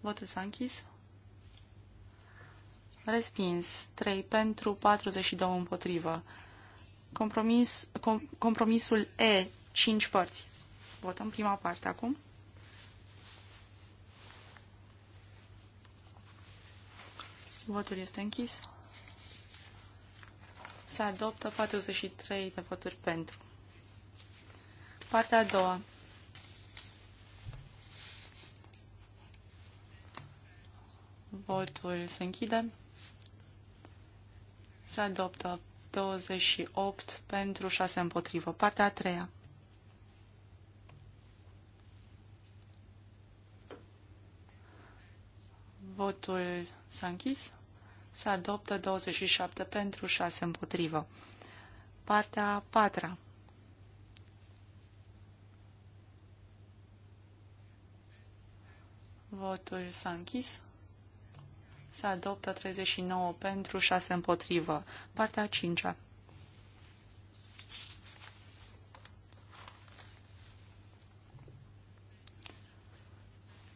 Votul s-a închis. Respins. 3 pentru, 42 împotrivă. Compromis, com, compromisul E, 5 părți. Votăm prima parte acum. Votul este închis. Se adoptă 43 de voturi pentru. Partea a doua. Votul se închide. Se adoptă 28 pentru 6 împotrivă. Partea a treia. Votul S-a închis. Se adoptă 27 pentru 6 împotrivă. Partea a patra. Votul s-a închis. Se adoptă 39 pentru 6 împotrivă. Partea a cincea.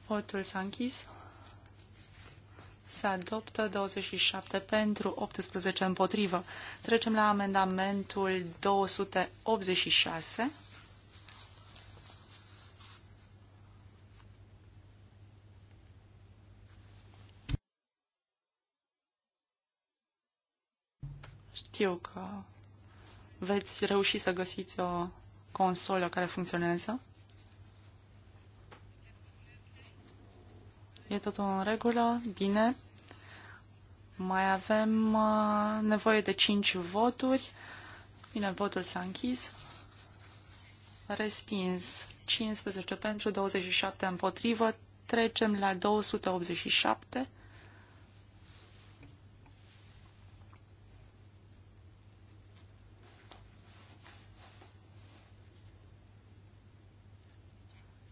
Votul s-a închis se adoptă 27 pentru, 18 împotrivă. Trecem la amendamentul 286. Știu că veți reuși să găsiți o consolă care funcționează. E totul în regulă? Bine. Mai avem uh, nevoie de 5 voturi. Bine, votul s-a închis. Respins 15 pentru, 27 împotrivă. Trecem la 287.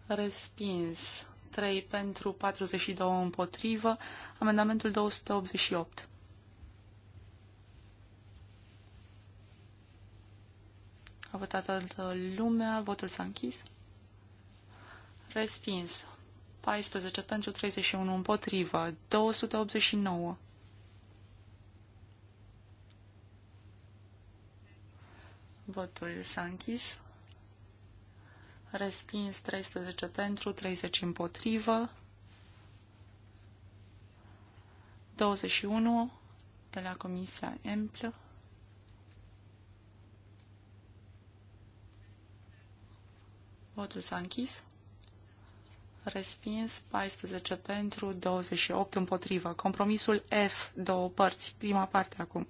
Respins 23 pentru 42 împotrivă. Amendamentul 288. A votat toată lumea, votul s-a închis. Respins. 14 pentru 31 împotrivă. 289. Votul s-a închis respins 13 pentru, 30 împotrivă, 21 de la Comisia Emplă. Votul s-a închis. Respins 14 pentru, 28 împotrivă. Compromisul F, două părți, prima parte acum.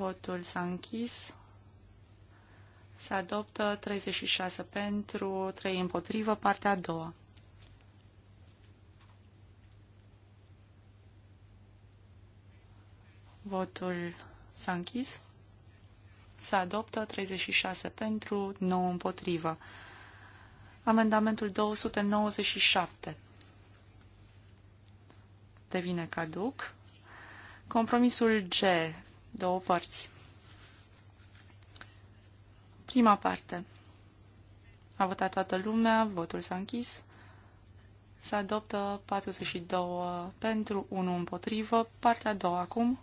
Votul s-a închis. Se adoptă 36 pentru, 3 împotrivă, partea a doua. Votul s-a închis. Se adoptă 36 pentru, 9 împotrivă. Amendamentul 297 devine caduc. Compromisul G două părți. Prima parte. A votat toată lumea, votul s-a închis. Se adoptă 42 pentru, 1 împotrivă. Partea a doua acum.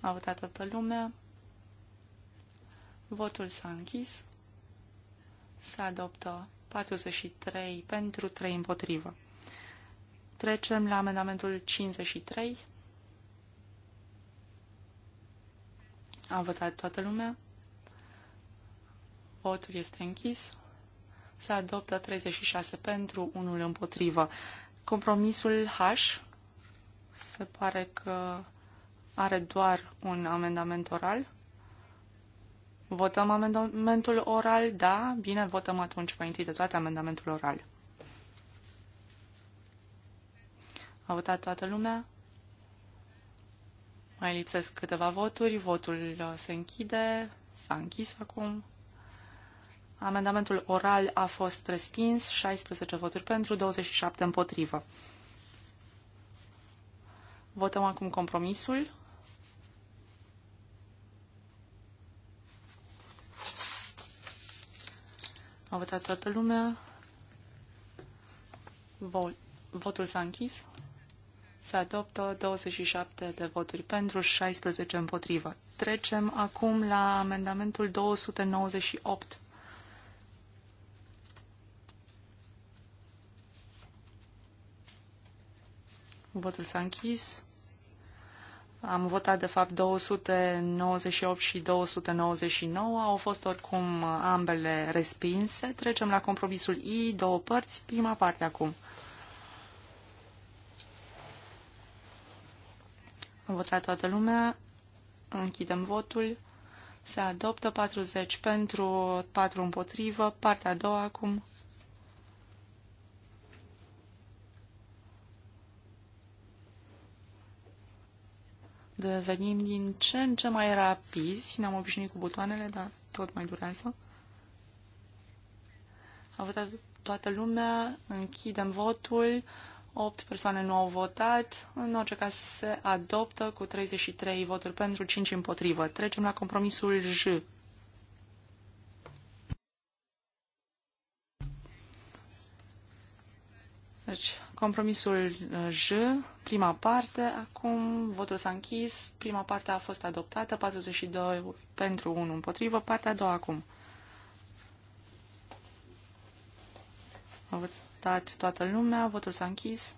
A votat toată lumea. Votul s-a închis. Se adoptă 43 pentru, 3 împotrivă. Trecem la amendamentul 53. A votat toată lumea. Votul este închis. Se adoptă 36 pentru, 1 împotrivă. Compromisul H se pare că are doar un amendament oral. Votăm amendamentul oral? Da. Bine, votăm atunci mai întâi de toate amendamentul oral. A votat toată lumea? Mai lipsesc câteva voturi. Votul uh, se închide. S-a închis acum. Amendamentul oral a fost respins. 16 voturi pentru, 27 împotrivă. Votăm acum compromisul. A votat toată lumea. Votul s-a închis se adoptă 27 de voturi pentru, 16 împotrivă. Trecem acum la amendamentul 298. Votul s-a închis. Am votat, de fapt, 298 și 299. Au fost oricum ambele respinse. Trecem la compromisul I, două părți, prima parte acum. A votat toată lumea. Închidem votul. Se adoptă 40 pentru, 4 împotrivă. Partea a doua acum. Devenim din ce în ce mai rapizi. Ne-am obișnuit cu butoanele, dar tot mai durează. A votat toată lumea. Închidem votul. 8 persoane nu au votat. În orice caz se adoptă cu 33 voturi pentru, 5 împotrivă. Trecem la compromisul J. Deci, compromisul uh, J, prima parte, acum votul s-a închis, prima parte a fost adoptată, 42 pentru 1 împotrivă, partea a doua acum votat toată lumea, votul s-a închis.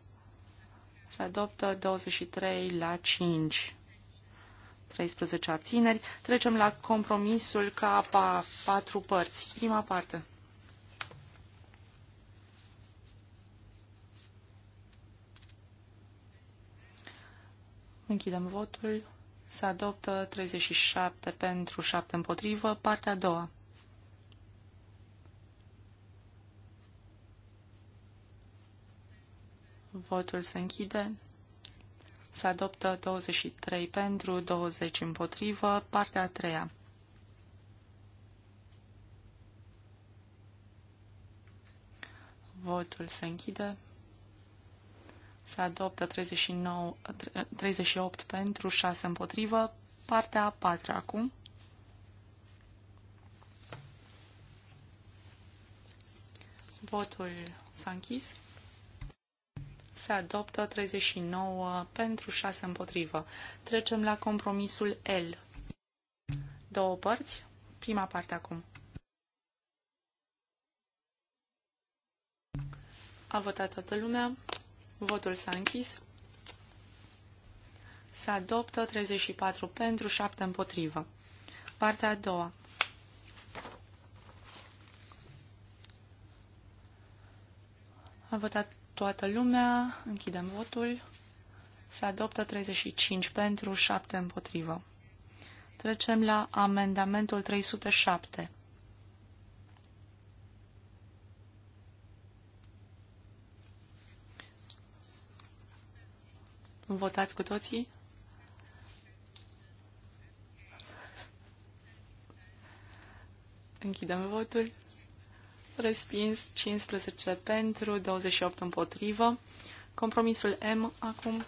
Se adoptă 23 la 5. 13 abțineri. Trecem la compromisul ca a patru părți. Prima parte. Închidem votul. Se adoptă 37 pentru 7 împotrivă. Partea a doua. Votul se închide. Se adoptă 23 pentru, 20 împotrivă. Partea a treia. Votul se închide. Se adoptă 39, 38 pentru, 6 împotrivă. Partea a patra acum. Votul s-a închis se adoptă 39 pentru 6 împotrivă. Trecem la compromisul L. Două părți. Prima parte acum. A votat toată lumea. Votul s-a închis. Se adoptă 34 pentru 7 împotrivă. Partea a doua. A votat toată lumea, închidem votul. Se adoptă 35 pentru, 7 împotrivă. Trecem la amendamentul 307. Votați cu toții? Închidem votul respins 15 pentru, 28 împotrivă. Compromisul M acum.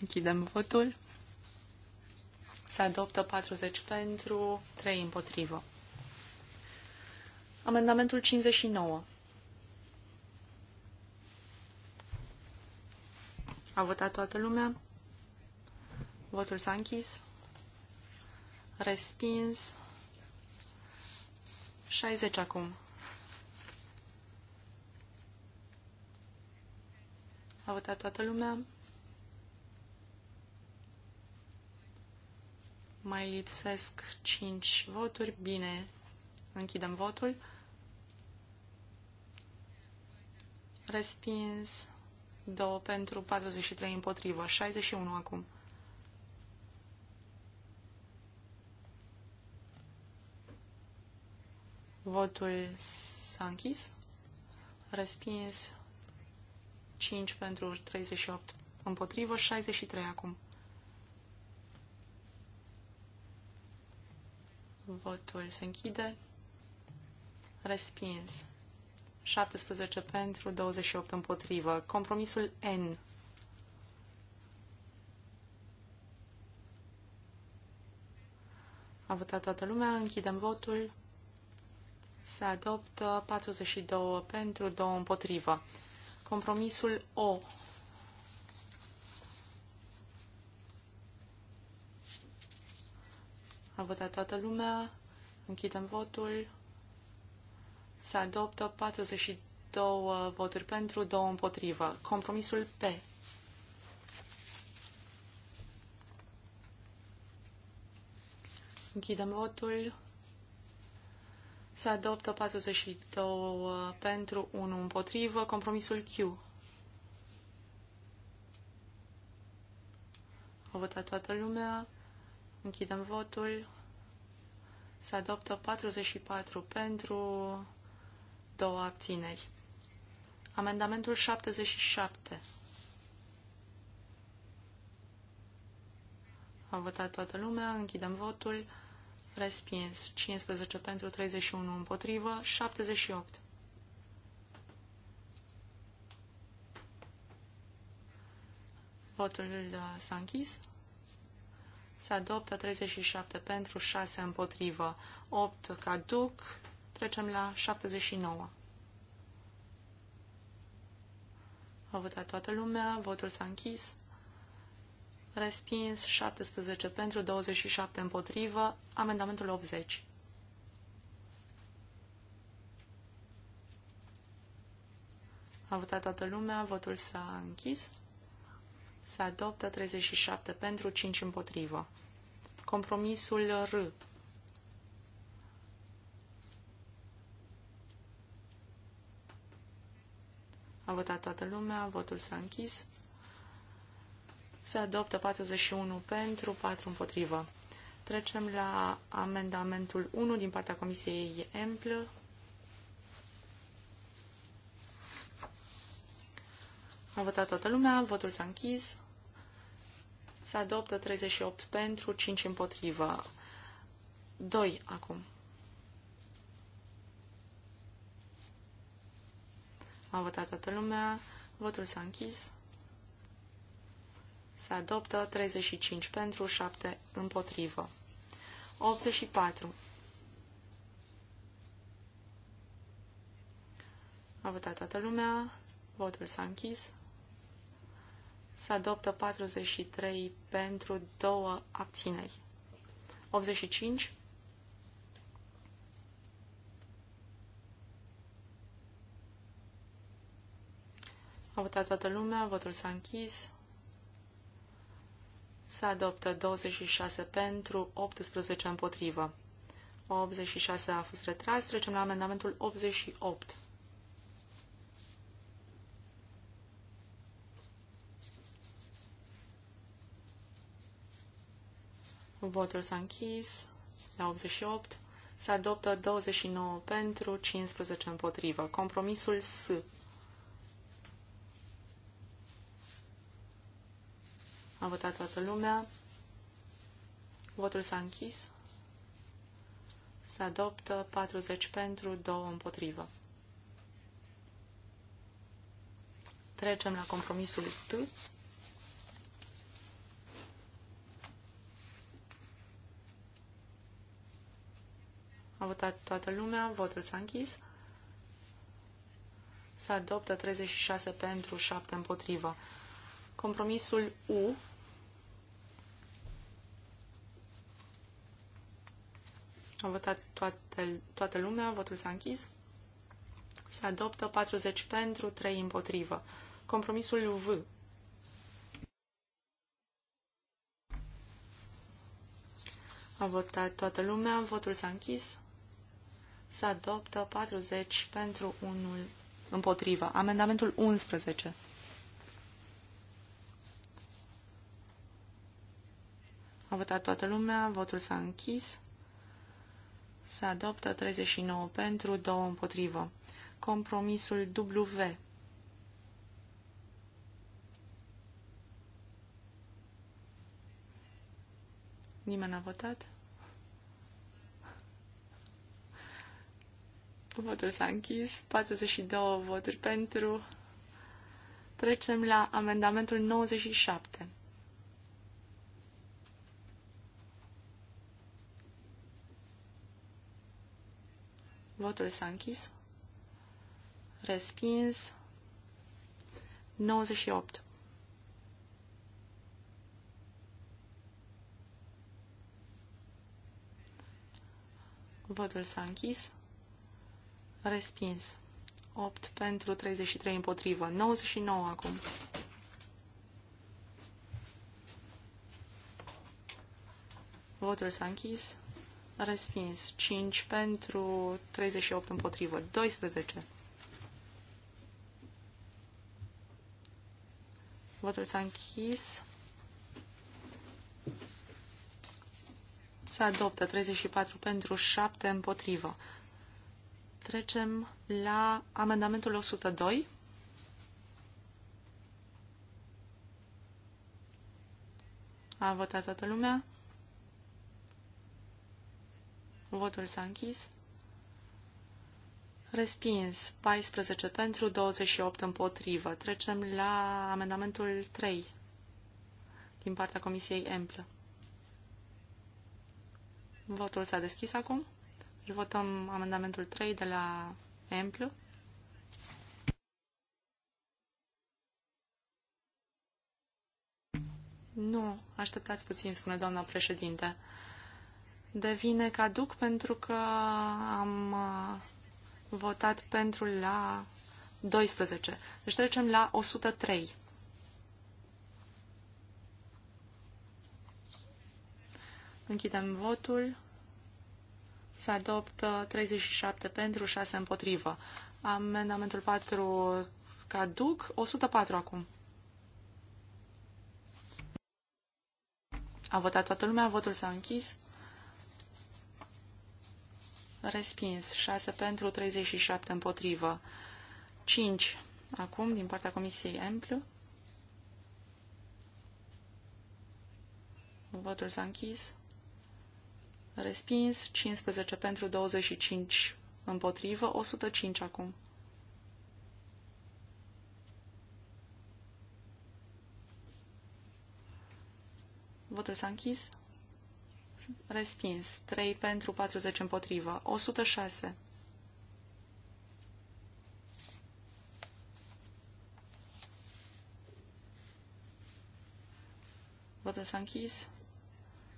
Închidem votul. Se adoptă 40 pentru, 3 împotrivă. Amendamentul 59. A votat toată lumea? Votul s-a închis. Respins. 60 acum. A votat toată lumea. Mai lipsesc 5 voturi. Bine, închidem votul. Respins 2 pentru 43 împotrivă. 61 acum. Votul s-a închis. Respins 5 pentru 38 împotrivă, 63 acum. Votul se închide. Respins. 17 pentru, 28 împotrivă. Compromisul N. A votat toată lumea. Închidem votul se adoptă 42 pentru, 2 împotrivă. Compromisul O. A votat toată lumea. Închidem votul. Se adoptă 42 voturi pentru, 2 împotrivă. Compromisul P. Închidem votul se adoptă 42 pentru 1 împotrivă. Compromisul Q. A votat toată lumea. Închidem votul. Se adoptă 44 pentru două abțineri. Amendamentul 77. A votat toată lumea. Închidem votul respins. 15 pentru 31 împotrivă, 78. Votul uh, s-a închis. Se adoptă 37 pentru, 6 împotrivă, 8 caduc. Trecem la 79. A votat toată lumea, votul s-a închis respins 17 pentru, 27 împotrivă, amendamentul 80. A votat toată lumea, votul s-a închis. Se adoptă 37 pentru, 5 împotrivă. Compromisul R. A votat toată lumea, votul s-a închis. Se adoptă 41 pentru, 4 împotrivă. Trecem la amendamentul 1 din partea Comisiei Emplă. A votat toată lumea, votul s-a închis. Se adoptă 38 pentru, 5 împotrivă. 2 acum. A votat toată lumea, votul s-a închis se adoptă, 35 pentru, 7 împotrivă. 84. A votat toată lumea, votul s-a închis. Se adoptă 43 pentru, 2 abțineri. 85. A votat toată lumea, votul s-a închis se adoptă 26 pentru, 18 împotrivă. 86 a fost retras. Trecem la amendamentul 88. Votul s-a închis la 88. Se adoptă 29 pentru, 15 împotrivă. Compromisul S A votat toată lumea. Votul s-a închis. Se adoptă 40 pentru, 2 împotrivă. Trecem la compromisul T. A votat toată lumea, votul s-a închis. Se adoptă 36 pentru, 7 împotrivă. Compromisul U A votat toată, toată lumea, votul s-a închis. Se adoptă 40 pentru, 3 împotrivă. Compromisul V. A votat toată lumea, votul s-a închis. Se adoptă 40 pentru 1 împotrivă. Amendamentul 11. A votat toată lumea, votul s-a închis. Se adoptă 39 pentru, 2 împotrivă. Compromisul W. Nimeni a votat? Votul s-a închis. 42 voturi pentru. Trecem la amendamentul 97. Votul s-a închis. Respins. 98. Votul s-a închis. Respins. 8 pentru 33 împotrivă. 99 acum. Votul s-a închis. Respins. 5 pentru 38 împotrivă. 12. Votul s-a închis. Se adoptă 34 pentru 7 împotrivă. Trecem la amendamentul 102. A votat toată lumea. Votul s-a închis. Respins. 14 pentru, 28 împotrivă. Trecem la amendamentul 3 din partea Comisiei Emplă. Votul s-a deschis acum. Îl votăm amendamentul 3 de la Emplă. Nu, așteptați puțin, spune doamna președinte devine caduc pentru că am uh, votat pentru la 12. Deci trecem la 103. Închidem votul. Se adoptă 37 pentru, 6 împotrivă. Amendamentul 4 caduc, 104 acum. A votat toată lumea, votul s-a închis. Respins. 6 pentru, 37 împotrivă. 5. Acum, din partea Comisiei amplu. Votul s-a închis. Respins. 15 pentru, 25 împotrivă. 105 acum. Votul s-a închis respins. 3 pentru, 40 împotrivă. 106. Votul s-a închis.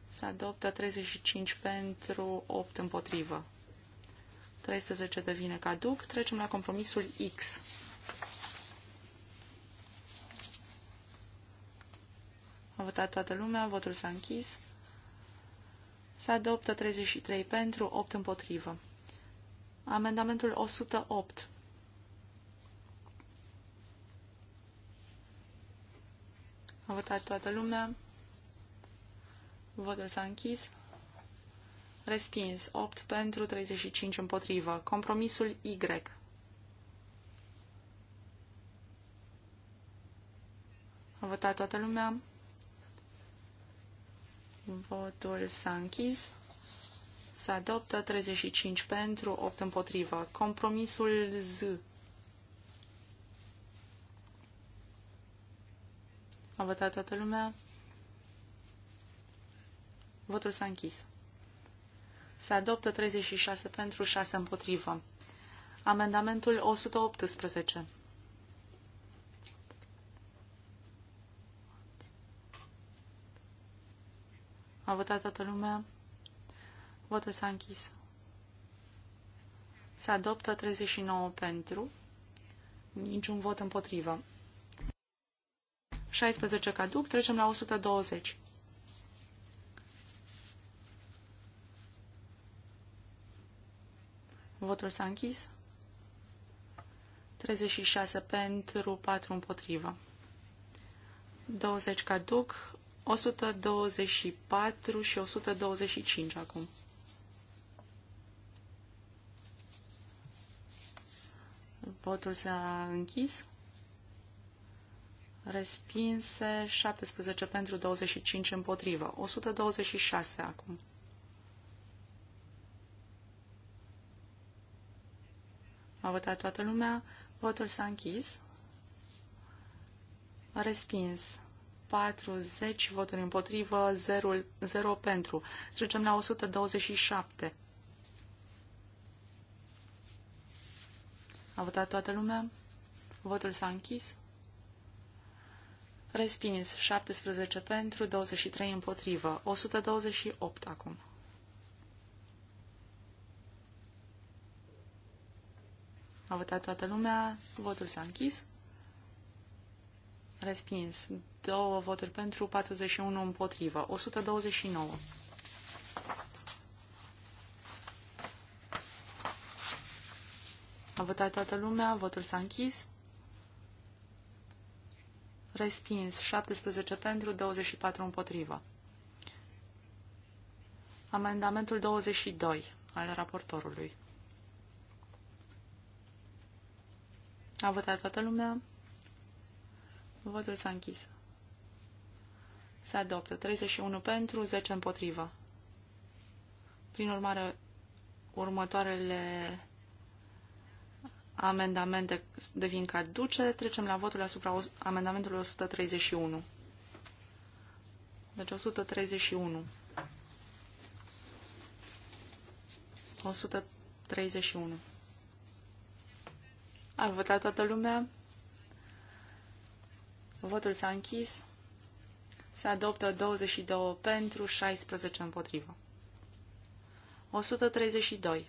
Se adoptă 35 pentru, 8 împotrivă. 13 devine caduc. Trecem la compromisul X. A votat toată lumea, votul s-a închis. Se adoptă 33 pentru, 8 împotrivă. Amendamentul 108. A votat toată lumea. Votul s-a închis. Respins. 8 pentru, 35 împotrivă. Compromisul Y. A votat toată lumea. Votul s-a închis. Se adoptă 35 pentru, 8 împotrivă. Compromisul Z. A votat toată lumea. Votul s-a închis. Se adoptă 36 pentru, 6 împotrivă. Amendamentul 118. A votat toată lumea. Votul s-a închis. Se adoptă 39 pentru, niciun vot împotrivă. 16 caduc, trecem la 120. Votul s-a închis. 36 pentru, 4 împotrivă. 20 caduc, 124 și 125 acum. Votul s-a închis. Respinse 17 pentru 25 împotrivă. 126 acum. A votat toată lumea. Votul s-a închis. Respins 40 voturi împotrivă, 0, 0 pentru. Trecem la 127. A votat toată lumea? Votul s-a închis? Respins 17 pentru, 23 împotrivă. 128 acum. A votat toată lumea, votul s-a închis. Respins. Două voturi pentru, 41 împotrivă. 129. A votat toată lumea, votul s-a închis. Respins. 17 pentru, 24 împotrivă. Amendamentul 22 al raportorului. A votat toată lumea. Votul s-a închis. Se adoptă. 31 pentru, 10 împotriva. Prin urmare, următoarele amendamente devin caduce. Trecem la votul asupra amendamentului 131. Deci 131. 131. A votat toată lumea? Votul s-a închis. Se adoptă 22 pentru, 16 împotrivă. 132.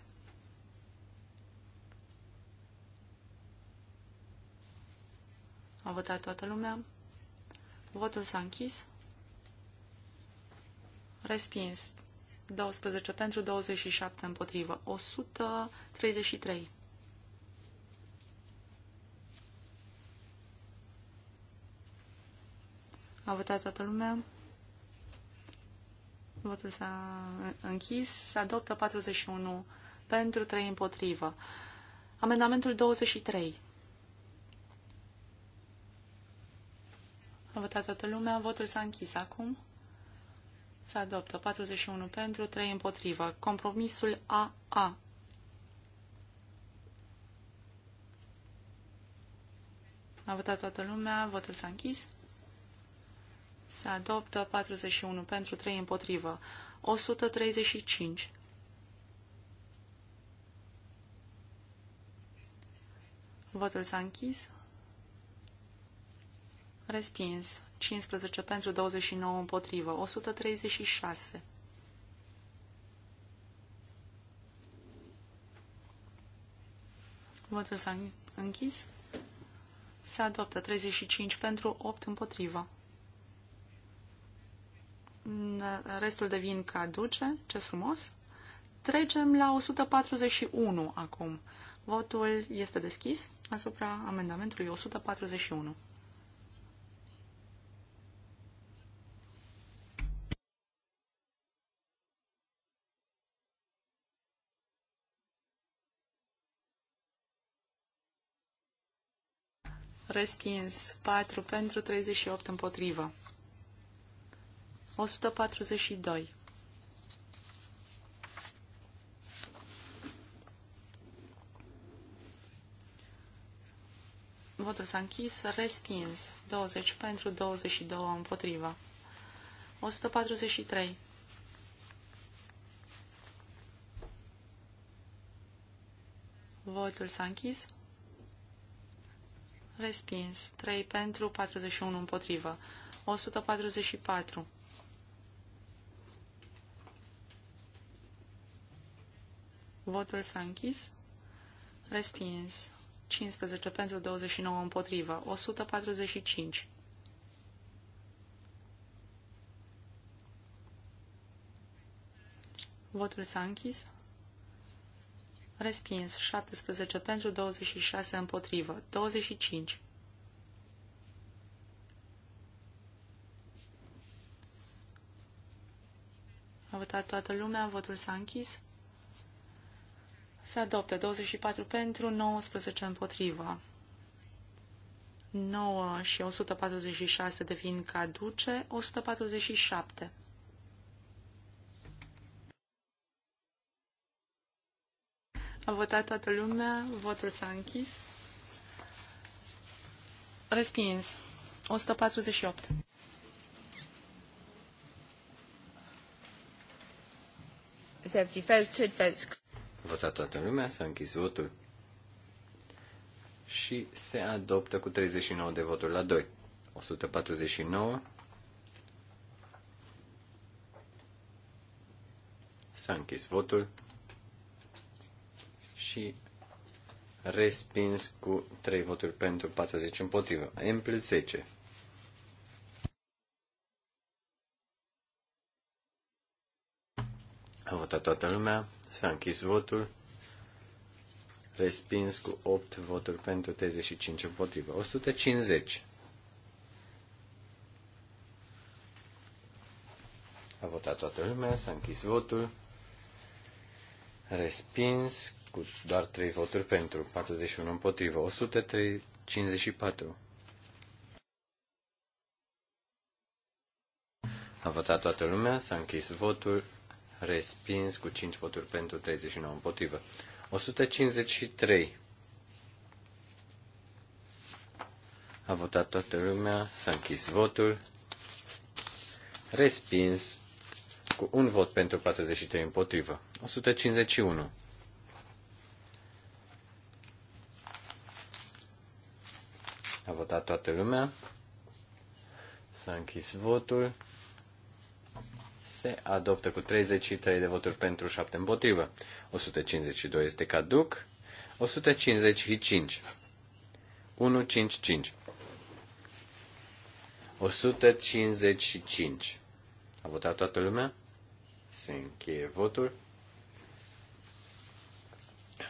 A votat toată lumea. Votul s-a închis. Respins. 12 pentru, 27 împotrivă. 133. A votat toată lumea. Votul s-a închis. Se adoptă 41 pentru, 3 împotrivă. Amendamentul 23. A votat toată lumea. Votul s-a închis acum. Se adoptă 41 pentru, 3 împotrivă. Compromisul AA. A votat toată lumea. Votul s-a închis. Se adoptă 41 pentru 3 împotrivă. 135. Votul s-a închis. Respins. 15 pentru 29 împotrivă. 136. Votul s-a închis. Se adoptă 35 pentru 8 împotrivă restul devin caduce, ce frumos. Trecem la 141 acum. Votul este deschis asupra amendamentului 141. Respins 4 pentru 38 împotrivă. 142. Votul s-a închis, respins. 20 pentru, 22 împotriva. 143. Votul s-a închis. Respins. 3 pentru, 41 împotrivă. 144. Votul s-a închis. Respins. 15 pentru 29 împotrivă. 145. Votul s-a închis. Respins. 17 pentru 26 împotrivă. 25. A votat toată lumea, votul s-a închis. Se adoptă 24 pentru, 19 împotriva. 9 și 146 devin caduce, 147. A votat toată lumea, votul s-a închis. Respins. 148. Has fel voted? Votes votat toată lumea, s-a închis votul și se adoptă cu 39 de voturi la 2. 149 s-a închis votul și respins cu 3 voturi pentru 40 împotrivă. plus 10. A votat toată lumea, S-a închis votul. Respins cu 8 voturi pentru 35 împotrivă. 150. A votat toată lumea, s-a închis votul. Respins cu doar 3 voturi pentru, 41 împotrivă, 154. A votat toată lumea, s-a închis votul, respins cu 5 voturi pentru, 39 împotrivă. 153. A votat toată lumea, s-a închis votul, respins cu un vot pentru 43 împotrivă. 151. A votat toată lumea. S-a închis votul se adoptă cu 33 de voturi pentru, 7 împotrivă. 152 este caduc. 155. 155. 155. A votat toată lumea? Se încheie votul.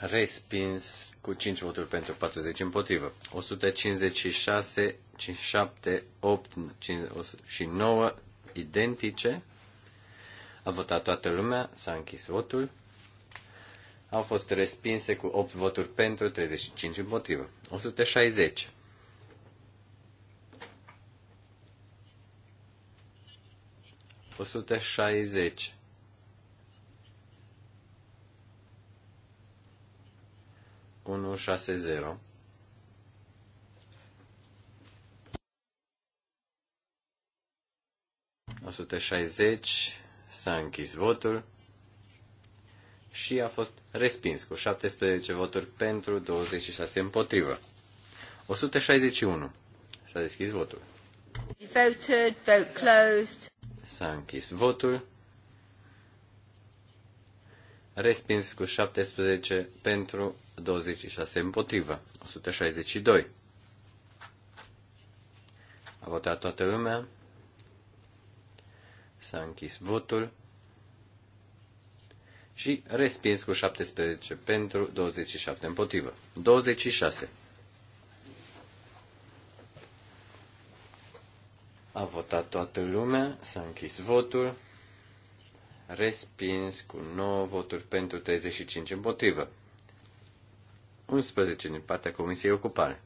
Respins cu 5 voturi pentru 40 împotrivă. 156, 7, 8 5, și 9 identice. A votat toată lumea, s-a închis votul. Au fost respinse cu 8 voturi pentru, 35 împotrivă. 160. Osute șaizeci. Unu șase zero. Osute șaizeci S-a închis votul și a fost respins cu 17 voturi pentru, 26 împotrivă. 161. S-a deschis votul. Voted, vote closed. S-a închis votul. Respins cu 17 pentru, 26 împotrivă. 162. A votat toată lumea. S-a închis votul. Și respins cu 17 pentru, 27 împotrivă. 26. A votat toată lumea, s-a închis votul, respins cu 9 voturi pentru 35 împotrivă. 11 din partea Comisiei Ocupare.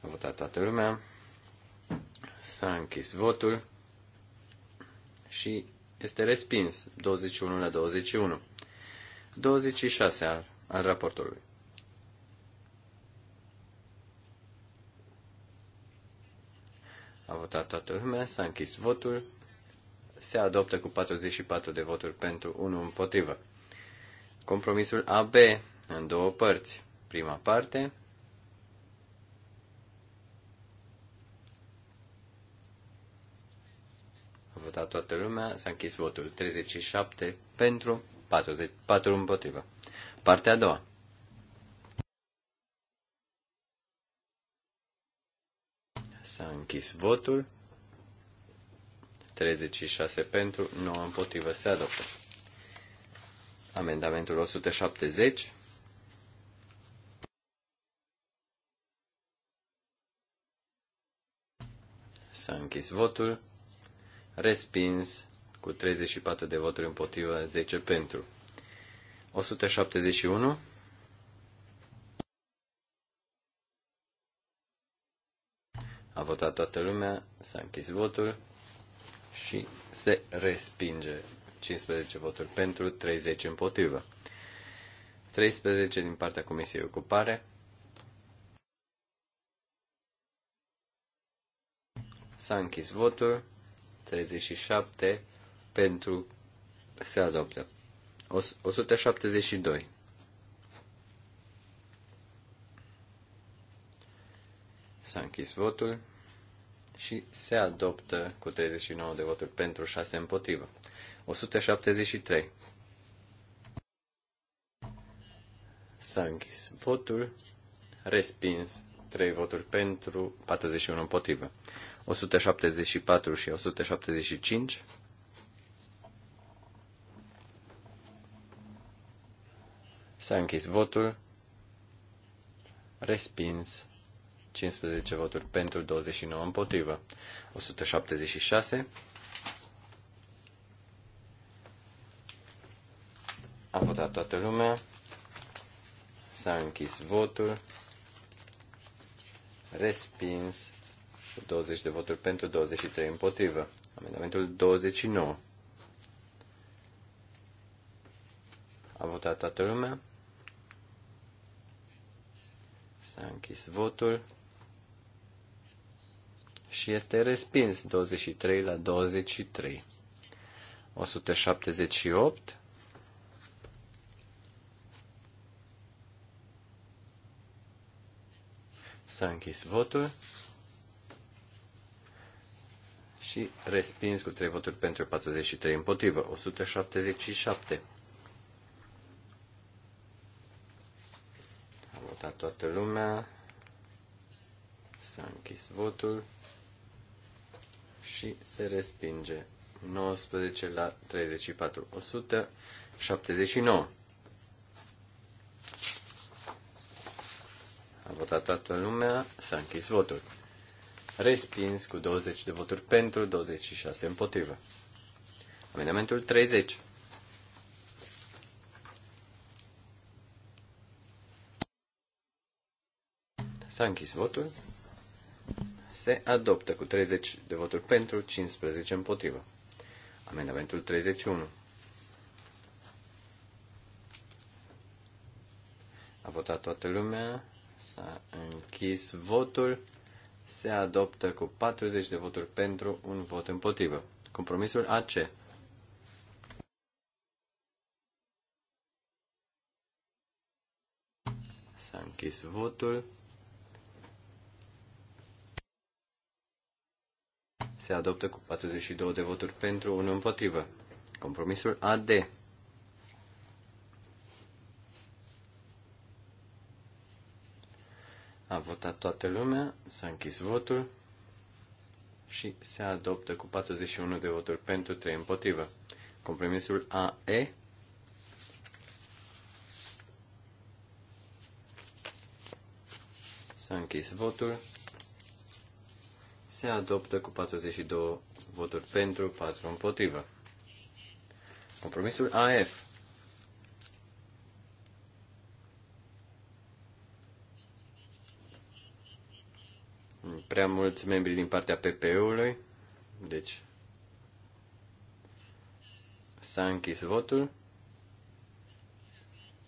A votat toată lumea, S-a închis votul și este respins 21 la 21. 26 al, al raportului. A votat toată lumea, s-a închis votul, se adoptă cu 44 de voturi pentru, 1 împotrivă. Compromisul AB în două părți. Prima parte votat toată lumea, s-a închis votul. 37 pentru, 44 împotrivă. Partea a doua. S-a închis votul. 36 pentru, 9 împotrivă. Se adoptă. Amendamentul 170. S-a închis votul respins cu 34 de voturi împotrivă, 10 pentru. 171. A votat toată lumea, s-a închis votul și se respinge 15 voturi pentru, 30 împotrivă. 13 din partea Comisiei Ocupare. S-a închis votul. 37 pentru se adoptă. 172. S-a închis votul și se adoptă cu 39 de voturi pentru 6 împotrivă. 173. S-a închis votul, respins 3 voturi pentru, 41 împotrivă. 174 și 175. S-a închis votul. Respins. 15 voturi pentru, 29 împotrivă. 176. A votat toată lumea. S-a închis votul. Respins. 20 de voturi pentru, 23 împotrivă. Amendamentul 29. A votat toată lumea. S-a închis votul. Și este respins 23 la 23. 178. S-a închis votul și respins cu 3 voturi pentru 43 împotrivă, 177. A votat toată lumea, s-a închis votul și se respinge 19 la 34, 179. A votat toată lumea, s-a închis votul respins cu 20 de voturi pentru, 26 împotrivă. Amendamentul 30. S-a închis votul. Se adoptă cu 30 de voturi pentru, 15 împotrivă. Amendamentul 31. A votat toată lumea. S-a închis votul se adoptă cu 40 de voturi pentru, un vot împotrivă. Compromisul AC. S-a închis votul. Se adoptă cu 42 de voturi pentru, 1 împotrivă. Compromisul AD. A votat toată lumea, s-a închis votul și se adoptă cu 41 de voturi pentru 3 împotrivă. Compromisul AE S-a închis votul. Se adoptă cu 42 voturi pentru, 4 împotrivă. Compromisul AF. prea mulți membri din partea PPE-ului, deci s-a închis votul,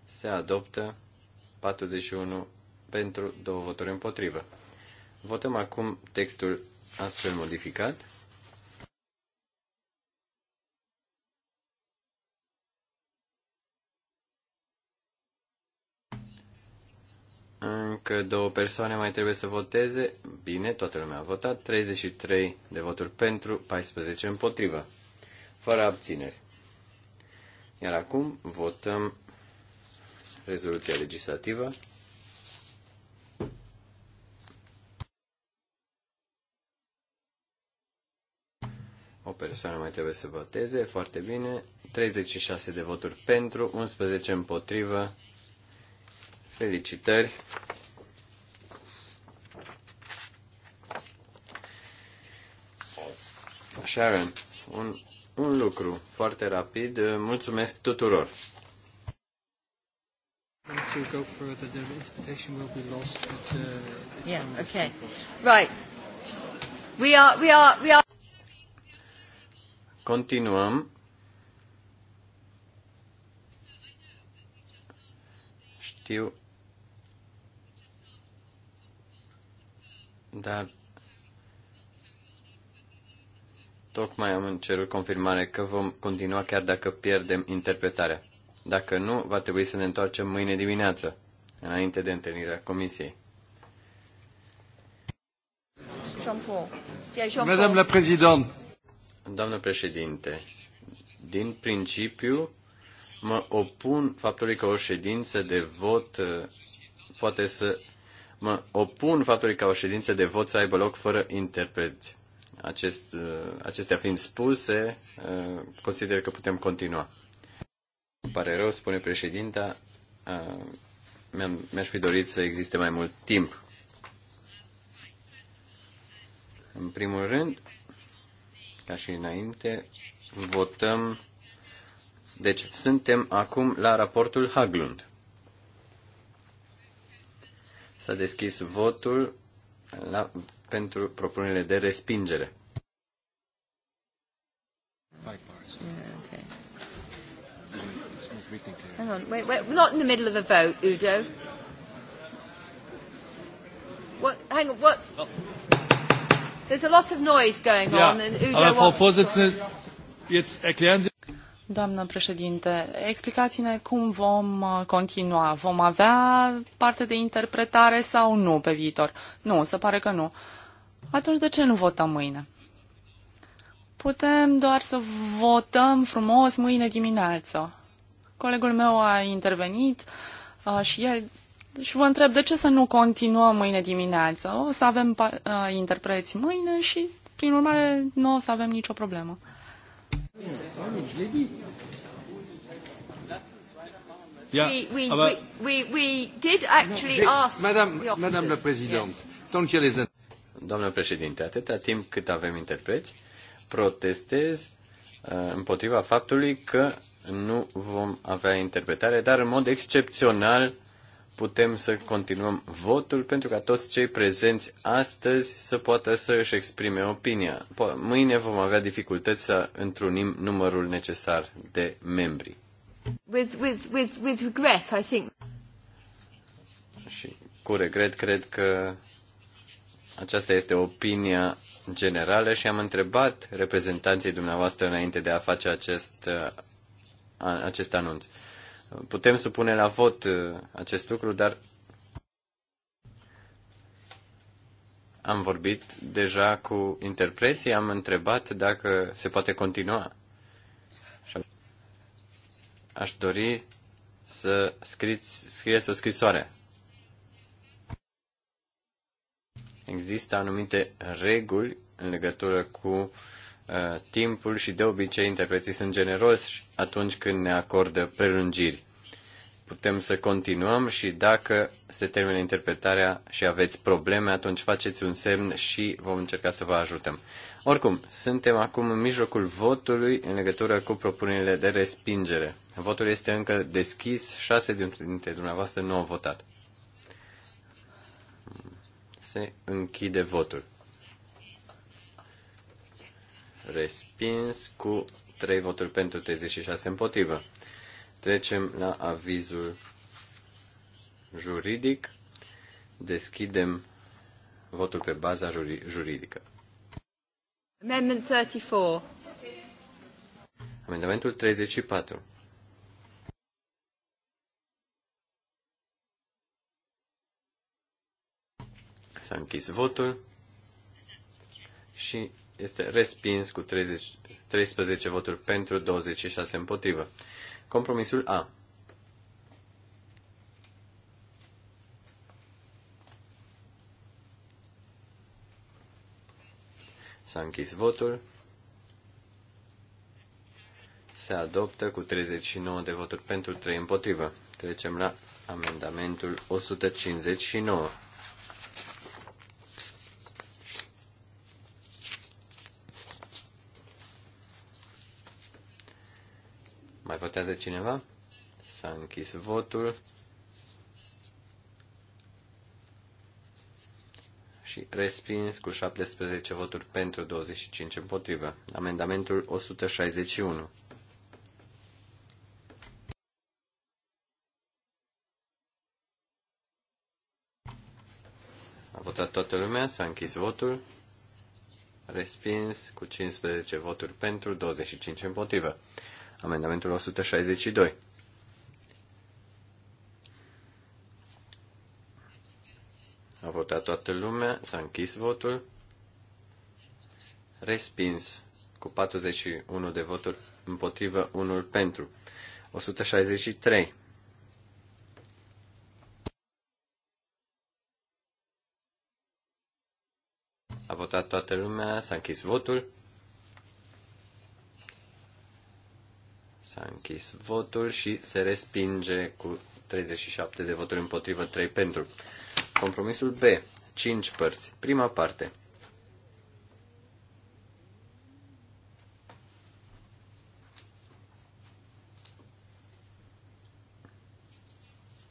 se adoptă 41 pentru, două voturi împotrivă. Votăm acum textul astfel modificat. că două persoane mai trebuie să voteze. Bine, toată lumea a votat. 33 de voturi pentru, 14 împotrivă. Fără abțineri. Iar acum votăm rezoluția legislativă. O persoană mai trebuie să voteze, foarte bine. 36 de voturi pentru, 11 împotrivă. Felicitări! Sharon, un, un lucru foarte rapid. Mulțumesc tuturor! to go further, the interpretation will be lost. uh, yeah. Okay. Right. We are. We are. We are. Continuăm. Știu. Dar Tocmai am cerut confirmare că vom continua chiar dacă pierdem interpretarea. Dacă nu, va trebui să ne întoarcem mâine dimineață, înainte de întâlnirea comisiei. Madame la Doamnă președinte, din principiu mă opun faptului că o ședință de vot uh, poate să mă opun faptului ca o ședință de vot să aibă loc fără interpreți. Acest, uh, acestea fiind spuse, uh, consider că putem continua. Îmi pare rău, spune președinta, uh, mi-aș fi dorit să existe mai mult timp. În primul rând, ca și înainte, votăm. Deci, suntem acum la raportul Haglund. S-a deschis votul la pentru propunerile de respingere. Hang on, wait, wait, we're not in the middle of a vote, Udo. What, hang on, what's... There's a lot of noise going yeah. on and Udo Aber Frau Vorsitzende, jetzt erklären Sie... Doamnă președinte, explicați-ne cum vom uh, continua. Vom avea parte de interpretare sau nu pe viitor? Nu, se pare că nu. Atunci de ce nu votăm mâine? Putem doar să votăm frumos mâine dimineață. Colegul meu a intervenit uh, și el și vă întreb de ce să nu continuăm mâine dimineață. O să avem uh, interpreți mâine și, prin urmare, nu o să avem nicio problemă. we, we, we, we, did actually ask Madame, Madame la Présidente, tant qu'il y a les Doamnă președinte, atâta timp cât avem interpreți, protestez uh, împotriva faptului că nu vom avea interpretare, dar în mod excepțional putem să continuăm votul pentru ca toți cei prezenți astăzi să poată să își exprime opinia. Mâine vom avea dificultăți să întrunim numărul necesar de membri. With, with, with, with regret, I think. Și cu regret cred că aceasta este opinia generală și am întrebat reprezentanții dumneavoastră înainte de a face acest, acest anunț. Putem supune la vot uh, acest lucru, dar am vorbit deja cu interpreții, am întrebat dacă se poate continua. Aș dori să scrieți, scrieți o scrisoare Există anumite reguli în legătură cu uh, timpul și de obicei interpreții sunt generoși atunci când ne acordă prelungiri. Putem să continuăm și dacă se termină interpretarea și aveți probleme, atunci faceți un semn și vom încerca să vă ajutăm. Oricum, suntem acum în mijlocul votului în legătură cu propunerile de respingere. Votul este încă deschis, șase dintre dumneavoastră nu au votat. Se închide votul. Respins cu 3 voturi pentru 36 împotrivă. Trecem la avizul juridic. Deschidem votul pe baza juridică. Amendment 34. Amendamentul 34. S-a închis votul și este respins cu 30, 13 voturi pentru, 26 împotrivă. Compromisul A. S-a închis votul. Se adoptă cu 39 de voturi pentru, 3 împotrivă. Trecem la amendamentul 159. Mai votează cineva? S-a închis votul. și respins cu 17 voturi pentru 25 împotrivă. Amendamentul 161. A votat toată lumea, s-a închis votul. Respins cu 15 voturi pentru 25 împotrivă. Amendamentul 162. A votat toată lumea, s-a închis votul. Respins cu 41 de voturi împotrivă, unul pentru. 163. A votat toată lumea, s-a închis votul. S-a închis votul și se respinge cu 37 de voturi împotrivă, 3 pentru. Compromisul B. 5 părți. Prima parte.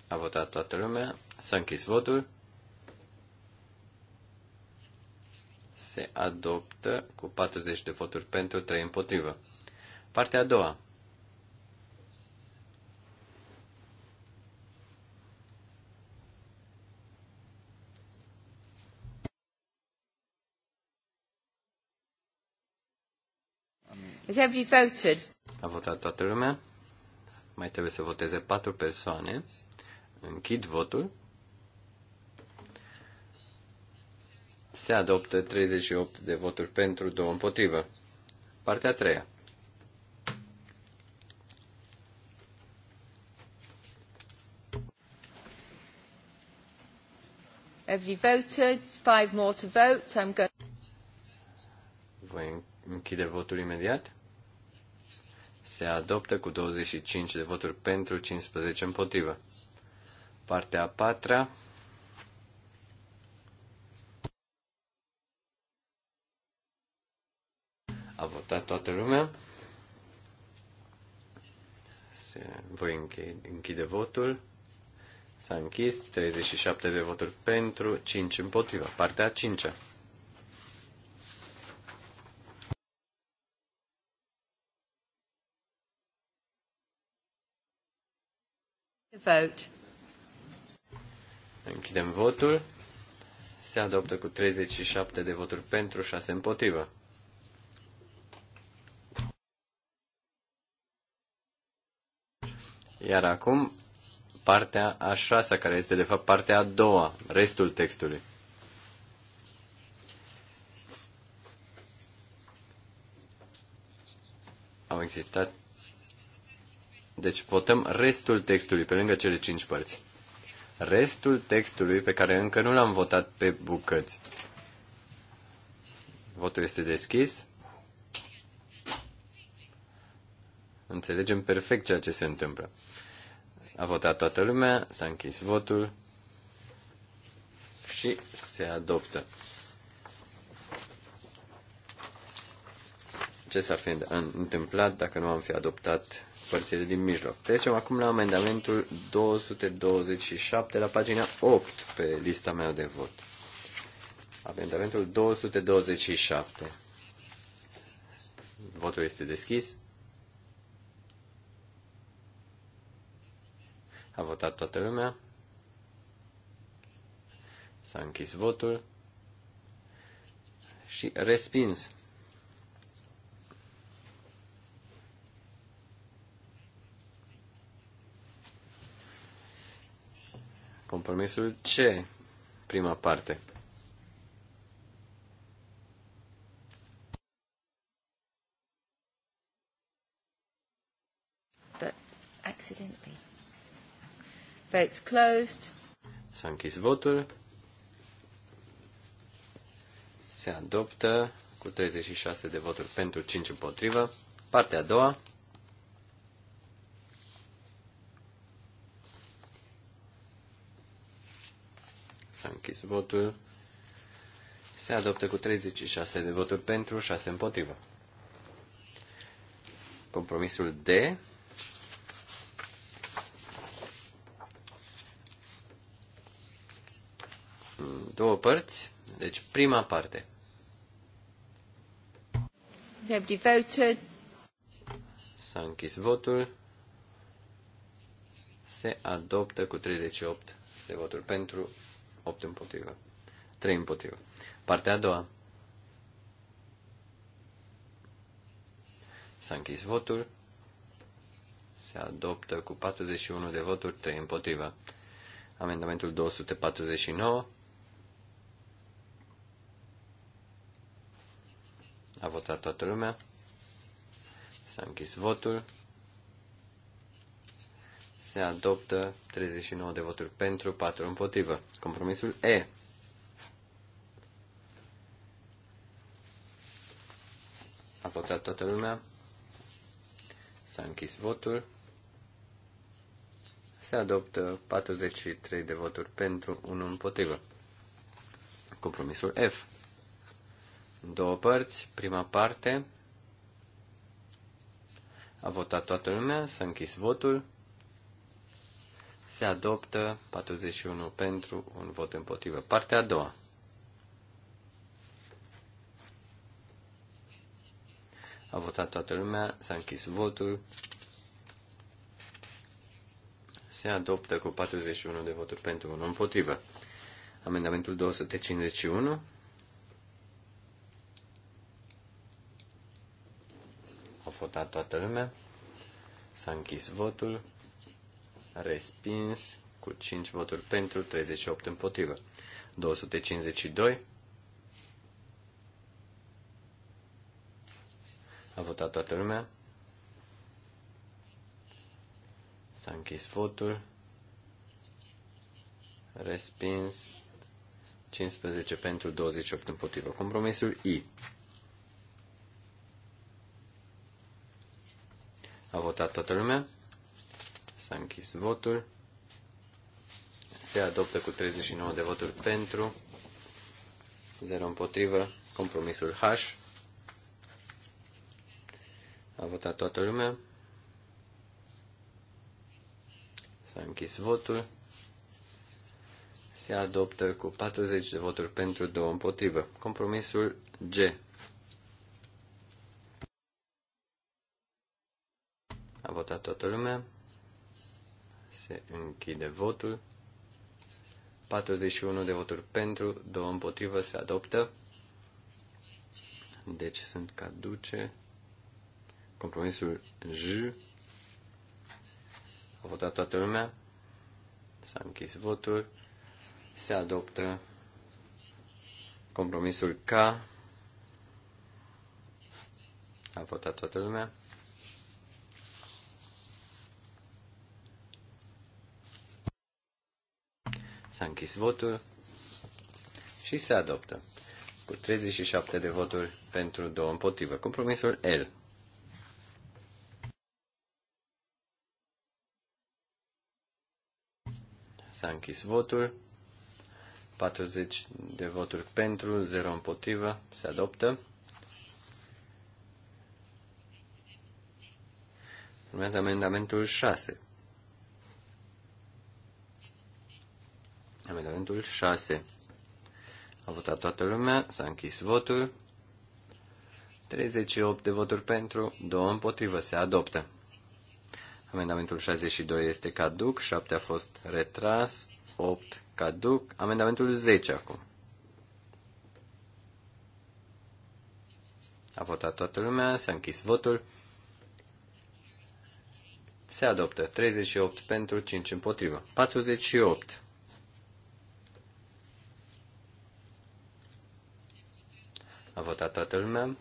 A votat toată lumea. S-a închis votul. Se adoptă cu 40 de voturi pentru, 3 împotrivă. Partea a doua. Has everybody voted? A votat toată lumea. Mai trebuie să voteze patru persoane. Închid votul. Se adoptă 38 de voturi pentru, două împotrivă. Partea a treia. Every voted, five more to vote. I'm going... Voi închide votul imediat se adoptă cu 25 de voturi pentru, 15 împotrivă. Partea a patra. A votat toată lumea. Se, voi închide, închide votul. S-a închis 37 de voturi pentru, 5 împotriva. Partea a cincea. vote. Închidem votul. Se adoptă cu 37 de voturi pentru, 6 împotrivă. Iar acum partea a șasea, care este de fapt partea a doua, restul textului. Au existat deci votăm restul textului, pe lângă cele cinci părți. Restul textului pe care încă nu l-am votat pe bucăți. Votul este deschis. Înțelegem perfect ceea ce se întâmplă. A votat toată lumea, s-a închis votul și se adoptă. Ce s-ar fi întâmplat dacă nu am fi adoptat părțile din mijloc. Trecem acum la amendamentul 227 la pagina 8 pe lista mea de vot. Amendamentul 227. Votul este deschis. A votat toată lumea. S-a închis votul și respins. Compromisul C, prima parte. But accidentally. Votes closed. S-a închis votul. Se adoptă cu 36 de voturi pentru 5 împotrivă. Partea a doua. S-a închis votul. Se adoptă cu 36 de voturi pentru, 6 împotrivă. Compromisul D. Două părți. Deci prima parte. S-a închis votul. Se adoptă cu 38 de voturi pentru, 8 împotrivă. 3 împotrivă. Partea a doua. S-a închis votul. Se adoptă cu 41 de voturi, 3 împotrivă. Amendamentul 249. A votat toată lumea. S-a închis votul se adoptă 39 de voturi pentru, 4 împotrivă. Compromisul E. A votat toată lumea. S-a închis votul. Se adoptă 43 de voturi pentru, 1 împotrivă. Compromisul F. Două părți. Prima parte. A votat toată lumea. S-a închis votul se adoptă 41 pentru, un vot împotrivă. Partea a doua. A votat toată lumea, s-a închis votul. Se adoptă cu 41 de voturi pentru, un împotrivă. Amendamentul 251. A votat toată lumea. S-a închis votul respins cu 5 voturi pentru, 38 împotrivă. 252. A votat toată lumea. S-a închis votul. Respins 15 pentru 28 împotrivă. Compromisul I. A votat toată lumea. S-a închis votul. Se adoptă cu 39 de voturi pentru, 0 împotrivă, compromisul H. A votat toată lumea. S-a închis votul. Se adoptă cu 40 de voturi pentru, 2 împotrivă. Compromisul G. A votat toată lumea. Se închide votul. 41 de voturi pentru, 2 împotrivă, se adoptă. Deci sunt caduce. Compromisul J. A votat toată lumea. S-a închis votul. Se adoptă compromisul K. A votat toată lumea. S-a închis votul și se adoptă cu 37 de voturi pentru două împotrivă. Compromisul L. S-a închis votul. 40 de voturi pentru, 0 împotrivă. Se adoptă. Urmează amendamentul 6. Amendamentul 6. A votat toată lumea, s-a închis votul. 38 de voturi pentru, 2 împotrivă, se adoptă. Amendamentul 62 este caduc, 7 a fost retras, 8 caduc, amendamentul 10 acum. A votat toată lumea, s-a închis votul. Se adoptă 38 pentru, 5 împotrivă. 48. A votat toată lumea.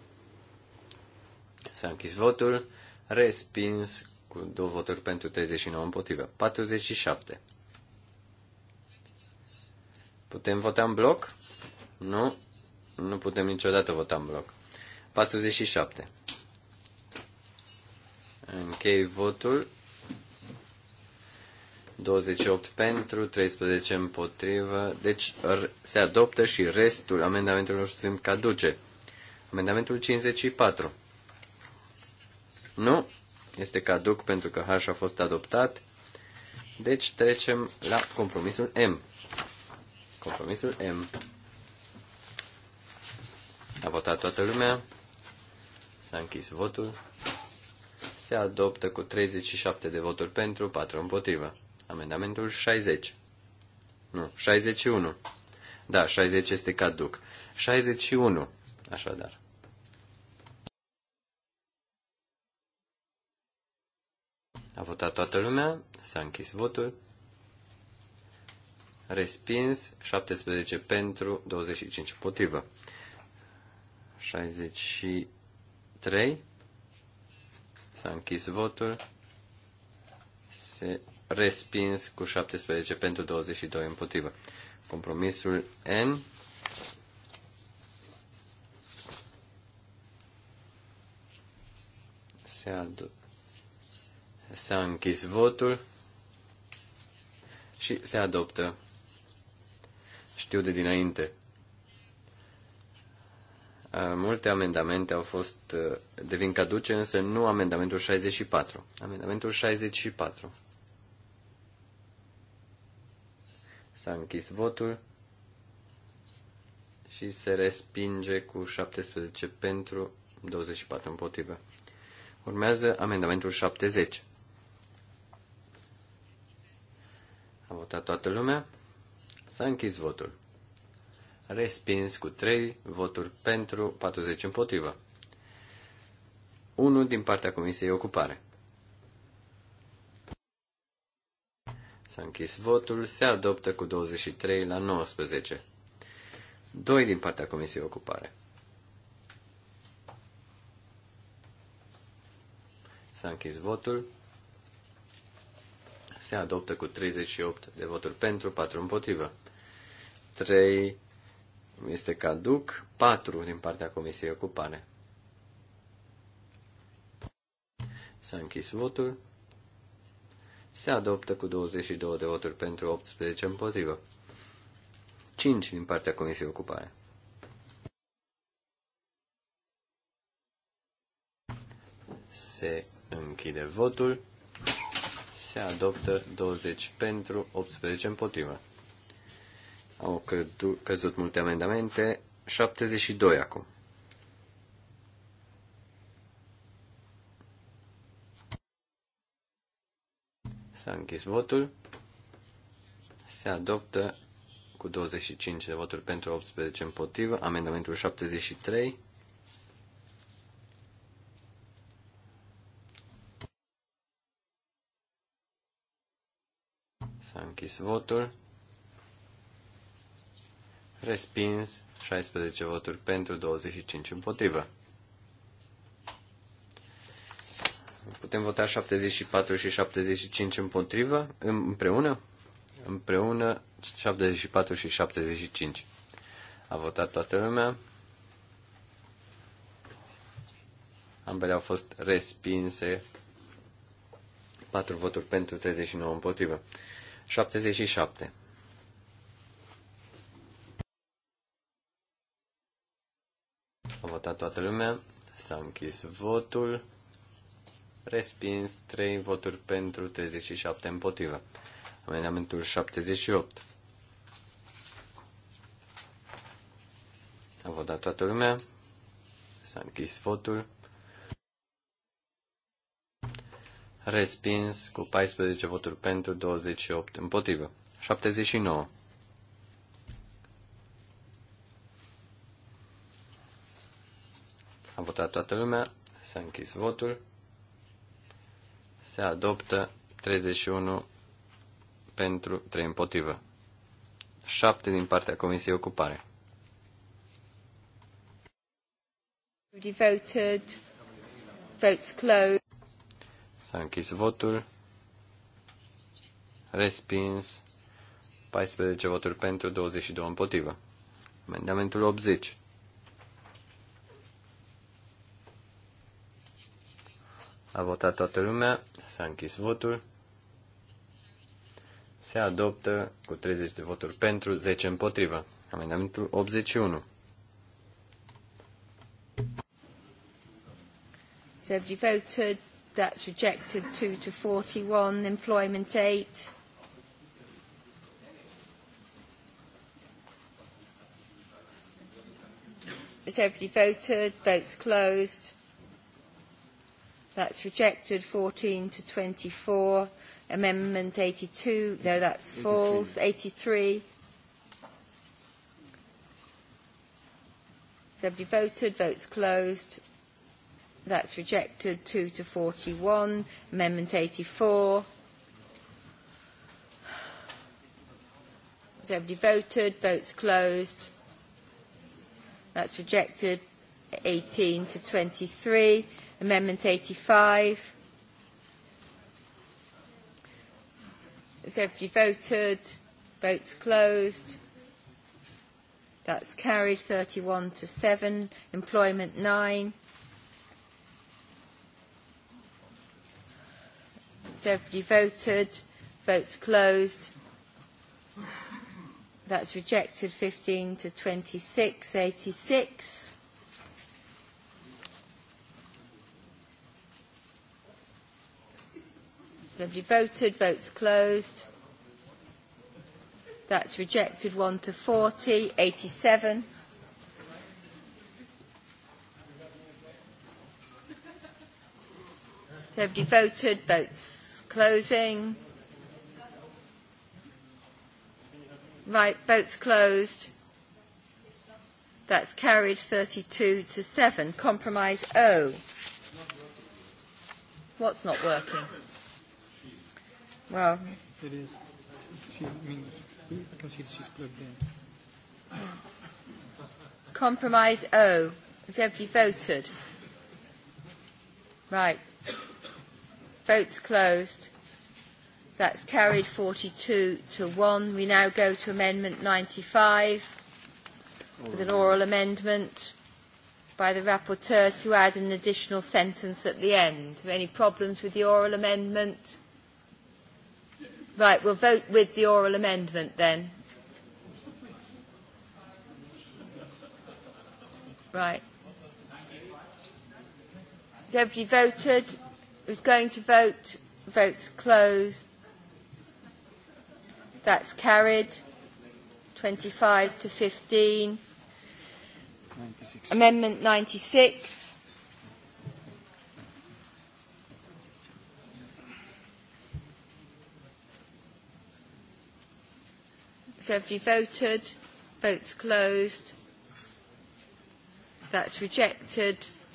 S-a închis votul. Respins cu două voturi pentru 39 împotrivă. 47. Putem vota în bloc? Nu. Nu putem niciodată vota în bloc. 47. Închei votul. 28 pentru, 13 împotrivă. Deci se adoptă și restul amendamentelor sunt caduce. Amendamentul 54. Nu, este caduc pentru că H a fost adoptat. Deci trecem la compromisul M. Compromisul M. A votat toată lumea. S-a închis votul. Se adoptă cu 37 de voturi pentru, 4 împotrivă. Amendamentul 60. Nu, 61. Da, 60 este caduc. 61 așadar. A votat toată lumea, s-a închis votul. Respins 17 pentru, 25 împotrivă. 63 s-a închis votul. Se respins cu 17 pentru 22 împotrivă. Compromisul N se adoptă. S-a închis votul și se adoptă. Știu de dinainte. Multe amendamente au fost, devin caduce, însă nu amendamentul 64. Amendamentul 64. S-a închis votul și se respinge cu 17 pentru 24 împotrivă. Urmează amendamentul 70. A votat toată lumea. S-a închis votul. Respins cu 3 voturi pentru, 40 împotrivă. 1 din partea Comisiei Ocupare. S-a închis votul, se adoptă cu 23 la 19. 2 din partea Comisiei Ocupare. S-a închis votul. Se adoptă cu 38 de voturi pentru, 4 împotrivă. 3 este caduc, 4 din partea Comisiei Ocupare. S-a închis votul. Se adoptă cu 22 de voturi pentru 18 împotrivă. 5 din partea Comisiei Ocupare. Se închide votul. Se adoptă 20 pentru, 18 împotrivă. Au căzut multe amendamente. 72 acum. S-a închis votul. Se adoptă cu 25 de voturi pentru 18 împotrivă. Amendamentul 73. S-a închis votul. Respins 16 voturi pentru 25 împotrivă. Putem vota 74 și 75 împotrivă, împreună? Împreună 74 și 75. A votat toată lumea. Ambele au fost respinse. 4 voturi pentru 39 împotrivă. 77. A votat toată lumea. S-a închis votul. Respins 3 voturi pentru 37 împotrivă. Amendamentul 78. A votat toată lumea. S-a închis votul. respins cu 14 voturi pentru, 28 împotrivă. 79. A votat toată lumea, s-a închis votul, se adoptă 31 pentru, 3 împotrivă. 7 din partea Comisiei Ocupare. Voted. Votes closed. S-a închis votul. Respins. 14 voturi pentru, 22 împotrivă. Amendamentul 80. A votat toată lumea, s-a închis votul. Se adoptă cu 30 de voturi pentru, 10 împotrivă. Amendamentul 81. So have That's rejected. 2 to 41. Employment 8. Has everybody voted? Votes closed. That's rejected. 14 to 24. Amendment 82. No, that's 83. false. 83. Has everybody voted? Votes closed. That's rejected. 2 to 41. Amendment 84. Has everybody voted? Votes closed. That's rejected. 18 to 23. Amendment 85. Has everybody voted? Votes closed. That's carried 31 to 7. Employment 9. everybody voted? Votes closed. That's rejected 15 to 26, 86. Nobody voted. Votes closed. That's rejected 1 to 40, 87. Nobody voted. Votes Closing. Right, votes closed. That's carried 32 to 7. Compromise O. What's not working? Well. It is. She, I mean, I can see that she's plugged in. Compromise O. Has everybody voted? Right. Votes closed. That's carried 42 to 1. We now go to Amendment 95 oral with an oral amendment. amendment by the rapporteur to add an additional sentence at the end. Any problems with the oral amendment? Right, we'll vote with the oral amendment then. Right. Has everybody voted? Who's going to vote? Votes closed. That's carried. 25 to 15. 96. Amendment 96. Has you voted? Votes closed. That's rejected.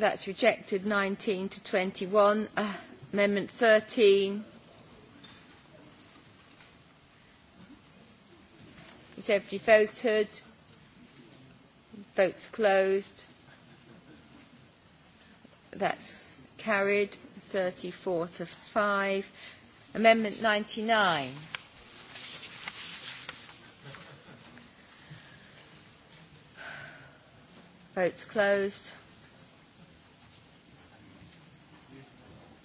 That's rejected. 19 to 21. Uh, amendment 13. Is everybody voted? Votes closed. That's carried. 34 to 5. Amendment 99. Votes closed.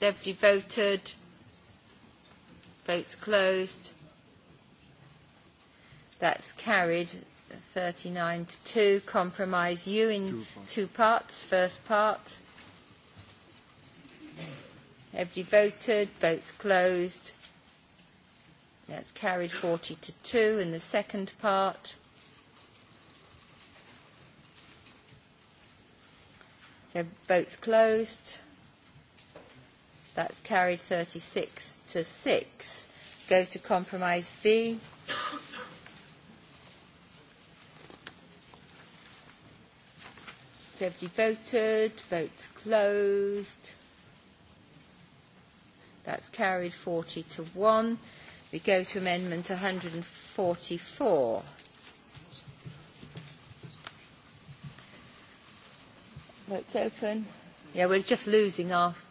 Deputy voted. Votes closed. That's carried 39 to 2. Compromise you in two parts. Two parts first part. Everybody voted. Votes closed. That's carried 40 to 2 in the second part. Their votes closed. That's carried 36 to 6. Go to compromise V. Safety voted? Votes closed. That's carried 40 to 1. We go to amendment 144. Votes open. Yeah, we're just losing our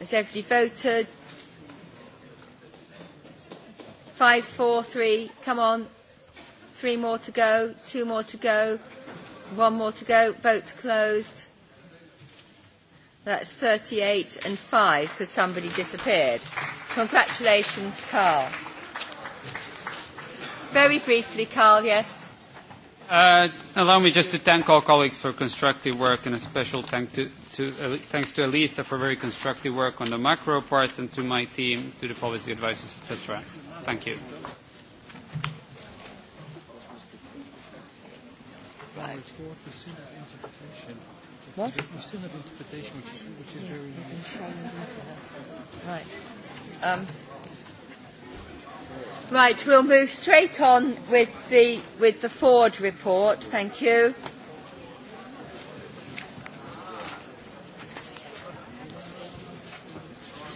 Has everybody voted? Five, four, three. Come on. Three more to go. Two more to go. One more to go. Votes closed. That's 38 and five because somebody disappeared. Congratulations, Carl. Very briefly, Carl, yes. Uh, allow me just to thank all colleagues for constructive work and a special thank to, to, uh, thanks to Elisa for very constructive work on the macro part and to my team, to the policy advisors, etc. Thank you. Right. What? We still have interpretation, which is, very Right. Um, right, we'll move straight on with the, with the Ford report. Thank you.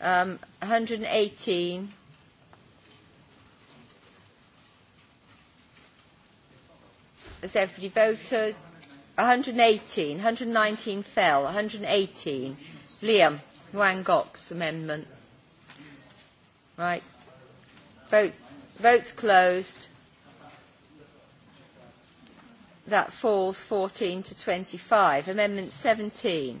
Um, 118. Has everybody voted? 118. 119 fell. 118. Liam Wangok's amendment. Right. Vote, votes closed. That falls 14 to 25. Amendment 17.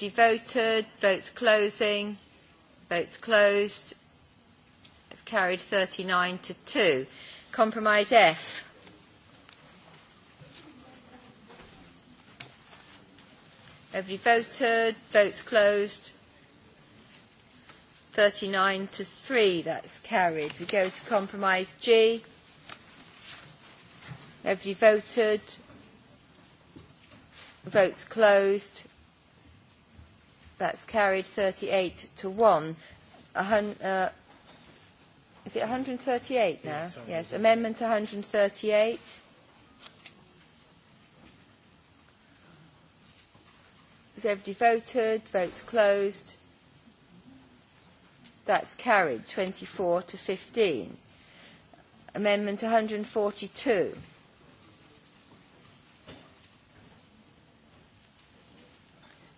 you voted. Votes closing. Votes closed. It's carried 39 to 2. Compromise F. you voted. Votes closed. 39 to 3. That's carried. We go to compromise G. you voted. Votes closed. That's carried 38 to 1. uh, is it 138 now? Yeah, sorry. yes. Amendment 138. Has everybody voted? Votes closed. That's carried 24 to 15. Amendment 142.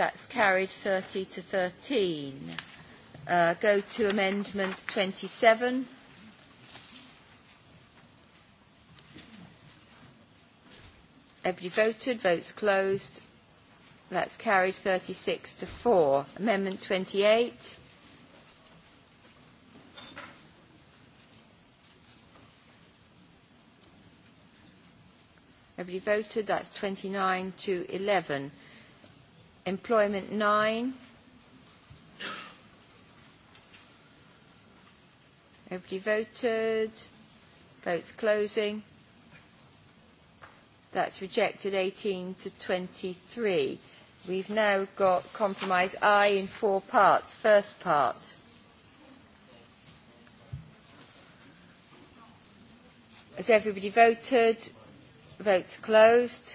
That's carried 30 to 13. Uh, go to Amendment 27. Everybody voted. Votes closed. That's carried 36 to 4. Amendment 28. Everybody voted. That's 29 to 11. Employment 9. Everybody voted. Votes closing. That's rejected 18 to 23. We've now got compromise I in four parts. First part. Has everybody voted? Votes closed.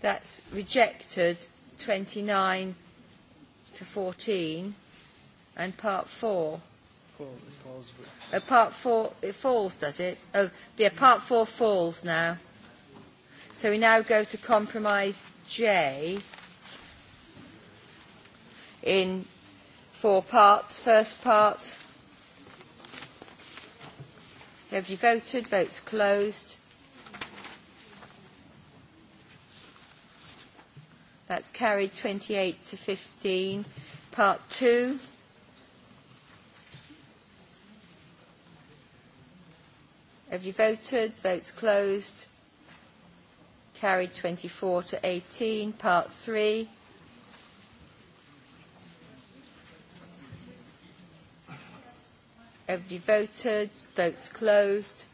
That's rejected 29 to 14 and part 4. Falls. Uh, part 4, it falls, does it? Oh, yeah, part 4 falls now. So we now go to compromise J in four parts. First part. Have you voted? Votes closed. That's carried 28 to 15. Part 2. Have you voted? Votes closed. Carried 24 to 18. Part 3. you voted. Votes closed.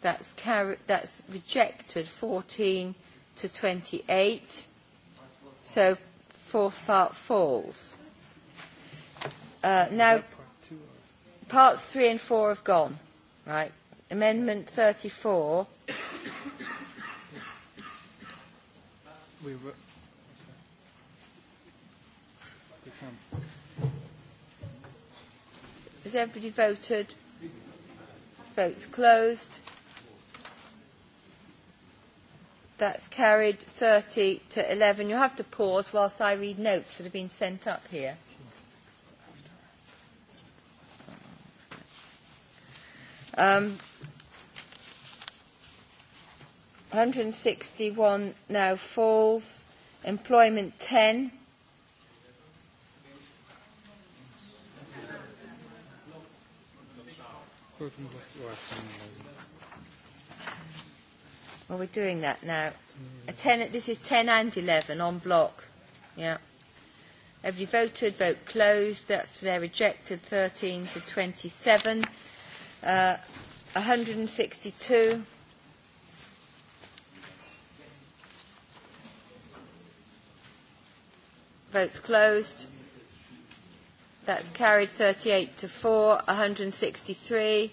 That's, carried, that's rejected. 14 to 28. So fourth part falls. Uh, now, parts three and four have gone, right? Amendment 34. Has everybody voted? Votes closed. That's carried 30 to 11. You'll have to pause whilst I read notes that have been sent up here. Um, 161 now falls. Employment 10. Well, we're doing that now. A ten, this is 10 and 11 on block. Yeah. Have you voted? Vote closed. That's they're rejected. 13 to 27. Uh, 162. Votes closed. That's carried 38 to 4. 163.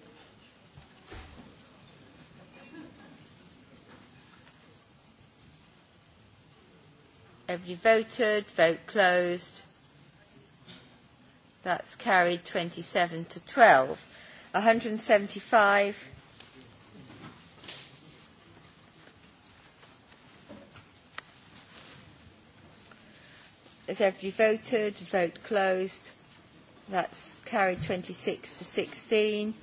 Every voted, vote closed. That's carried 27 to 12. 175. Has everybody voted? Vote closed. That's carried 26 to 16.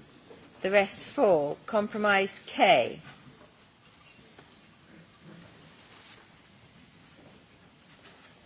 The rest four. Compromise K.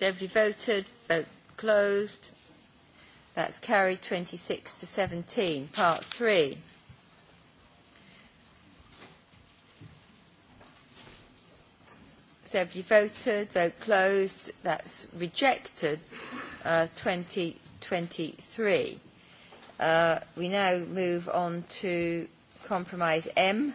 Everybody voted. Vote closed. That's carried 26 to 17. Part 3. So everybody voted. Vote closed. That's rejected. Uh, 20, 23. Uh, we now move on to compromise M.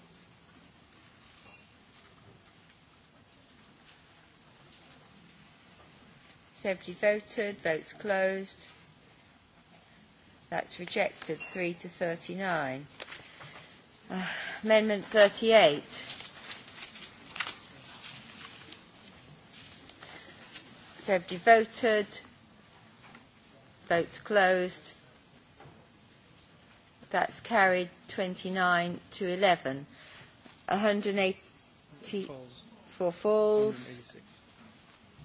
Has voted? Votes closed. That's rejected. 3 to 39. Uh, ah, amendment 38. Has everybody voted? Votes closed. That's carried 29 to 11. 184 falls.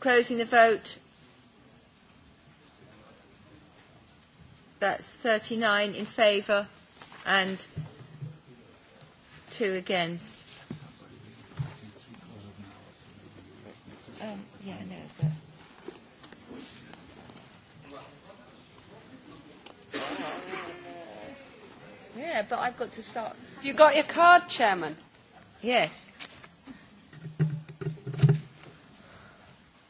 Closing the vote. That's 39 in favour and two against. Um, yeah, no, but... Yeah, but I've got to start. You got your card, Chairman? Yes.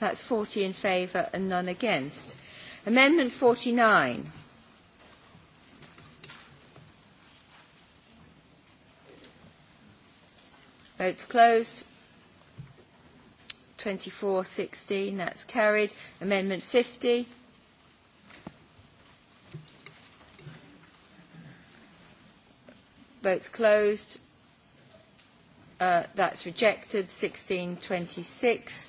That's 40 in favour and none against. Amendment 49. Votes closed. 2416, that's carried. Amendment 50. Votes closed. Uh, that's rejected. 1626.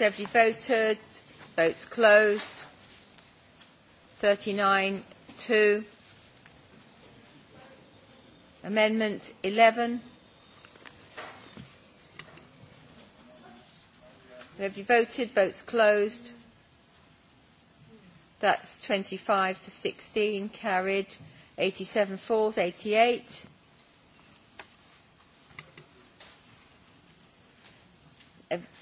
everybody voted? Votes closed. 39, 2. Amendment 11. Everybody voted? Votes closed. That's 25 to 16, carried. 87 falls, 88.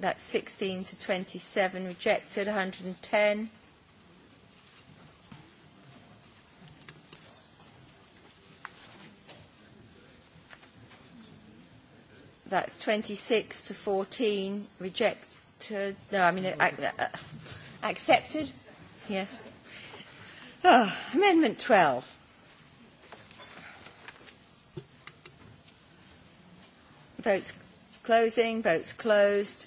That's 16 to 27 rejected, 110. That's 26 to 14 rejected. No, I mean uh, ac uh, accepted. Yes. Oh, amendment 12. Votes closing, votes closed